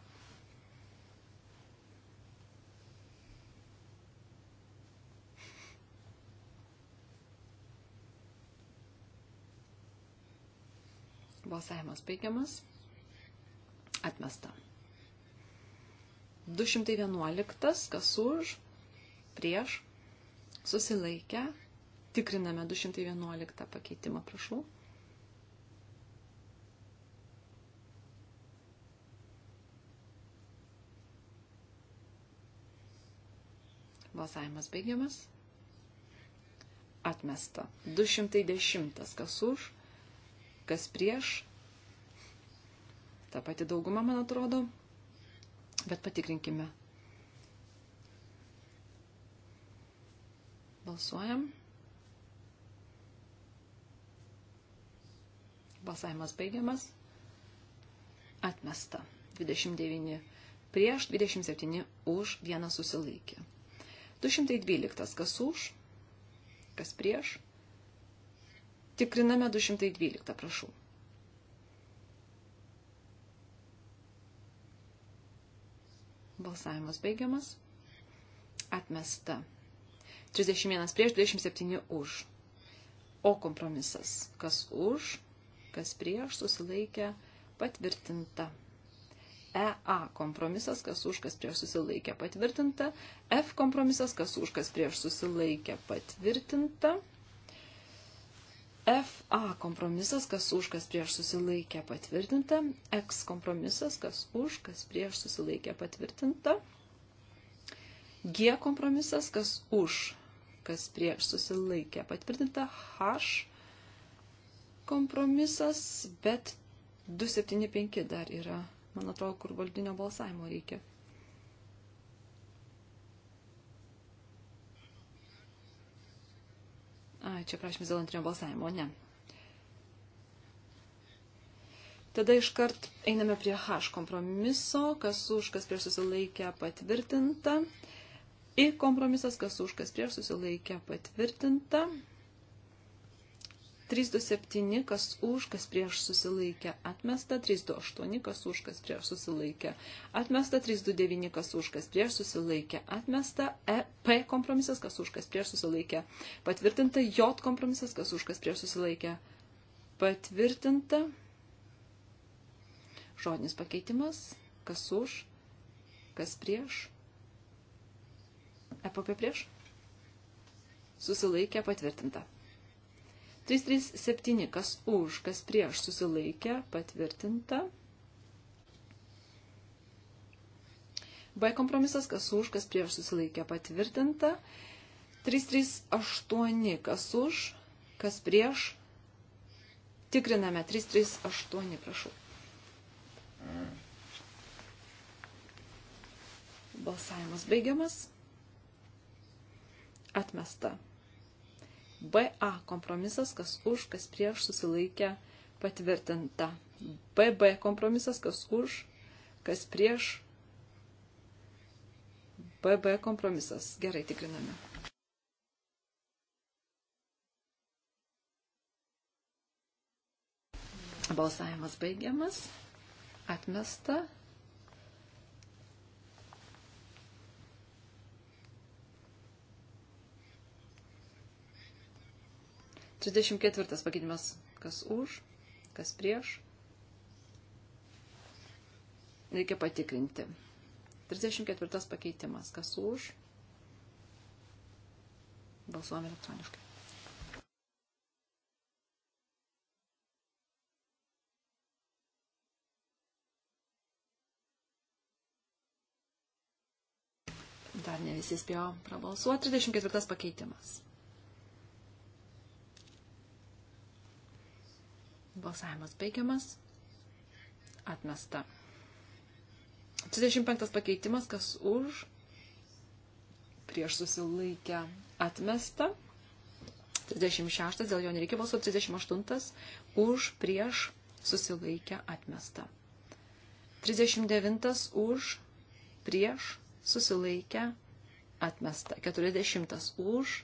Balsavimas baigiamas. Atmesta. 211. Kas už? Prieš susilaikę, tikriname 211 pakeitimą, prašau. Balsavimas baigiamas. Atmesta. 210. Kas už, kas prieš. Ta pati dauguma, man atrodo. Bet patikrinkime. Balsuojam. Balsavimas baigiamas. Atmesta. 29 prieš, 27 už, vieną susilaikė. 212. Kas už, kas prieš. Tikriname 212, prašau. Balsavimas baigiamas. Atmesta. 31 prieš, 27 už. O kompromisas. Kas už, kas prieš, susilaikė patvirtinta. EA kompromisas, kas už, kas prieš susilaikė patvirtinta. F kompromisas, kas už, kas prieš susilaikė patvirtinta. FA kompromisas, kas už, kas prieš susilaikė patvirtinta. X kompromisas, kas už, kas prieš susilaikė patvirtinta. G kompromisas, kas už, kas prieš susilaikė patvirtinta, H kompromisas, bet 275 dar yra, man atrodo, kur valdinio balsavimo reikia. Ai, čia prašymas dėl antrinio balsavimo, ne. Tada iškart einame prie H kompromiso, kas už, kas prieš susilaikę patvirtinta. I kompromisas, kas už, kas prieš susilaikė patvirtinta. 327, kas už, kas prieš susilaikė atmesta. 328, kas už, kas prieš susilaikė atmesta. 329, kas už, kas prieš susilaikė atmesta. E, P kompromisas, kas už, kas prieš susilaikė patvirtinta. J kompromisas, kas už, kas prieš susilaikė patvirtinta. Žodinis pakeitimas, kas už, kas prieš EPP prieš. Susilaikė patvirtinta. 337, kas už, kas prieš, susilaikė patvirtinta. B kompromisas, kas už, kas prieš, susilaikė patvirtinta. 338, kas už, kas prieš. Tikriname 338, prašau. Balsavimas baigiamas. Atmesta. BA kompromisas, kas už, kas prieš susilaikę patvirtinta. BB kompromisas, kas už, kas prieš. BB kompromisas. Gerai tikriname. Balsavimas baigiamas. Atmesta. 34 pakeitimas. Kas už, kas prieš. Reikia patikrinti. 34 pakeitimas. Kas už. Balsuojame elektroniškai. Dar ne visi spėjo prabalsuoti. 34 pakeitimas. Balsavimas baigiamas. Atmesta. 35 pakeitimas, kas už, prieš susilaikę atmesta. 36, dėl jo nereikia balsuoti. 38, už, prieš susilaikę atmesta. 39, už, prieš susilaikę atmesta. 40, už,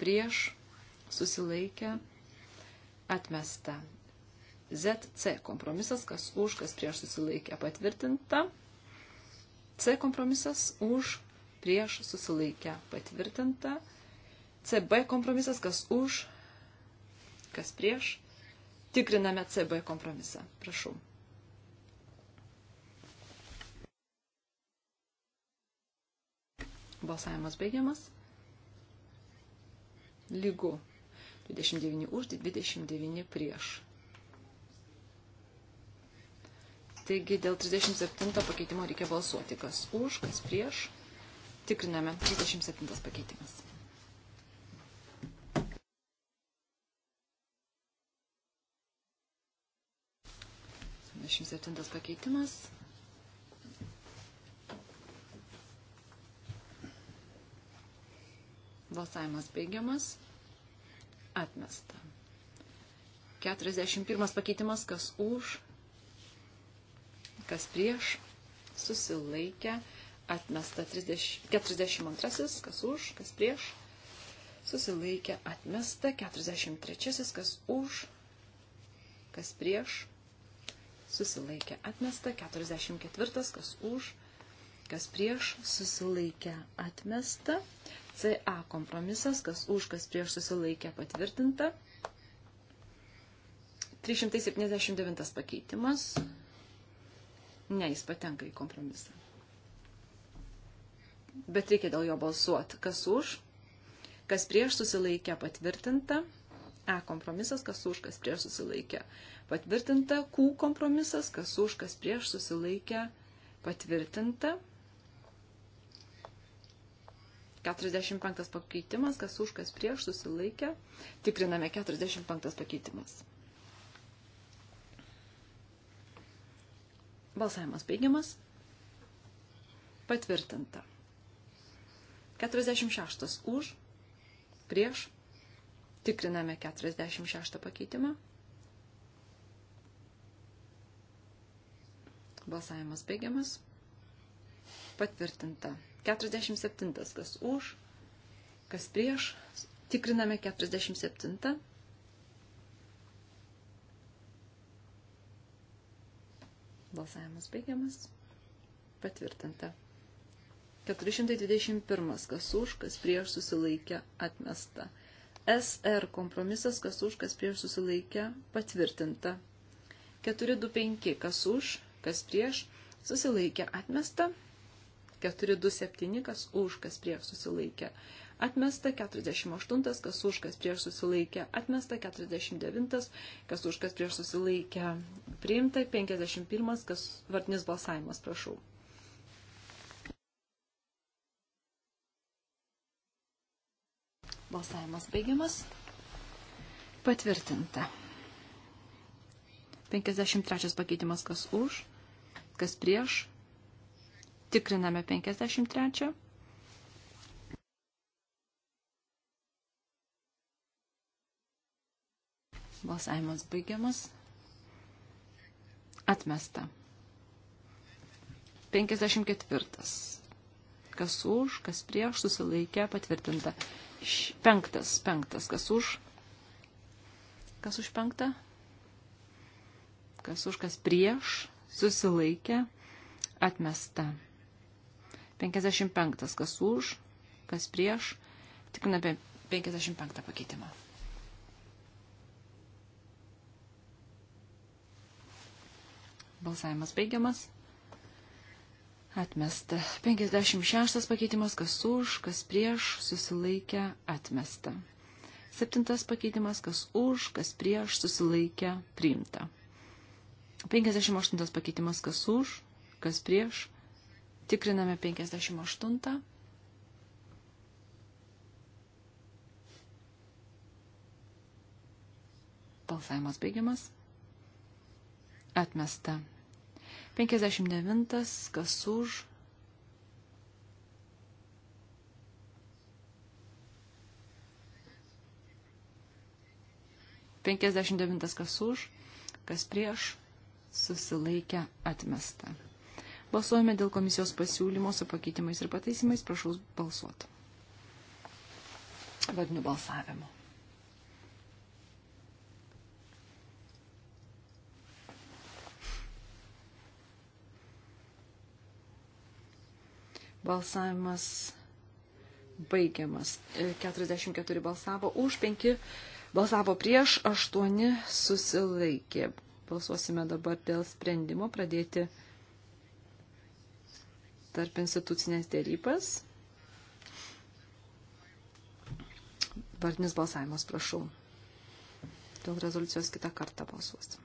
prieš susilaikę atmesta atmesta. ZC kompromisas, kas už, kas prieš susilaikė patvirtinta. C kompromisas už, prieš susilaikę patvirtinta. CB kompromisas, kas už, kas prieš. Tikriname CB kompromisą. Prašau. Balsavimas baigiamas. Lygu 29 už, 29 prieš. Taigi dėl 37 pakeitimo reikia balsuoti, kas už, kas prieš. Tikriname 37 pakeitimas. Dvidešimt septintas pakeitimas. Balsavimas baigiamas. Atmesta. 41 pakeitimas, kas už, kas prieš, susilaikė. Atmesta 30, 42, kas už, kas prieš, susilaikė. Atmesta 43, kas už, kas prieš, susilaikė. Atmesta 44, kas už, kas prieš, susilaikė. Atmesta CA kompromisas, kas už, kas prieš susilaikė patvirtinta. 379 pakeitimas. Ne, jis patenka į kompromisą. Bet reikia dėl jo balsuoti. Kas už, kas prieš susilaikė patvirtinta. E kompromisas, kas už, kas prieš susilaikė patvirtinta. Q kompromisas, kas už, kas prieš susilaikė patvirtinta. 45 pakeitimas, kas už, kas prieš, susilaikė. Tikriname 45 pakeitimas. Balsavimas baigiamas. Patvirtinta. 46 už, prieš. Tikriname 46 pakeitimą. Balsavimas baigiamas. Patvirtinta. 47. Kas už, kas prieš. Tikriname 47. Balsavimas baigiamas. Patvirtinta. 421. Kas už, kas prieš susilaikė, atmesta. SR kompromisas, kas už, kas prieš susilaikė, patvirtinta. 425. Kas už, kas prieš susilaikė, atmesta. 427, kas už, kas prieš susilaikė. Atmesta 48, kas už, kas prieš susilaikė. Atmesta 49, kas už, kas prieš susilaikė. Priimta 51, kas vartinis balsavimas, prašau. Balsavimas baigiamas. Patvirtinta. 53 pakeitimas, kas už, kas prieš Tikriname 53. Balsavimas baigiamas. Atmesta. 54. Kas už, kas prieš, susilaikė, patvirtinta. Penktas, penktas, kas už. Kas už penktą? Kas už, kas prieš, susilaikė, atmesta. 55. Kas už, kas prieš. Tikriname apie 55 pakeitimą. Balsavimas baigiamas. Atmesta. 56 pakeitimas, kas už, kas prieš, susilaikė, atmesta. 7 pakeitimas, kas už, kas prieš, susilaikė, priimta. 58 pakeitimas, kas už, kas prieš, Tikriname 58. Balsavimas baigiamas. Atmesta. 59. Kas už? Penkiasdešimt devintas kas už, kas prieš, susilaikę atmestą. Balsuojame dėl komisijos pasiūlymo su pakeitimais ir pataisimais. Prašau balsuoti. Vadiniu balsavimu. Balsavimas baigiamas. 44 e, balsavo už, 5 balsavo prieš, 8 susilaikė. Balsuosime dabar dėl sprendimo pradėti tarp institucinės dėrybas. Vardinis balsavimas, prašau. Dėl rezoliucijos kitą kartą balsuosim.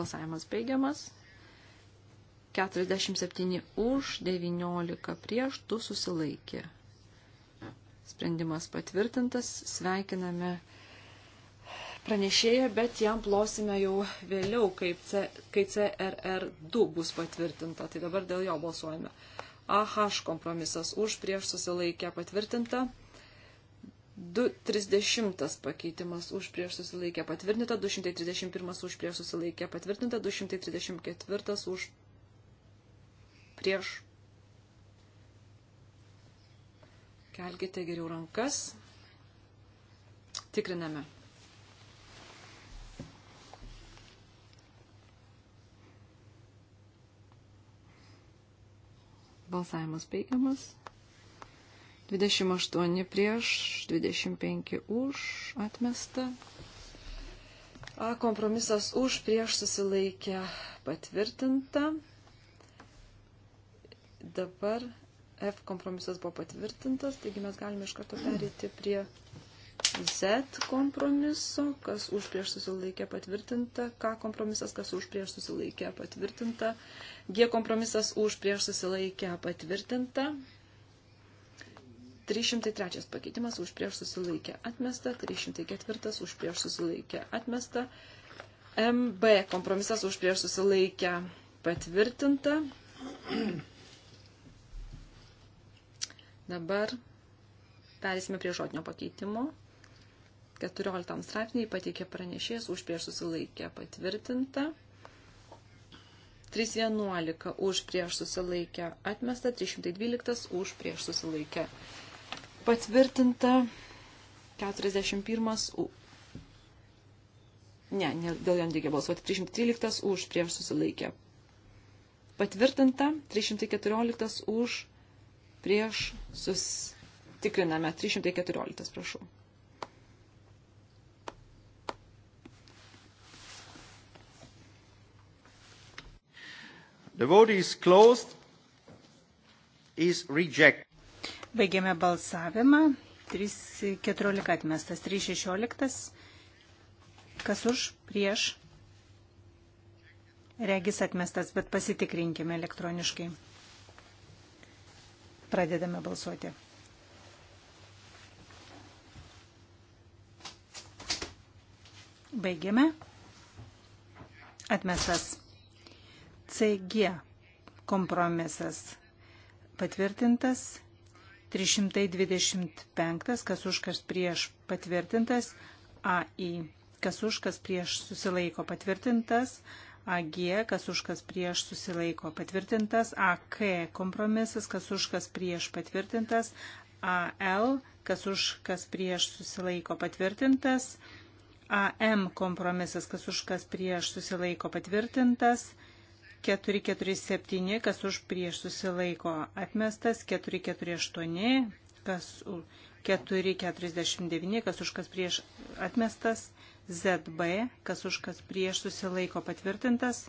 Balsavimas baigiamas. 47 už, 19 prieš, 2 susilaikė. Sprendimas patvirtintas. Sveikiname pranešėją, bet jam plosime jau vėliau, kai, C, kai CRR2 bus patvirtinta. Tai dabar dėl jo balsuojame. AH kompromisas už prieš susilaikę patvirtinta. 230 pakeitimas už prieš susilaikę patvirtinta, 231 už prieš susilaikę patvirtinta, 234 už prieš. Kelkite geriau rankas. Tikriname. Balsavimas baigiamas. 28 prieš, 25 už atmesta. A, kompromisas už prieš susilaikė patvirtinta. Dabar F kompromisas buvo patvirtintas, taigi mes galime iš karto perėti prie Z kompromiso, kas už prieš susilaikė patvirtinta, K kompromisas, kas už prieš susilaikė patvirtinta, G kompromisas už prieš susilaikė patvirtinta, 303 pakeitimas už prieš susilaikė atmesta, 304 už prieš susilaikė atmesta, MB kompromisas už prieš susilaikę patvirtinta. Dabar perėsime prie žodinio pakeitimo. 14 straipsniai pateikė pranešėjas už prieš susilaikę patvirtinta. 311 už prieš susilaikę atmesta, 312 už prieš susilaikę patvirtinta, 41 u... Ne, ne, dėl jam reikia balsuoti. 313 už prieš susilaikę. Patvirtinta, 314 už prieš sus... Tikriname, 314, prašau. The vote is closed. Is rejected. Baigėme balsavimą. 3.14 atmestas, 3.16. Kas už, prieš. Regis atmestas, bet pasitikrinkime elektroniškai. Pradedame balsuoti. Baigėme. Atmestas. CG kompromisas patvirtintas, 325, kas už kas prieš patvirtintas, AI, kas už kas prieš susilaiko patvirtintas, AG, kas už kas prieš susilaiko patvirtintas, AK kompromisas, kas už kas prieš patvirtintas, AL, kas už kas prieš susilaiko patvirtintas, AM kompromisas, kas už kas prieš susilaiko patvirtintas, 447, kas už prieš susilaiko atmestas, 448, kas 449, kas už kas prieš atmestas, ZB, kas už kas prieš susilaiko patvirtintas,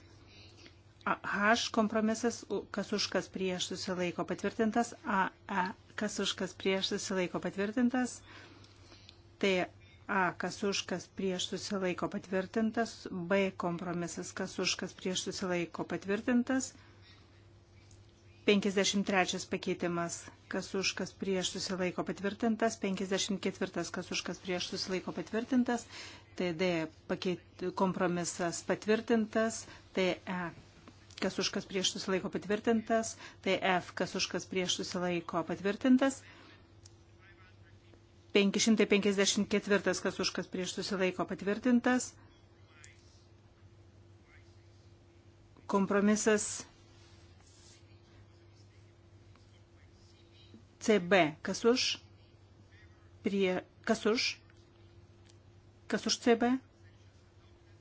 H kompromisas, kas už kas prieš susilaiko patvirtintas, AE, kas už kas prieš susilaiko patvirtintas, TE A, kas už, kas prieš susilaiko patvirtintas. B, kompromisas, kas už, kas prieš susilaiko patvirtintas. 53 pakeitimas, kas už, kas prieš susilaiko patvirtintas, 54, kas už, kas prieš susilaiko patvirtintas, TD pakeit, kompromisas patvirtintas, TE, kas už, kas prieš susilaiko patvirtintas, TF, kas už, kas prieš susilaiko patvirtintas, 554, kas už kas prieš susilaiko patvirtintas. Kompromisas CB, kas už, prie, kas už, kas už CB,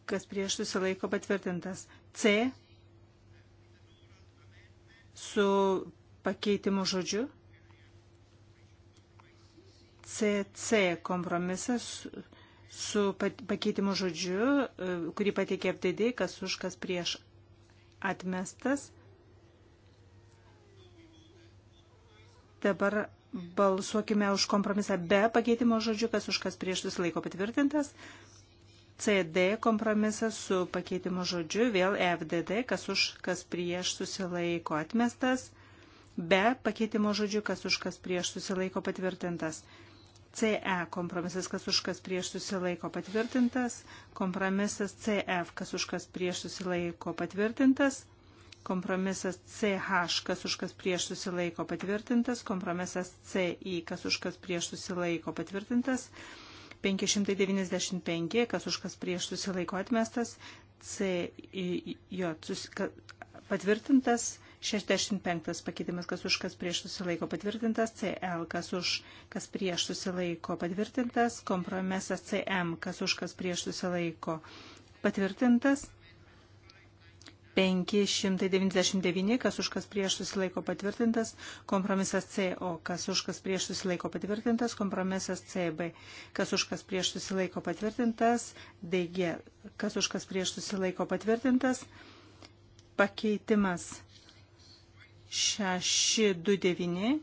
kas prieš susilaiko patvirtintas. C su pakeitimu žodžiu. CC kompromisas su pakeitimu žodžiu, e, kurį pateikė FDD, kas už kas prieš atmestas. Dabar balsuokime už kompromisą be pakeitimo žodžiu, kas už kas prieš vis laiko patvirtintas. CD kompromisas su pakeitimo žodžiu, vėl FDD, kas už kas prieš susilaiko atmestas, be pakeitimo žodžiu, kas už kas prieš susilaiko patvirtintas. CE kompromisas, kas už kas prieš susilaiko patvirtintas, kompromisas CF, kas už kas prieš susilaiko patvirtintas, kompromisas CH, kas už kas prieš susilaiko patvirtintas, kompromisas CI, kas už kas prieš susilaiko patvirtintas, 595, kas už kas prieš susilaiko atmestas, CJ patvirtintas, 65 pakeitimas, kas už, kas prieš susilaiko patvirtintas, CL, kas už, kas prieš susilaiko patvirtintas, kompromisas CM, kas už, kas prieš susilaiko patvirtintas. 599, kas už kas prieš susilaiko patvirtintas, kompromisas CO, kas už kas prieš susilaiko patvirtintas, kompromisas CB, kas už kas prieš susilaiko patvirtintas, DG, kas už kas prieš susilaiko patvirtintas, pakeitimas 629.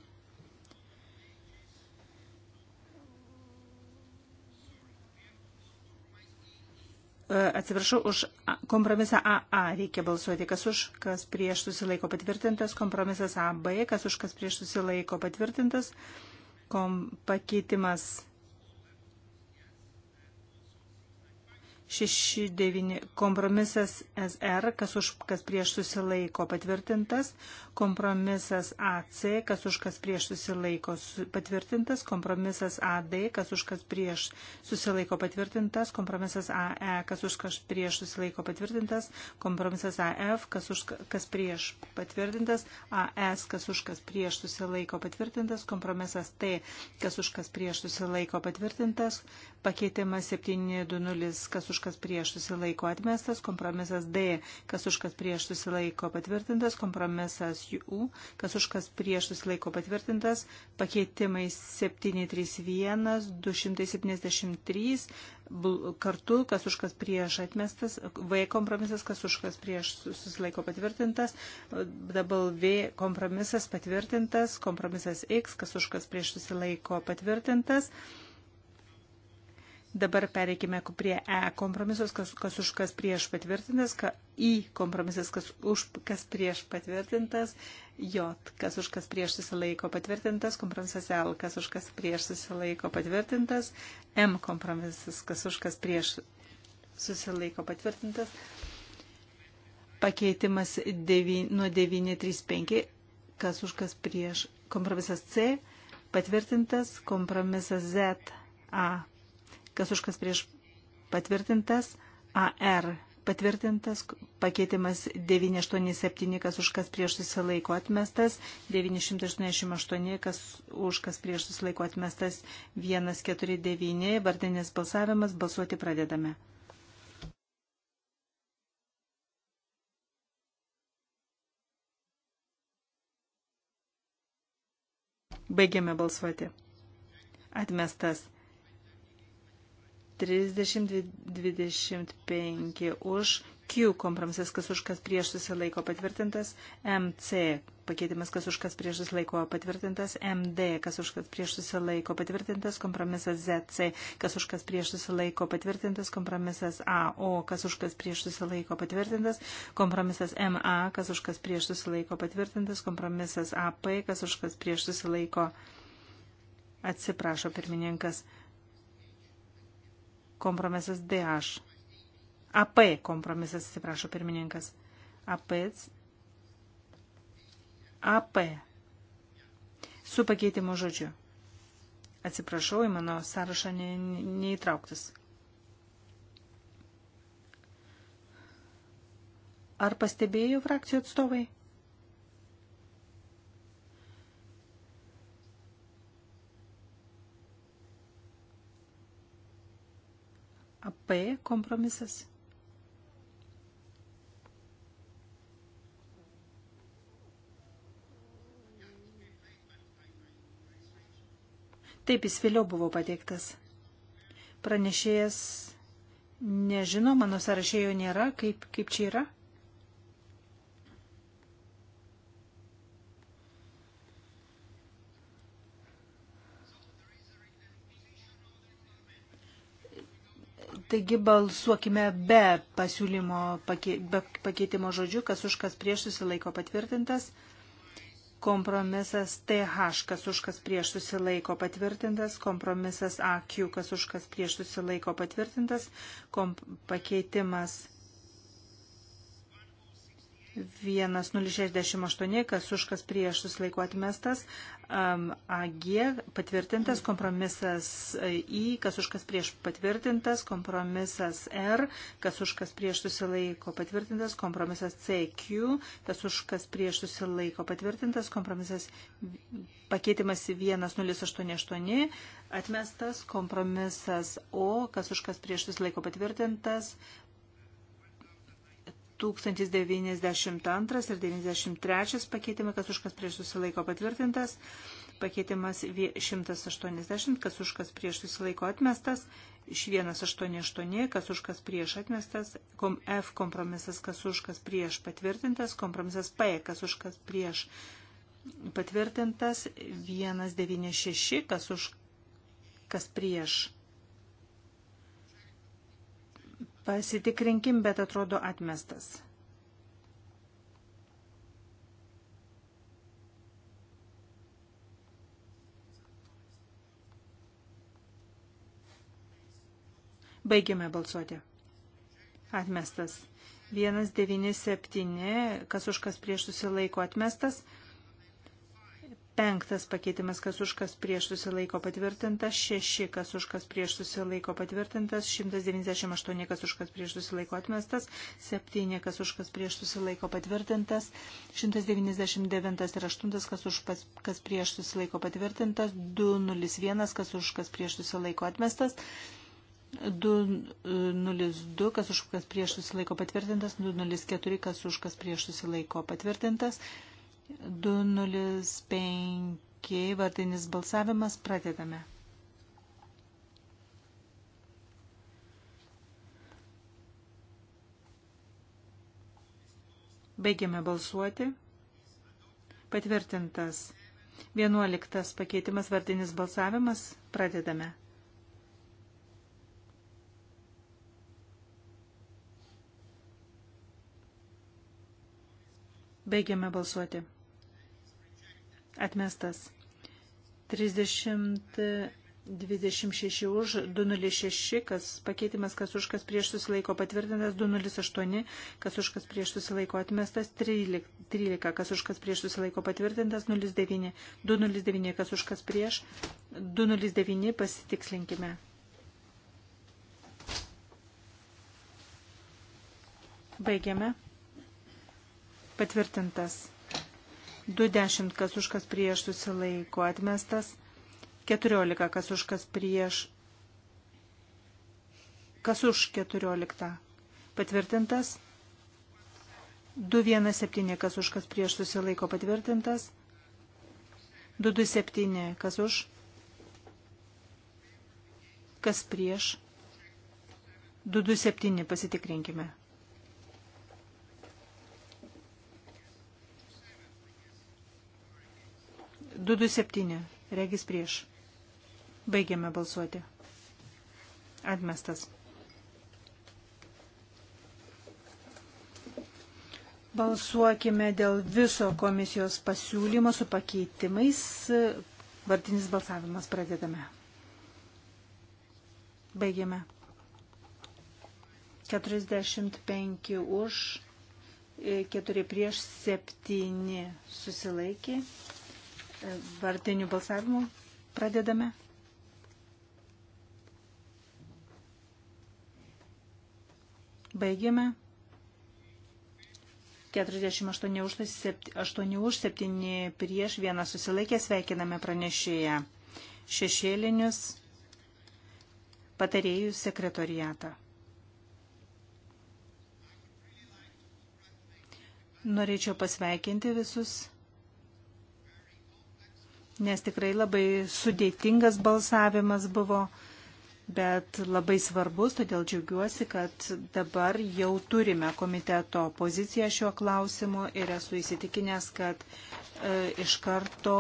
E, atsiprašau, už kompromisą AA reikia balsuoti, kas už, kas prieš susilaiko patvirtintas, kompromisas AB, kas už, kas prieš susilaiko patvirtintas, kom, pakeitimas 69 kompromisas SR, kas už kas prieš susilaiko patvirtintas, kompromisas AC, kas už kas prieš susilaiko patvirtintas, kompromisas AD, e, kas už kas prieš susilaiko patvirtintas, kompromisas AE, kas už kas prieš susilaiko patvirtintas, kompromisas AF, kas už kas prieš patvirtintas, AS, kas už kas prieš susilaiko patvirtintas, kompromisas T, kas už kas prieš susilaiko patvirtintas, Pakeitimas 720, kas už kas prieš susilaiko atmestas, kompromisas D, kas už kas prieš susilaiko patvirtintas, kompromisas U, kas už kas prieš susilaiko patvirtintas, pakeitimai 731, 273, kartu, kas už kas prieš atmestas, V kompromisas, kas už kas prieš susilaiko patvirtintas, W kompromisas patvirtintas, kompromisas X, kas už kas prieš susilaiko patvirtintas, Dabar pereikime prie E kompromisos, kas, kas už kas prieš patvirtintas, ka, I kompromisas, kas už kas prieš patvirtintas, J kas už kas prieš susilaiko patvirtintas, kompromisas L kas už kas prieš susilaiko patvirtintas, M kompromisas, kas už kas prieš susilaiko patvirtintas, pakeitimas devy, nuo 935, kas už kas prieš, kompromisas C patvirtintas, kompromisas Z A kas už kas prieš patvirtintas, AR patvirtintas, pakeitimas 987, kas už kas prieš susilaiko atmestas, 988, kas už kas prieš susilaiko atmestas, 149, vardinis balsavimas, balsuoti pradedame. Baigiame balsuoti. Atmestas 30-25 už, Q kompromisas, kas už kas prieš susilaiko patvirtintas, MC pakeitimas, kas už kas prieš susilaiko patvirtintas, MD, kas už kas prieš susilaiko patvirtintas, kompromisas ZC, kas už kas prieš susilaiko patvirtintas, kompromisas AO, kas už kas prieš susilaiko patvirtintas, kompromisas MA, kas už kas prieš susilaiko patvirtintas, kompromisas AP, kas už kas prieš susilaiko atsiprašo pirmininkas kompromisas DH. AP kompromisas, atsiprašo pirmininkas. AP. AP. Su pakeitimu žodžiu. Atsiprašau, į mano sąrašą ne, neįtrauktas. Ar pastebėjo frakcijų atstovai? P kompromisas. Taip jis vėliau buvo pateiktas. Pranešėjas nežino, mano sąrašėjo nėra, kaip, kaip čia yra. Taigi balsuokime be pasiūlymo, be pakeitimo žodžių, kas už kas prieš susilaiko patvirtintas. Kompromisas TH, kas už kas prieš susilaiko patvirtintas. Kompromisas AQ, kas už kas prieš susilaiko patvirtintas. Kom pakeitimas 1068, kas už kas prieš susilaiko atmestas, AG patvirtintas, kompromisas I, kas už kas prieš patvirtintas, kompromisas R, kas už kas prieš susilaiko patvirtintas, kompromisas CQ, kas už kas prieš susilaiko patvirtintas, kompromisas pakeitimas 1088, atmestas, kompromisas O, kas už kas prieš susilaiko patvirtintas, 1092 ir 93 pakeitimai, kas už kas prieš susilaiko patvirtintas, pakeitimas 180, kas už kas prieš susilaiko atmestas, iš 188, kas už kas prieš atmestas, kom, F kompromisas, kas už kas prieš patvirtintas, kompromisas P, kas už kas prieš patvirtintas, 196, kas už kas prieš atmestas Pasitikrinkim, bet atrodo atmestas. Baigiame balsuoti. Atmestas. 197, kas už kas prieš susilaiko atmestas. Penktas pakeitimas, kas už kas prieš susilaiko patvirtintas, šeši, kas už kas prieš susilaiko patvirtintas, 198, kas už kas prieš susilaiko atmestas, septyni, kas už kas prieš susilaiko patvirtintas, 199 ir 8, kas už pas, kas prieš susilaiko patvirtintas, 201, kas už kas prieš susilaiko atmestas. 202, kas už kas prieš susilaiko patvirtintas, 204, kas už kas prieš susilaiko patvirtintas, 205, 205 vardinis balsavimas pradedame. Baigiame balsuoti. Patvirtintas. 11 pakeitimas vardinis balsavimas pradedame. Baigiame balsuoti. Atmestas. 30. 26 už, 206, kas pakeitimas, kas už, kas prieš susilaiko patvirtintas, 208, kas už, kas prieš susilaiko atmestas, 13, 13 kas už, kas prieš susilaiko patvirtintas, 09, 209, kas už, kas prieš, 209, pasitikslinkime. Baigiame. Patvirtintas. 2.10 kas už kas prieš susilaiko atmestas, 14 kas už kas prieš, kas už 14 patvirtintas, 2.17 kas už kas prieš susilaiko patvirtintas, 2.27 kas už, kas prieš, 2.27 pasitikrinkime. 227. Regis prieš. Baigiame balsuoti. Atmestas. Balsuokime dėl viso komisijos pasiūlymo su pakeitimais. Vartinis balsavimas pradedame. Baigiame. 45 už, 4 e, prieš, 7 susilaikė. Vardinių balsavimų pradedame. Baigiame. 48 už, 8 už 7 prieš, vieną susilaikė, sveikiname pranešėją. Šešėlinius patarėjų sekretoriatą. Norėčiau pasveikinti visus nes tikrai labai sudėtingas balsavimas buvo, bet labai svarbus, todėl džiaugiuosi, kad dabar jau turime komiteto poziciją šiuo klausimu ir esu įsitikinęs, kad e, iš karto,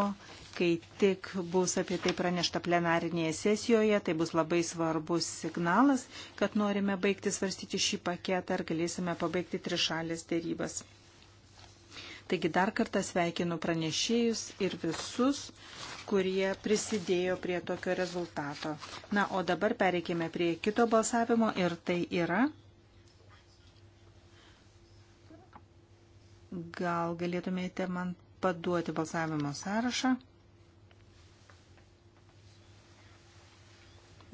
kai tik bus apie tai pranešta plenarinėje sesijoje, tai bus labai svarbus signalas, kad norime baigti svarstyti šį paketą ar galėsime pabaigti trišalės dėrybas. Taigi dar kartą sveikinu pranešėjus ir visus, kurie prisidėjo prie tokio rezultato. Na, o dabar pereikime prie kito balsavimo ir tai yra. Gal galėtumėte man paduoti balsavimo sąrašą?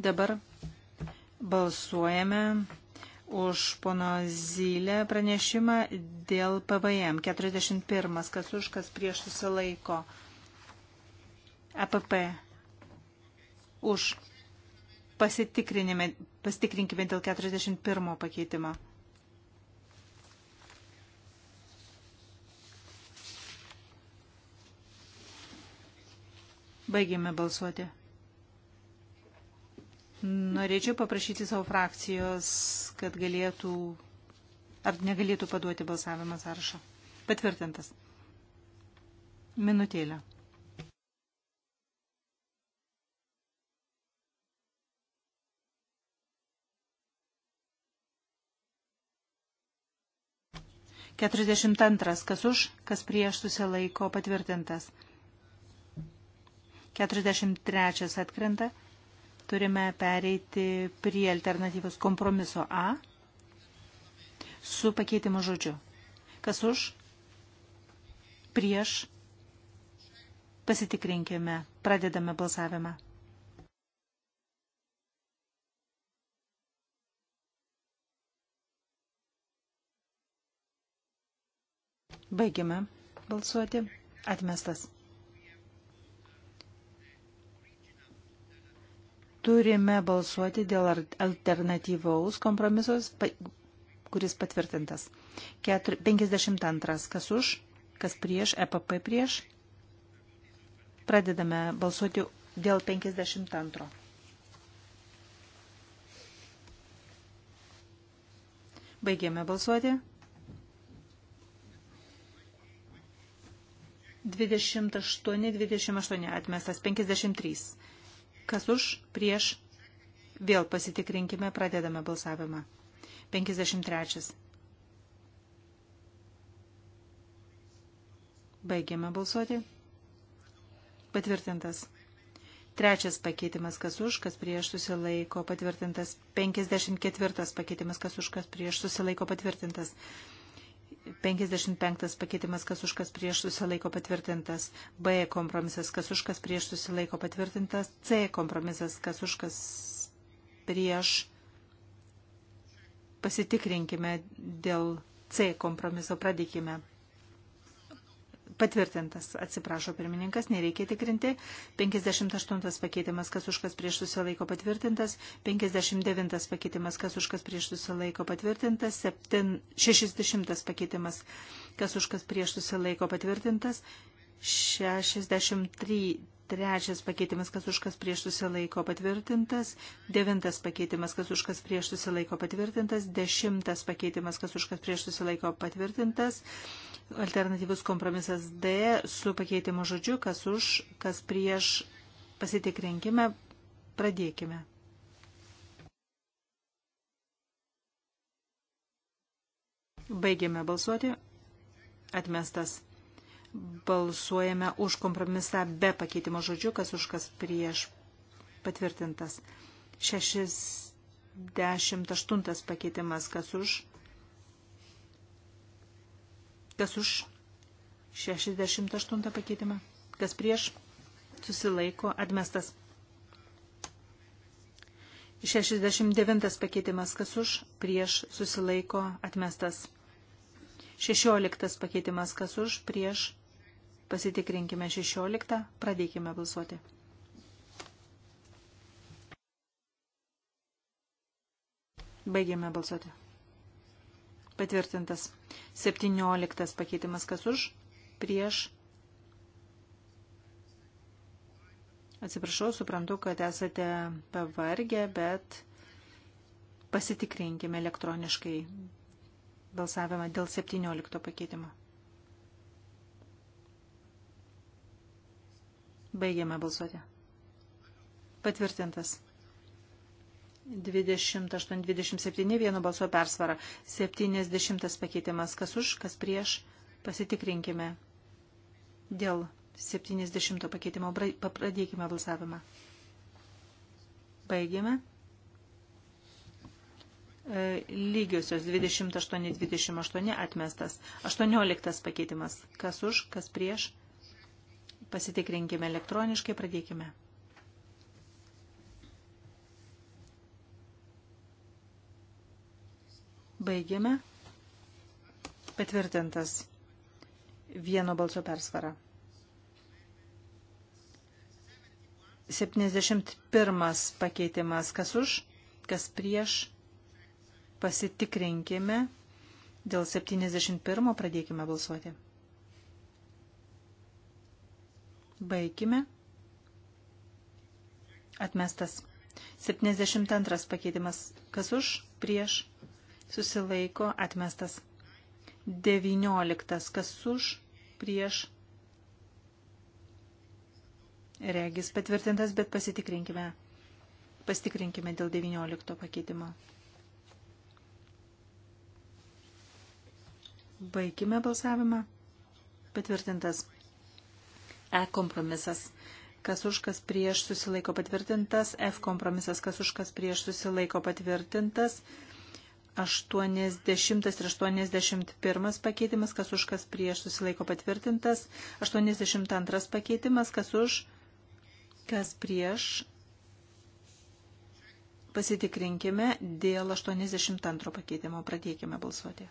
Dabar balsuojame už pono Zylę pranešimą dėl PVM. 41. Kas už, kas prieš susilaiko. APP. E už. Pasitikrinkime dėl 41 pakeitimo. Baigėme balsuoti. Norėčiau paprašyti savo frakcijos, kad galėtų ar negalėtų paduoti balsavimą sąrašo. Patvirtintas. Minutėlė. Keturiasdešimt antras, kas už, kas prieš susilaiko patvirtintas. Keturiasdešimt trečias atkrenta turime pereiti prie alternatyvos kompromiso A su pakeitimo žodžiu. Kas už? Prieš? Pasitikrinkime. Pradedame balsavimą. Baigiame balsuoti. Atmestas. turime balsuoti dėl alternatyvaus kompromisos, kuris patvirtintas. 52. Kas už, kas prieš, EPP prieš. Pradedame balsuoti dėl 52. Baigėme balsuoti. 28, 28 atmestas, 53. Kas už, prieš, vėl pasitikrinkime, pradedame balsavimą. 53. Baigiame balsuoti. Patvirtintas. Trečias pakeitimas, kas už, kas prieš susilaiko patvirtintas. 54 pakeitimas, kas už, kas prieš susilaiko patvirtintas. 55 pakeitimas, kas už kas prieš susilaiko patvirtintas, B kompromisas, kas už kas prieš susilaiko patvirtintas, C kompromisas, kas už kas prieš. Pasitikrinkime dėl C kompromiso, pradėkime patvirtintas, atsiprašo pirmininkas, nereikia tikrinti. 58 pakeitimas, kas už kas prieš susilaiko patvirtintas. 59 pakeitimas, kas už kas prieš susilaiko patvirtintas. 7, 60 pakeitimas, kas už kas prieš susilaiko patvirtintas. 63 Trečias pakeitimas, kas už kas prieš susilaiko patvirtintas. Devintas pakeitimas, kas už kas prieš susilaiko patvirtintas. Dešimtas pakeitimas, kas už kas prieš susilaiko patvirtintas. Alternatyvus kompromisas D su pakeitimo žodžiu, kas už kas prieš pasitikrinkime. Pradėkime. Baigėme balsuoti. Atmestas. Balsuojame už kompromisą be pakeitimo žodžių, kas už kas prieš patvirtintas. 68 pakeitimas, kas už. Kas už 68 pakeitimą, kas prieš susilaiko atmestas. 69 pakeitimas, kas už prieš susilaiko atmestas. 16 pakeitimas kas už, prieš. Pasitikrinkime 16, pradėkime balsuoti. Baigėme balsuoti. Patvirtintas. 17 pakeitimas kas už, prieš. Atsiprašau, suprantu, kad esate pavargę, bet pasitikrinkime elektroniškai balsavimą dėl 17 pakeitimo. Baigiame balsuoti. Patvirtintas. 28-27 vieno balso persvara. 70 pakeitimas. Kas už, kas prieš. Pasitikrinkime. Dėl 70 pakeitimo pradėkime balsavimą. Baigiame. E, lygiosios 28-28 atmestas. 18 pakeitimas. Kas už, kas prieš. Pasitikrinkime elektroniškai, pradėkime. Baigiame. Patvirtintas vieno balso persvara. 71 pakeitimas. Kas už, kas prieš Pasitikrinkime. Dėl 71 pradėkime balsuoti. Baikime. Atmestas. 72 pakeitimas. Kas už? Prieš. Susilaiko. Atmestas. 19. Kas už? Prieš. Regis patvirtintas, bet pasitikrinkime. Pasitikrinkime dėl 19 pakeitimo. Baigime balsavimą. Patvirtintas. E kompromisas. Kas už kas prieš susilaiko patvirtintas. F kompromisas. Kas už kas prieš susilaiko patvirtintas. 80 ir 81 pakeitimas. Kas už kas prieš susilaiko patvirtintas. 82 pakeitimas. Kas už kas prieš. Pasitikrinkime dėl 82 pakeitimo. Pradėkime balsuoti.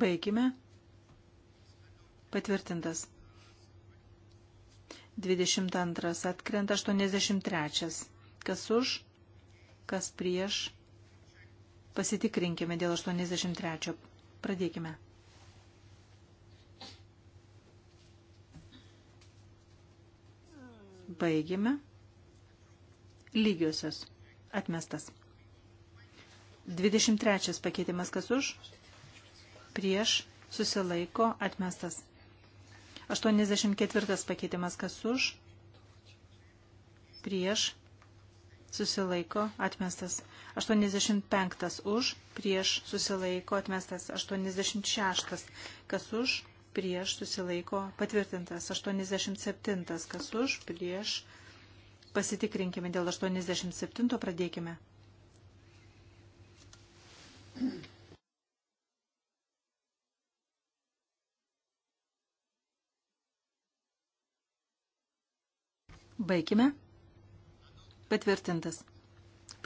Baigime. Patvirtintas. 22 atkrenta 83. Kas už, kas prieš. Pasitikrinkime dėl 83. Pradėkime. Baigime. Lygiosios. Atmestas. 23 pakeitimas kas už, prieš, susilaiko, atmestas. 84 pakeitimas, kas už, prieš, susilaiko, atmestas. 85 už, prieš, susilaiko, atmestas. 86 kas už, prieš, susilaiko, patvirtintas. 87 kas už, prieš, pasitikrinkime dėl 87, pradėkime. Thank you. Baigime. Patvirtintas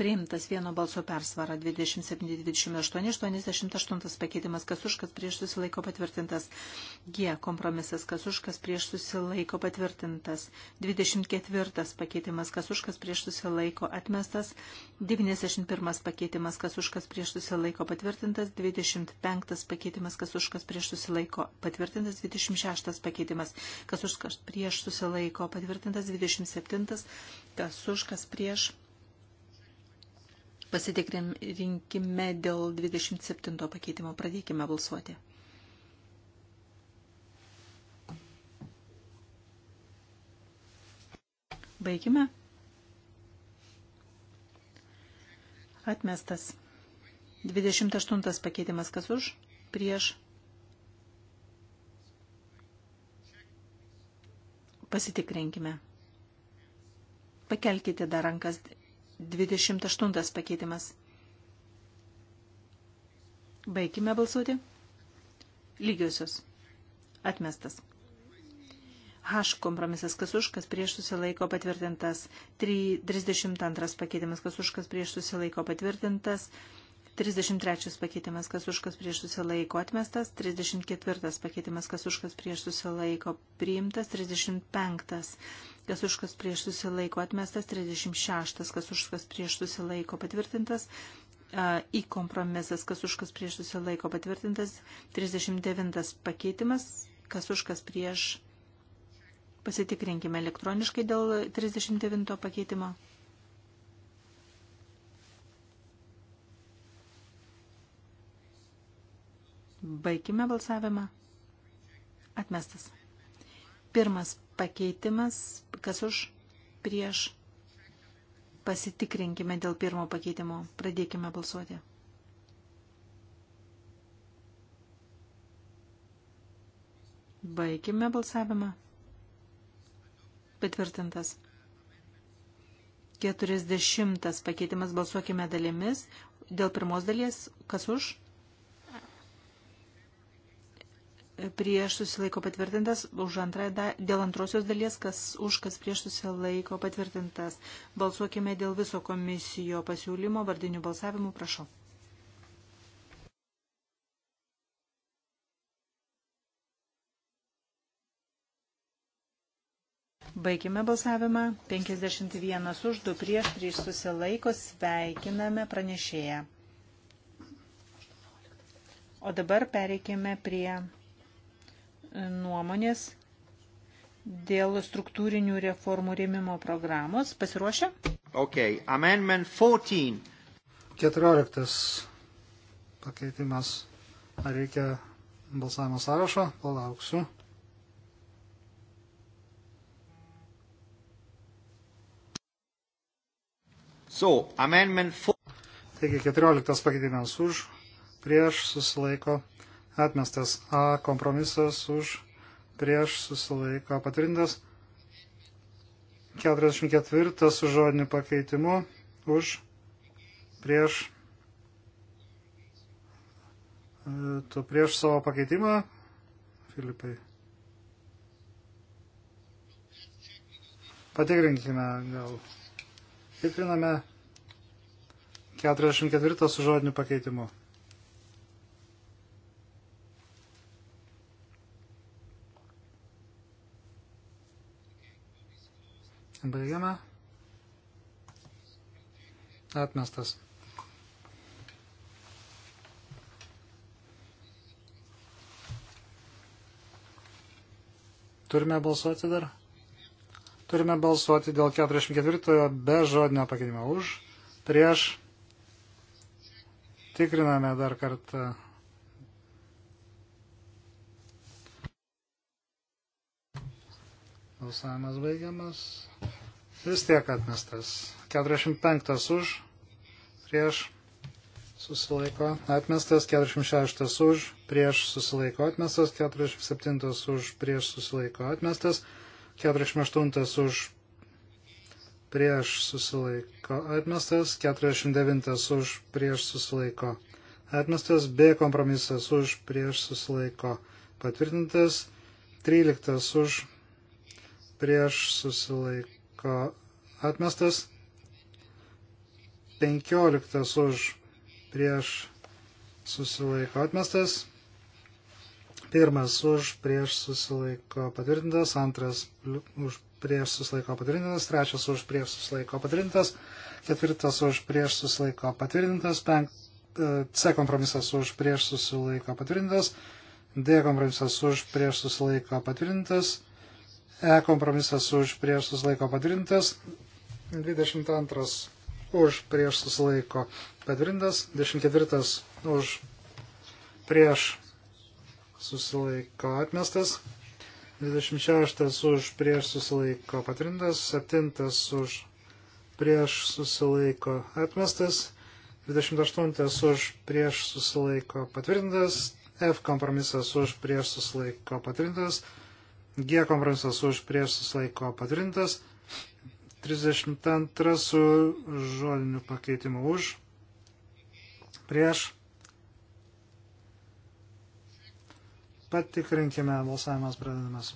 priimtas vieno balso persvara 27-28, 88 pakeitimas, kas už, kas prieš susilaiko patvirtintas. G kompromisas, kas už, kas prieš susilaiko patvirtintas. 24 pakeitimas, kas už, kas prieš susilaiko atmestas. 91 pakeitimas, kas už, kas prieš susilaiko patvirtintas. 25 pakeitimas, kas už, kas prieš susilaiko patvirtintas. 26 pakeitimas, kas už, kas prieš susilaiko patvirtintas. 27 kas už, kas prieš Pasitikrinkime dėl 27 pakeitimo. Pradėkime balsuoti. Baigime. Atmestas. 28 pakeitimas kas už? Prieš. Pasitikrinkime. Pakelkite dar rankas 28 pakeitimas. Baigime balsuoti. Lygiosios. Atmestas. H kompromisas kas už, kas prieš susilaiko patvirtintas. 32 pakeitimas kas už, kas prieš susilaiko patvirtintas. 3, 33 pakeitimas, kas už kas prieš susilaiko atmestas, 34 pakeitimas, kas už kas prieš susilaiko priimtas, 35, kas už kas prieš susilaiko atmestas, 36, kas už kas prieš susilaiko patvirtintas, į kompromisas, kas už kas prieš susilaiko patvirtintas, 39 pakeitimas, kas už kas prieš. Pasitikrinkime elektroniškai dėl 39 pakeitimo. Baigime balsavimą. Atmestas. Pirmas pakeitimas, kas už, prieš. Pasitikrinkime dėl pirmo pakeitimo. Pradėkime balsuoti. Baigime balsavimą. Patvirtintas. 40 pakeitimas balsuokime dalimis. Dėl pirmos dalies, kas už, prieš susilaiko patvirtintas, už antrąją da, dėl antrosios dalies, kas už, kas prieš susilaiko patvirtintas. Balsuokime dėl viso komisijo pasiūlymo vardinių balsavimų, prašau. Baigime balsavimą. 51 už 2 prieš prieš susilaiko sveikiname pranešėją. O dabar pereikime prie nuomonės dėl struktūrinių reformų rėmimo programos. Pasiruošę? Okay. Amendment 14. 14. Pakeitimas. Ar reikia balsavimo sąrašo? Palauksiu. So, amendment 4. Taigi 14 pakeitimas už, prieš susilaiko atmestas. A kompromisas už prieš susilaiko patvirtintas. 44 su žodiniu pakeitimu už prieš e, tu prieš savo pakeitimą, Filipai. Patikrinkime gal. Tikriname 44 su žodiniu pakeitimu. Baigiame. Atmestas. Turime balsuoti dar? Turime balsuoti dėl 44 be žodinio pakeitimo už, prieš. Tikriname dar kartą. Balsavimas baigiamas. Vis tiek atmestas. 45 už, prieš susilaiko atmestas, 46 už, prieš susilaiko atmestas, 47 už, prieš susilaiko atmestas, 48 už, prieš susilaiko atmestas, 49 už, prieš susilaiko atmestas, B kompromisas už, prieš susilaiko patvirtintas, 13 už, prieš susilaiko atmestas, 15 už prieš susilaiko atmestas, pirmas už prieš susilaiko patvirtintas, antras už prieš susilaiko patvirtintas, trečias už prieš susilaiko patvirtintas, ketvirtas už prieš susilaiko patvirtintas, penk, C kompromisas už prieš susilaiko patvirtintas, D kompromisas už prieš susilaiko patvirtintas, E kompromisas už prieš susilaiko padrintas. 22 už prieš susilaiko padrintas. 24 už prieš susilaiko atmestas. 26 už prieš susilaiko patrintas, 7 už prieš susilaiko atmestas, 28 už prieš susilaiko patvirtintas, F kompromisas už prieš susilaiko patvirtintas, G kompromisas už prieš susilaiko patvirtintas. 32 su žodiniu pakeitimu už prieš. Patikrinkime, balsavimas pradedamas.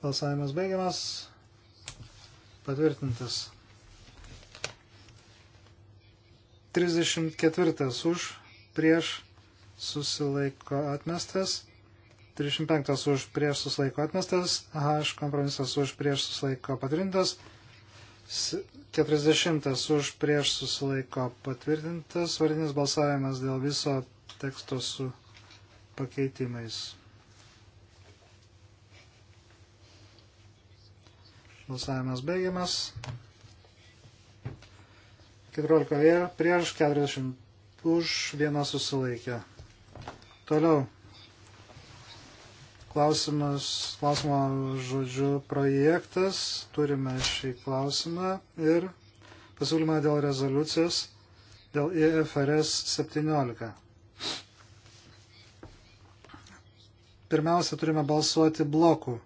Balsavimas baigiamas. Patvirtintas. 34 už, prieš susilaiko atmestas. 35 už, prieš susilaiko atmestas. H kompromisas už, prieš susilaiko patvirtintas. 40 už, prieš susilaiko patvirtintas. Vardinis balsavimas dėl viso teksto su pakeitimais. Balsavimas baigiamas. 14 prieš 40 už vieną susilaikę. Toliau. Klausimas, klausimo žodžiu projektas. Turime šį klausimą ir pasiūlymą dėl rezoliucijos dėl IFRS e 17. Pirmiausia, turime balsuoti blokų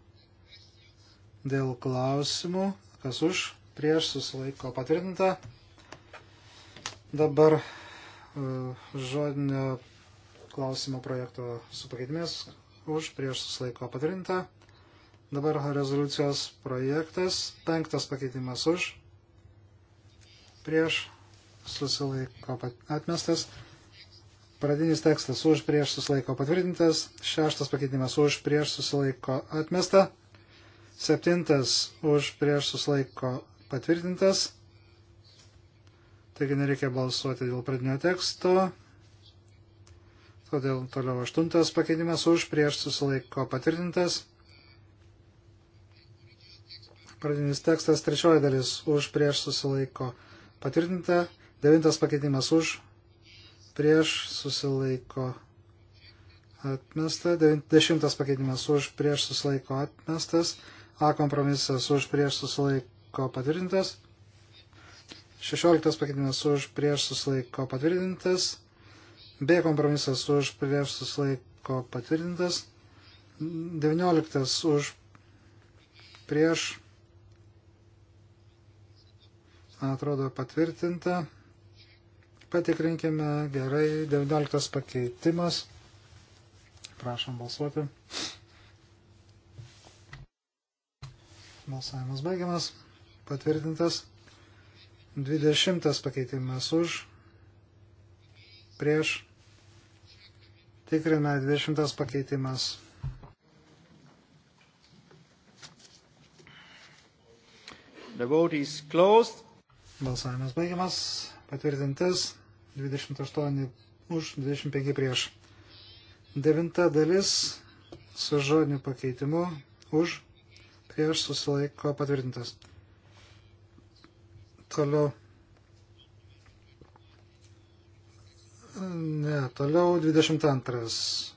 dėl klausimų, kas už, prieš, susilaiko patvirtinta. Dabar e, žodinio klausimo projekto su pakeitimės už prieš susilaiko patvirtinta. Dabar rezoliucijos projektas, penktas pakeitimas už prieš susilaiko atmestas. Pradinis tekstas už prieš susilaiko patvirtintas. Šeštas pakeitimas už prieš susilaiko atmesta. Septintas už prieš susilaiko patvirtintas. Taigi nereikia balsuoti dėl pradinio teksto. Todėl toliau aštuntas pakeitimas už prieš susilaiko patvirtintas. Pradinis tekstas trečioji dalis už prieš susilaiko patvirtinta. Devintas pakeitimas už prieš susilaiko atmesta. Dešimtas pakeitimas už prieš susilaiko atmestas. A kompromisas už prieš susilaiko patvirtintas. 16 pakeitimas už prieš susilaiko patvirtintas. B kompromisas už prieš susilaiko patvirtintas. 19 už prieš. Atrodo patvirtinta. Patikrinkime gerai. 19 pakeitimas. Prašom balsuoti. Balsavimas baigiamas. Patvirtintas. 20 pakeitimas už, prieš, tikrina 20 pakeitimas. The vote is closed. Balsavimas baigiamas, patvirtintas 28 už, 25 prieš. Devinta dalis su žodiniu pakeitimu už, prieš susilaiko patvirtintas. Toliau. Ne, toliau 22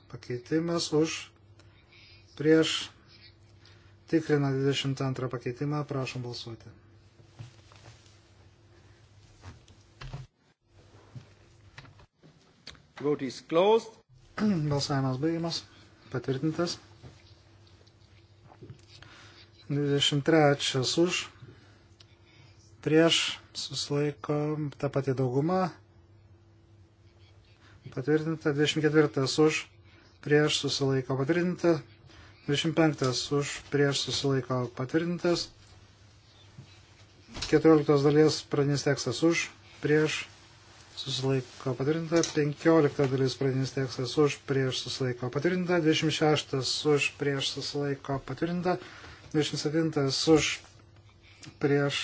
pakeitimas už prieš tikrina 22 pakeitimą, prašom balsuoti. Vote is closed. Balsavimas baigiamas, patvirtintas. 23 už prieš susilaiko ta pati dauguma. Patvirtinta 24 už prieš susilaiko patvirtinta. 25 už prieš susilaiko patvirtintas. 14 dalies pradinis tekstas už prieš susilaiko patvirtinta. 15 dalis pradinis tekstas už prieš susilaiko patvirtinta. 26 už prieš susilaiko patvirtinta. 27 už prieš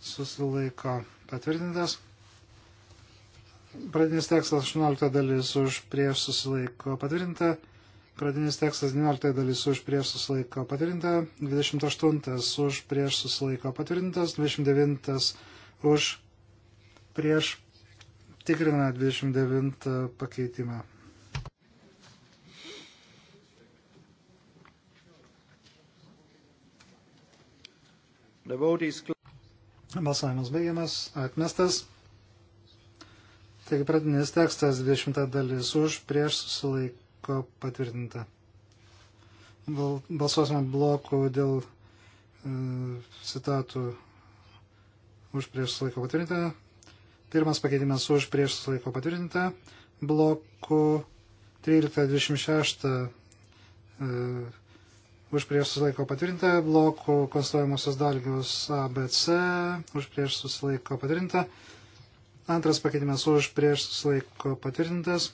susilaiko patvirtintas. Pradinis tekstas 18 dalis už prieš susilaiko patvirtinta. Pradinis tekstas 19 dalis už prieš susilaiko patvirtinta. 28 už prieš susilaiko patvirtintas. 29 už prieš tikrina 29 pakeitimą. The vote is closed. Balsavimas baigiamas, atmestas. Taigi pradinis tekstas 20 dalis už, prieš susilaiko patvirtinta. Balsuosime blokų dėl e, citatų už, prieš susilaiko patvirtinta. Pirmas pakeitimas už, prieš susilaiko patvirtinta. Blokų 13, 26. E, už prieš susilaiko patvirtinta, blokų konstruojamosios dalgius ABC, už prieš susilaiko patvirtinta, antras pakeitimas už prieš susilaiko patvirtintas,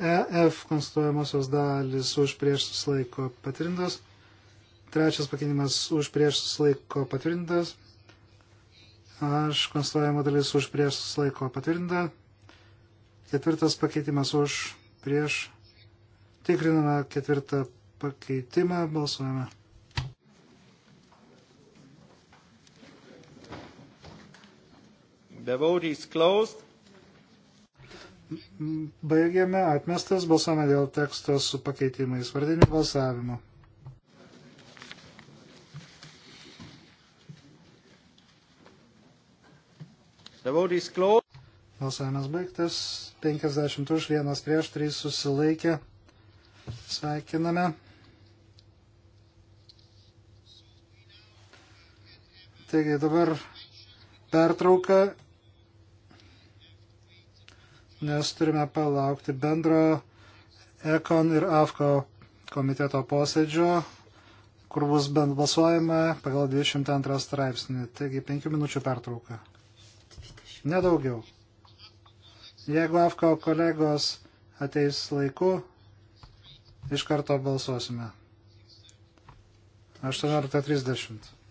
EF konstruojamosios dalis už prieš susilaiko patvirtintas, trečias pakeitimas už prieš susilaiko patvirtintas, Aš konstruojama dalis už prieš susilaiko patvirtinta, ketvirtas pakeitimas už prieš Tikriname ketvirtą pakeitimą, balsuojame. The vote is closed. Baigėme atmestas balsavimą dėl teksto su pakeitimais vardiniu balsavimu. Balsavimas baigtas, 50 už, 1 prieš, 3 susilaikė. Sveikiname. Taigi dabar pertrauka, nes turime palaukti bendro Ekon ir AFKO komiteto posėdžio, kur bus bent balsuojama pagal 202 straipsnį. Taigi 5 minučių pertrauka. Nedaugiau. Jeigu AFKO kolegos ateis laiku, Iš karto balsuosime. 18.30.